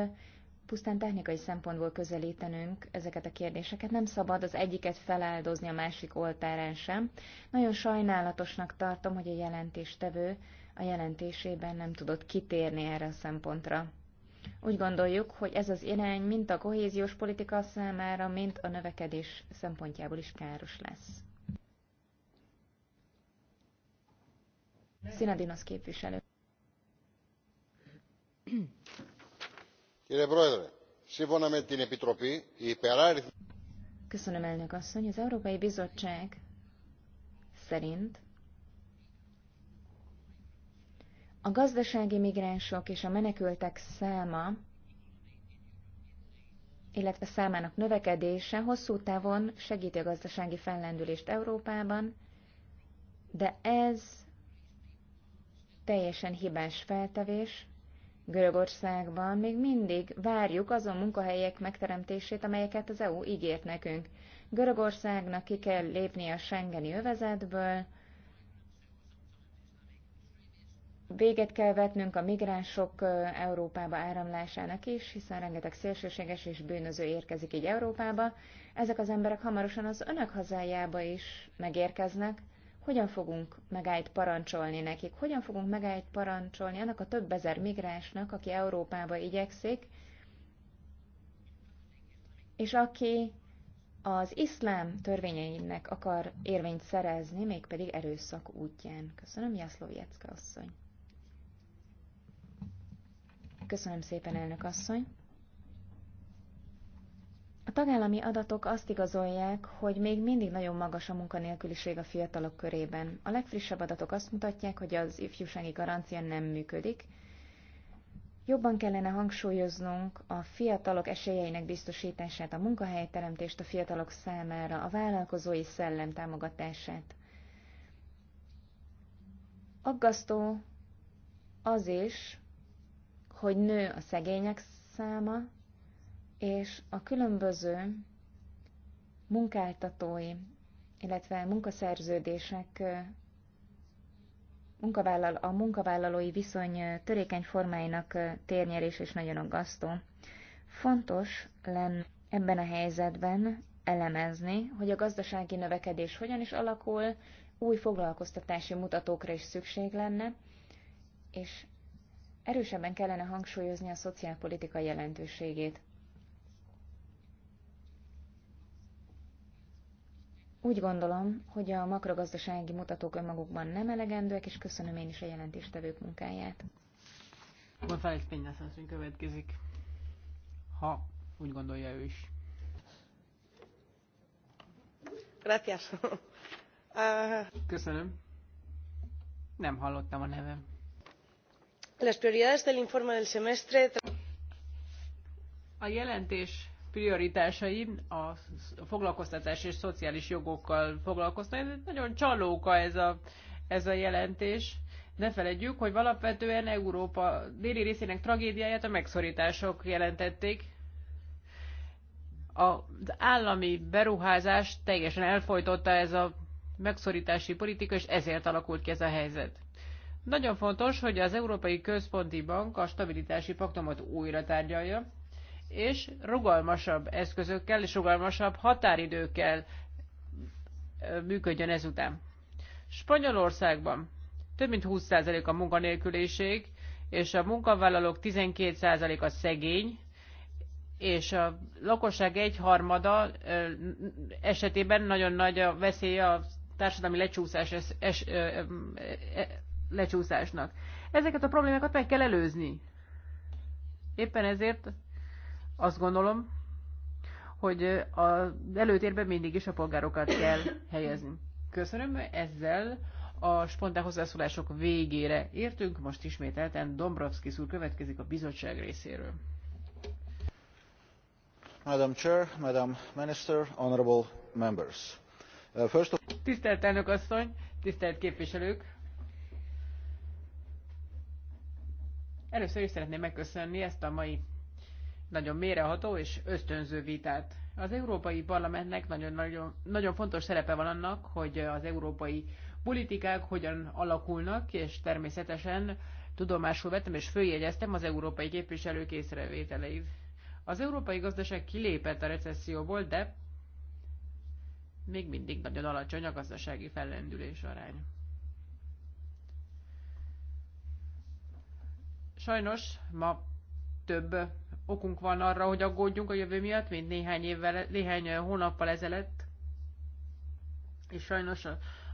S2: pusztán technikai szempontból közelítenünk ezeket a kérdéseket, nem szabad az egyiket feláldozni a másik oltárán sem. Nagyon sajnálatosnak tartom, hogy a jelentéstevő a jelentésében nem tudott kitérni erre a szempontra. Úgy gondoljuk, hogy ez az irány mind a kohéziós politika számára, mind a növekedés szempontjából is káros lesz. Szinadinosz képviselő. Köszönöm, elnök asszony. Az Európai Bizottság szerint a gazdasági migránsok és a menekültek száma, illetve számának növekedése hosszú távon segíti a gazdasági fellendülést Európában, de ez teljesen hibás feltevés. Görögországban még mindig várjuk azon munkahelyek megteremtését, amelyeket az EU ígért nekünk. Görögországnak ki kell lépni a Schengeni övezetből, véget kell vetnünk a migránsok Európába áramlásának is, hiszen rengeteg szélsőséges és bűnöző érkezik így Európába. Ezek az emberek hamarosan az önök hazájába is megérkeznek, hogyan fogunk megállt parancsolni nekik, hogyan fogunk megállt parancsolni annak a több ezer migránsnak, aki Európába igyekszik, és aki az iszlám törvényeinek akar érvényt szerezni, mégpedig erőszak útján. Köszönöm, Jaszlovjecka asszony. Köszönöm szépen, elnök asszony. A tagállami adatok azt igazolják, hogy még mindig nagyon magas a munkanélküliség a fiatalok körében. A legfrissebb adatok azt mutatják, hogy az ifjúsági garancia nem működik. Jobban kellene hangsúlyoznunk a fiatalok esélyeinek biztosítását, a munkahelyteremtést a fiatalok számára, a vállalkozói szellem támogatását. Aggasztó az is, hogy nő a szegények száma, és a különböző munkáltatói, illetve munkaszerződések, a munkavállalói viszony törékeny formáinak térnyerés és nagyon aggasztó. Fontos lenne ebben a helyzetben elemezni, hogy a gazdasági növekedés hogyan is alakul, új foglalkoztatási mutatókra is szükség lenne, és erősebben kellene hangsúlyozni a szociálpolitika jelentőségét. Úgy gondolom, hogy a makrogazdasági mutatók önmagukban nem elegendőek, és köszönöm én is a jelentéstevők munkáját.
S3: González Peñas asszony következik, ha úgy gondolja ő is. Gracias. <laughs> Köszönöm. Nem hallottam a nevem. Las prioridades del informe del semestre... A jelentés prioritásai a foglalkoztatás és szociális jogokkal foglalkoznak. Ez nagyon csalóka ez a, ez a jelentés. Ne feledjük, hogy alapvetően Európa déli részének tragédiáját a megszorítások jelentették. Az állami beruházás teljesen elfolytotta ez a megszorítási politika, és ezért alakult ki ez a helyzet. Nagyon fontos, hogy az Európai Központi Bank a stabilitási paktumot újra tárgyalja és rugalmasabb eszközökkel és rugalmasabb határidőkkel működjön ezután. Spanyolországban több mint 20% a munkanélküliség, és a munkavállalók 12%-a szegény, és a lakosság egyharmada esetében nagyon nagy a veszélye a társadalmi lecsúszás, es, es, lecsúszásnak. Ezeket a problémákat meg kell előzni. Éppen ezért azt gondolom, hogy az előtérben mindig is a polgárokat kell helyezni. Köszönöm, ezzel a spontán hozzászólások végére értünk, most ismételten Dombrovski úr következik a bizottság részéről. Madam Chair, Madam Minister, Honorable Members. Uh, first of... Tisztelt elnök asszony, tisztelt képviselők! Először is szeretném megköszönni ezt a mai nagyon méreható és ösztönző vitát. Az Európai Parlamentnek nagyon-nagyon nagyon fontos szerepe van annak, hogy az európai politikák hogyan alakulnak, és természetesen tudomásul vettem és följegyeztem az európai képviselők észrevételeit. Az európai gazdaság kilépett a recesszióból, de még mindig nagyon alacsony a gazdasági fellendülés arány. Sajnos ma több okunk van arra, hogy aggódjunk a jövő miatt, mint néhány, évvel, néhány hónappal ezelőtt. És sajnos,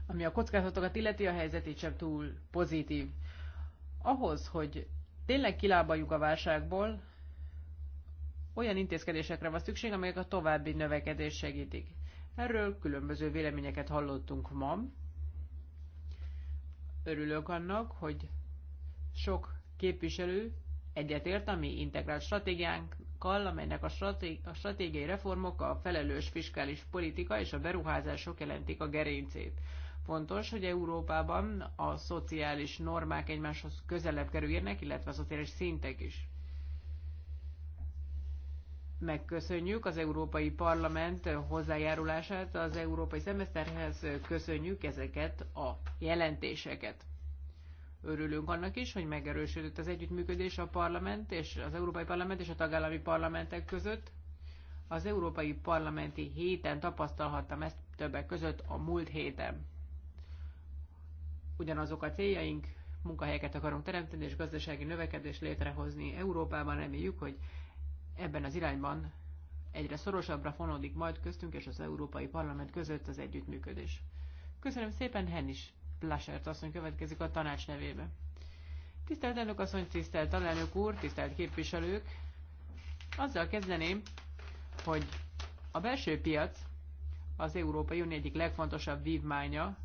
S3: ami a kockázatokat illeti, a helyzet így sem túl pozitív. Ahhoz, hogy tényleg kilábaljuk a válságból, olyan intézkedésekre van szükség, amelyek a további növekedés segítik. Erről különböző véleményeket hallottunk ma. Örülök annak, hogy sok képviselő egyetért a mi integrált stratégiánkkal, amelynek a, straté- a stratégiai reformok, a felelős fiskális politika és a beruházások jelentik a gerincét. Fontos, hogy Európában a szociális normák egymáshoz közelebb kerüljenek, illetve a szociális szintek is. Megköszönjük az Európai Parlament hozzájárulását az Európai Szemeszterhez, köszönjük ezeket a jelentéseket. Örülünk annak is, hogy megerősödött az együttműködés a parlament és az Európai Parlament és a tagállami parlamentek között. Az Európai Parlamenti héten tapasztalhattam ezt többek között a múlt héten. Ugyanazok a céljaink, munkahelyeket akarunk teremteni és gazdasági növekedést létrehozni Európában. Reméljük, hogy ebben az irányban egyre szorosabbra fonódik majd köztünk és az Európai Parlament között az együttműködés. Köszönöm szépen, Hennis! Plasert asszony következik a tanács nevébe. Tisztelt elnök asszony, tisztelt tanárnök úr, tisztelt képviselők! Azzal kezdeném, hogy a belső piac az Európai Unió egyik legfontosabb vívmánya,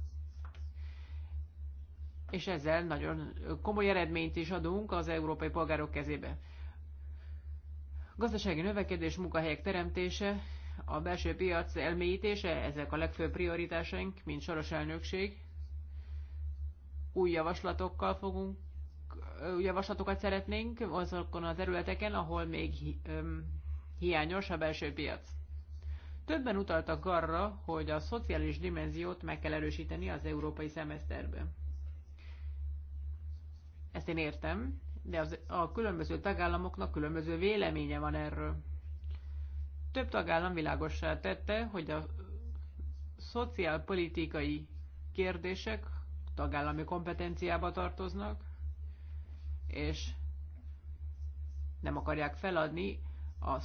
S3: és ezzel nagyon komoly eredményt is adunk az európai polgárok kezébe. Gazdasági növekedés, munkahelyek teremtése, a belső piac elmélyítése, ezek a legfőbb prioritásaink, mint soros elnökség új javaslatokkal fogunk, új javaslatokat szeretnénk azokon a területeken, ahol még hiányos a belső piac. Többen utaltak arra, hogy a szociális dimenziót meg kell erősíteni az európai szemeszterben. Ezt én értem, de az, a különböző tagállamoknak különböző véleménye van erről. Több tagállam világossá tette, hogy a szociálpolitikai kérdések tagállami kompetenciába tartoznak, és nem akarják feladni a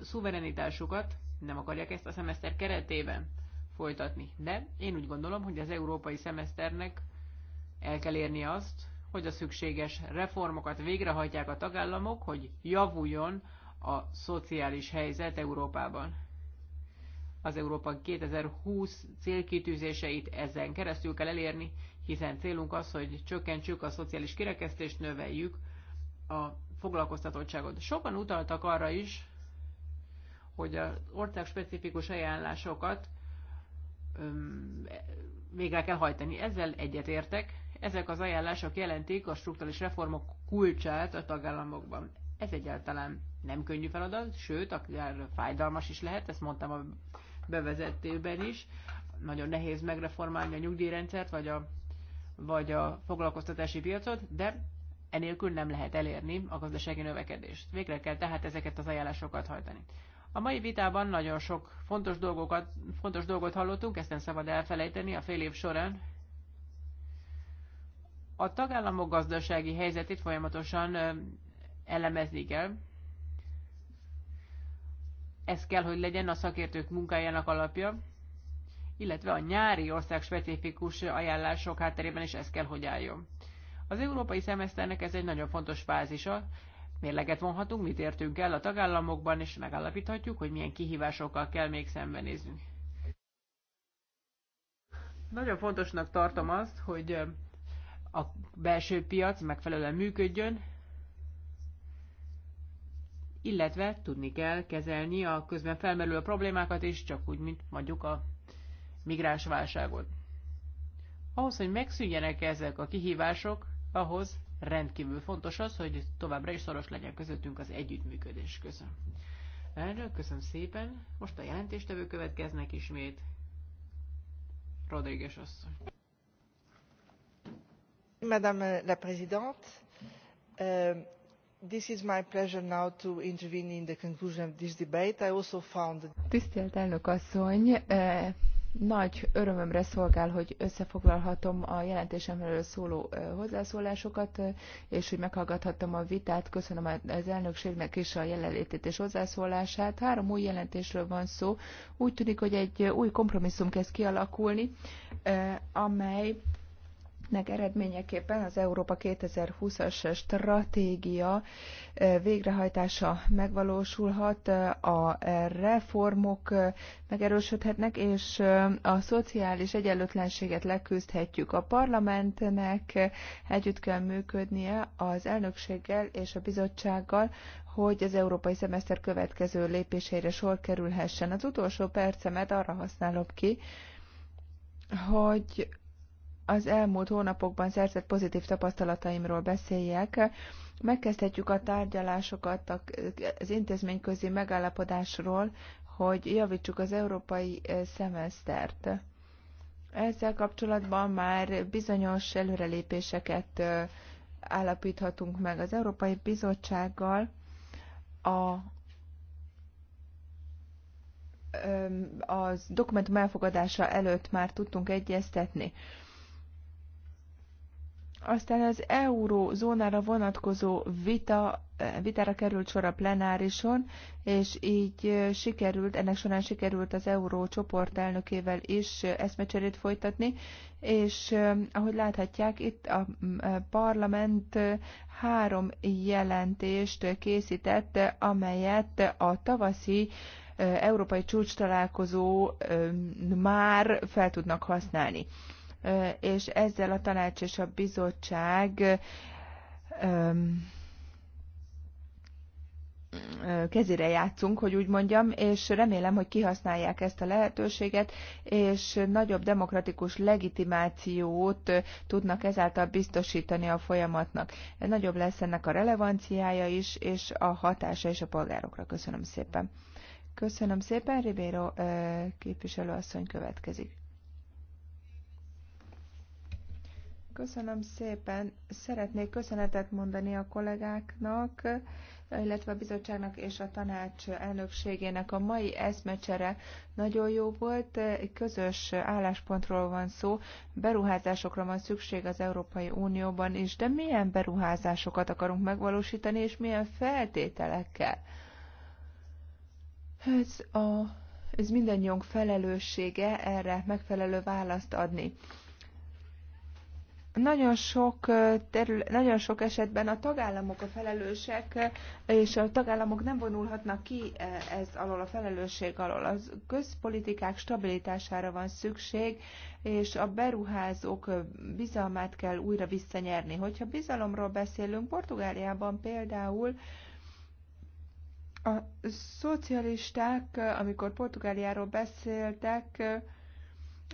S3: szuverenitásukat, nem akarják ezt a szemeszter keretében folytatni. De én úgy gondolom, hogy az európai szemeszternek el kell érni azt, hogy a szükséges reformokat végrehajtják a tagállamok, hogy javuljon a szociális helyzet Európában. Az Európa 2020 célkitűzéseit ezen keresztül kell elérni, hiszen célunk az, hogy csökkentsük a szociális kirekesztést, növeljük a foglalkoztatottságot. Sokan utaltak arra is, hogy az ország specifikus ajánlásokat öm, végre kell hajtani. Ezzel egyetértek. Ezek az ajánlások jelentik a struktúrális reformok kulcsát a tagállamokban. Ez egyáltalán nem könnyű feladat, sőt, akár fájdalmas is lehet, ezt mondtam a bevezetőben is. Nagyon nehéz megreformálni a nyugdíjrendszert, vagy a vagy a foglalkoztatási piacot, de enélkül nem lehet elérni a gazdasági növekedést. Végre kell tehát ezeket az ajánlásokat hajtani. A mai vitában nagyon sok fontos, dolgokat, fontos dolgot hallottunk, ezt nem szabad elfelejteni a fél év során. A tagállamok gazdasági helyzetét folyamatosan elemezni kell. Ez kell, hogy legyen a szakértők munkájának alapja illetve a nyári ország specifikus ajánlások hátterében is ez kell, hogy álljon. Az európai szemeszternek ez egy nagyon fontos fázisa, mérleget vonhatunk, mit értünk el a tagállamokban, és megállapíthatjuk, hogy milyen kihívásokkal kell még szembenéznünk. Nagyon fontosnak tartom azt, hogy a belső piac megfelelően működjön, illetve tudni kell kezelni a közben felmerülő problémákat is, csak úgy, mint mondjuk a migránsválságot. Ahhoz, hogy megszűnjenek ezek a kihívások, ahhoz rendkívül fontos az, hogy továbbra is szoros legyen közöttünk az együttműködés. Köszönöm. Elnök, köszönöm szépen. Most a jelentéstevő következnek ismét. Rodriguez asszony.
S1: Madame la Présidente, uh, this is my pleasure now to intervene in the conclusion of this debate. I also found... Tisztelt elnök asszony, uh nagy örömömre szolgál, hogy összefoglalhatom a jelentésemről szóló hozzászólásokat, és hogy meghallgathattam a vitát. Köszönöm az elnökségnek is a jelenlétét és hozzászólását. Három új jelentésről van szó. Úgy tűnik, hogy egy új kompromisszum kezd kialakulni, amely ennek eredményeképpen az Európa 2020-as stratégia eh, végrehajtása megvalósulhat, eh, a reformok eh, megerősödhetnek, és a szociális egyenlőtlenséget leküzdhetjük. A parlamentnek együtt kell működnie az elnökséggel és a bizottsággal, hogy az európai szemeszter következő lépéseire sor kerülhessen. Az utolsó percemet arra használom ki, hogy az elmúlt hónapokban szerzett pozitív tapasztalataimról beszéljek. Megkezdhetjük a tárgyalásokat az intézményközi megállapodásról, hogy javítsuk az európai szemesztert. Ezzel kapcsolatban már bizonyos előrelépéseket állapíthatunk meg az Európai Bizottsággal. A az dokumentum elfogadása előtt már tudtunk egyeztetni. Aztán az eurózónára vonatkozó vita, vitára került sor a plenárison, és így sikerült, ennek során sikerült az euró csoport elnökével is eszmecserét folytatni, és ahogy láthatják, itt a parlament három jelentést készített, amelyet a tavaszi európai csúcs találkozó már fel tudnak használni és ezzel a tanács és a bizottság kezére játszunk, hogy úgy mondjam, és remélem, hogy kihasználják ezt a lehetőséget, és nagyobb demokratikus legitimációt tudnak ezáltal biztosítani a folyamatnak. Nagyobb lesz ennek a relevanciája is, és a hatása is a polgárokra. Köszönöm szépen. Köszönöm szépen, Ribéro képviselőasszony következik. Köszönöm szépen. Szeretnék köszönetet mondani a kollégáknak, illetve a bizottságnak és a tanács elnökségének. A mai eszmecsere nagyon jó volt, egy közös álláspontról van szó, beruházásokra van szükség az Európai Unióban is, de milyen beruházásokat akarunk megvalósítani, és milyen feltételekkel? Ez, a, ez mindannyiunk felelőssége erre megfelelő választ adni. Nagyon sok, terül, nagyon sok esetben a tagállamok a felelősek, és a tagállamok nem vonulhatnak ki ez alól, a felelősség alól. Az közpolitikák stabilitására van szükség, és a beruházók bizalmát kell újra visszanyerni. Hogyha bizalomról beszélünk, Portugáliában például a szocialisták, amikor Portugáliáról beszéltek,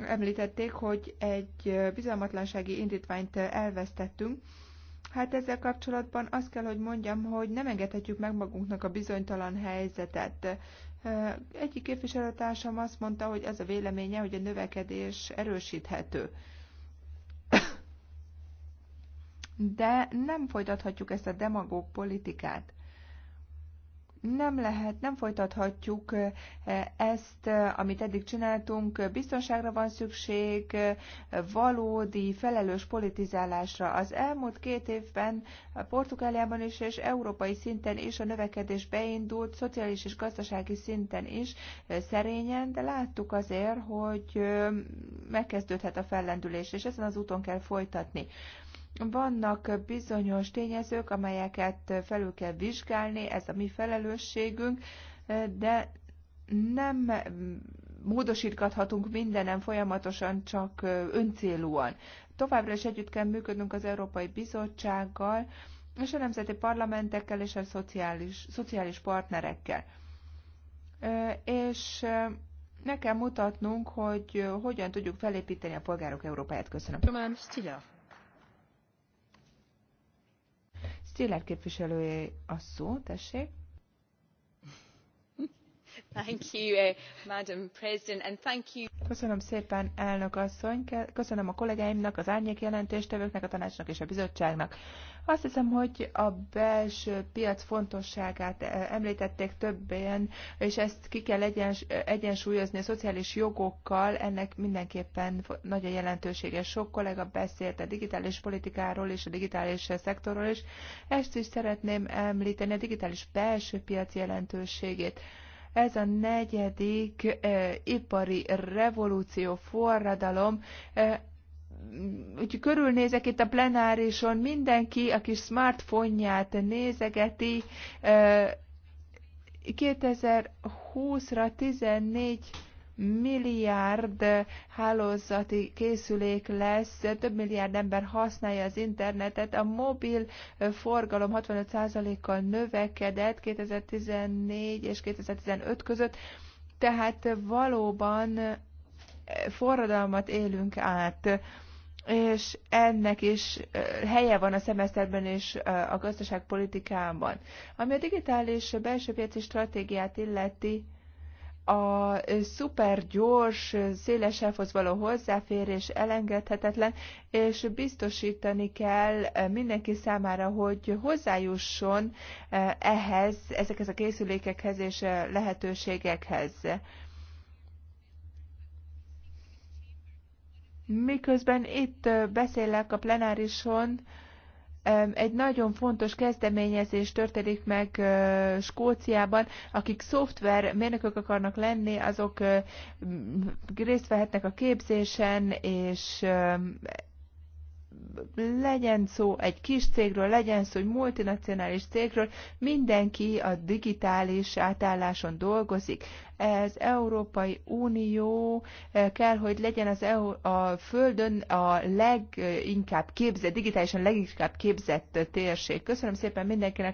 S1: említették, hogy egy bizalmatlansági indítványt elvesztettünk. Hát ezzel kapcsolatban azt kell, hogy mondjam, hogy nem engedhetjük meg magunknak a bizonytalan helyzetet. Egyik képviselőtársam azt mondta, hogy ez a véleménye, hogy a növekedés erősíthető. De nem folytathatjuk ezt a demagóg politikát nem lehet, nem folytathatjuk ezt, amit eddig csináltunk. Biztonságra van szükség, valódi, felelős politizálásra. Az elmúlt két évben Portugáliában is és európai szinten is a növekedés beindult, szociális és gazdasági szinten is szerényen, de láttuk azért, hogy megkezdődhet a fellendülés, és ezen az úton kell folytatni. Vannak bizonyos tényezők, amelyeket felül kell vizsgálni, ez a mi felelősségünk, de nem módosítgathatunk mindenem folyamatosan, csak öncélúan. Továbbra is együtt kell működnünk az Európai Bizottsággal, és a nemzeti parlamentekkel és a szociális, szociális partnerekkel. És nekem mutatnunk, hogy hogyan tudjuk felépíteni a polgárok Európáját. Köszönöm. Köszönöm, Stiller képviselője a szó, tessék. <laughs> Eh, köszönöm szépen, elnök asszony. Köszönöm a kollégáimnak, az árnyék jelentéstevőknek, a tanácsnak és a bizottságnak. Azt hiszem, hogy a belső piac fontosságát eh, említették többen, és ezt ki kell egyens, egyensúlyozni a szociális jogokkal, ennek mindenképpen nagy a jelentősége. Sok kollega beszélt a digitális politikáról és a digitális szektorról is. Ezt is szeretném említeni, a digitális belső piac jelentőségét. Ez a negyedik ipari revolúció forradalom. úgy körülnézek itt a plenárison, mindenki, aki smartphone-ját nézegeti, 2020-ra 14 milliárd hálózati készülék lesz, több milliárd ember használja az internetet, a mobil forgalom 65%-kal növekedett 2014 és 2015 között, tehát valóban forradalmat élünk át és ennek is eh, helye van a szemeszterben és eh, a gazdaságpolitikában. Ami a digitális belső piaci stratégiát illeti, a szuper gyors, széles elfhoz való hozzáférés elengedhetetlen, és biztosítani kell mindenki számára, hogy hozzájusson e, ehhez, ezekhez a készülékekhez és e, lehetőségekhez. Miközben itt e, beszélek a plenárison, egy nagyon fontos kezdeményezés történik meg Skóciában, akik szoftver mérnökök akarnak lenni, azok részt vehetnek a képzésen, és legyen szó egy kis cégről, legyen szó egy multinacionális cégről, mindenki a digitális átálláson dolgozik. Ez Európai Unió eh, kell, hogy legyen az EU, a Földön a leginkább képzett, digitálisan leginkább képzett térség. Köszönöm szépen mindenkinek!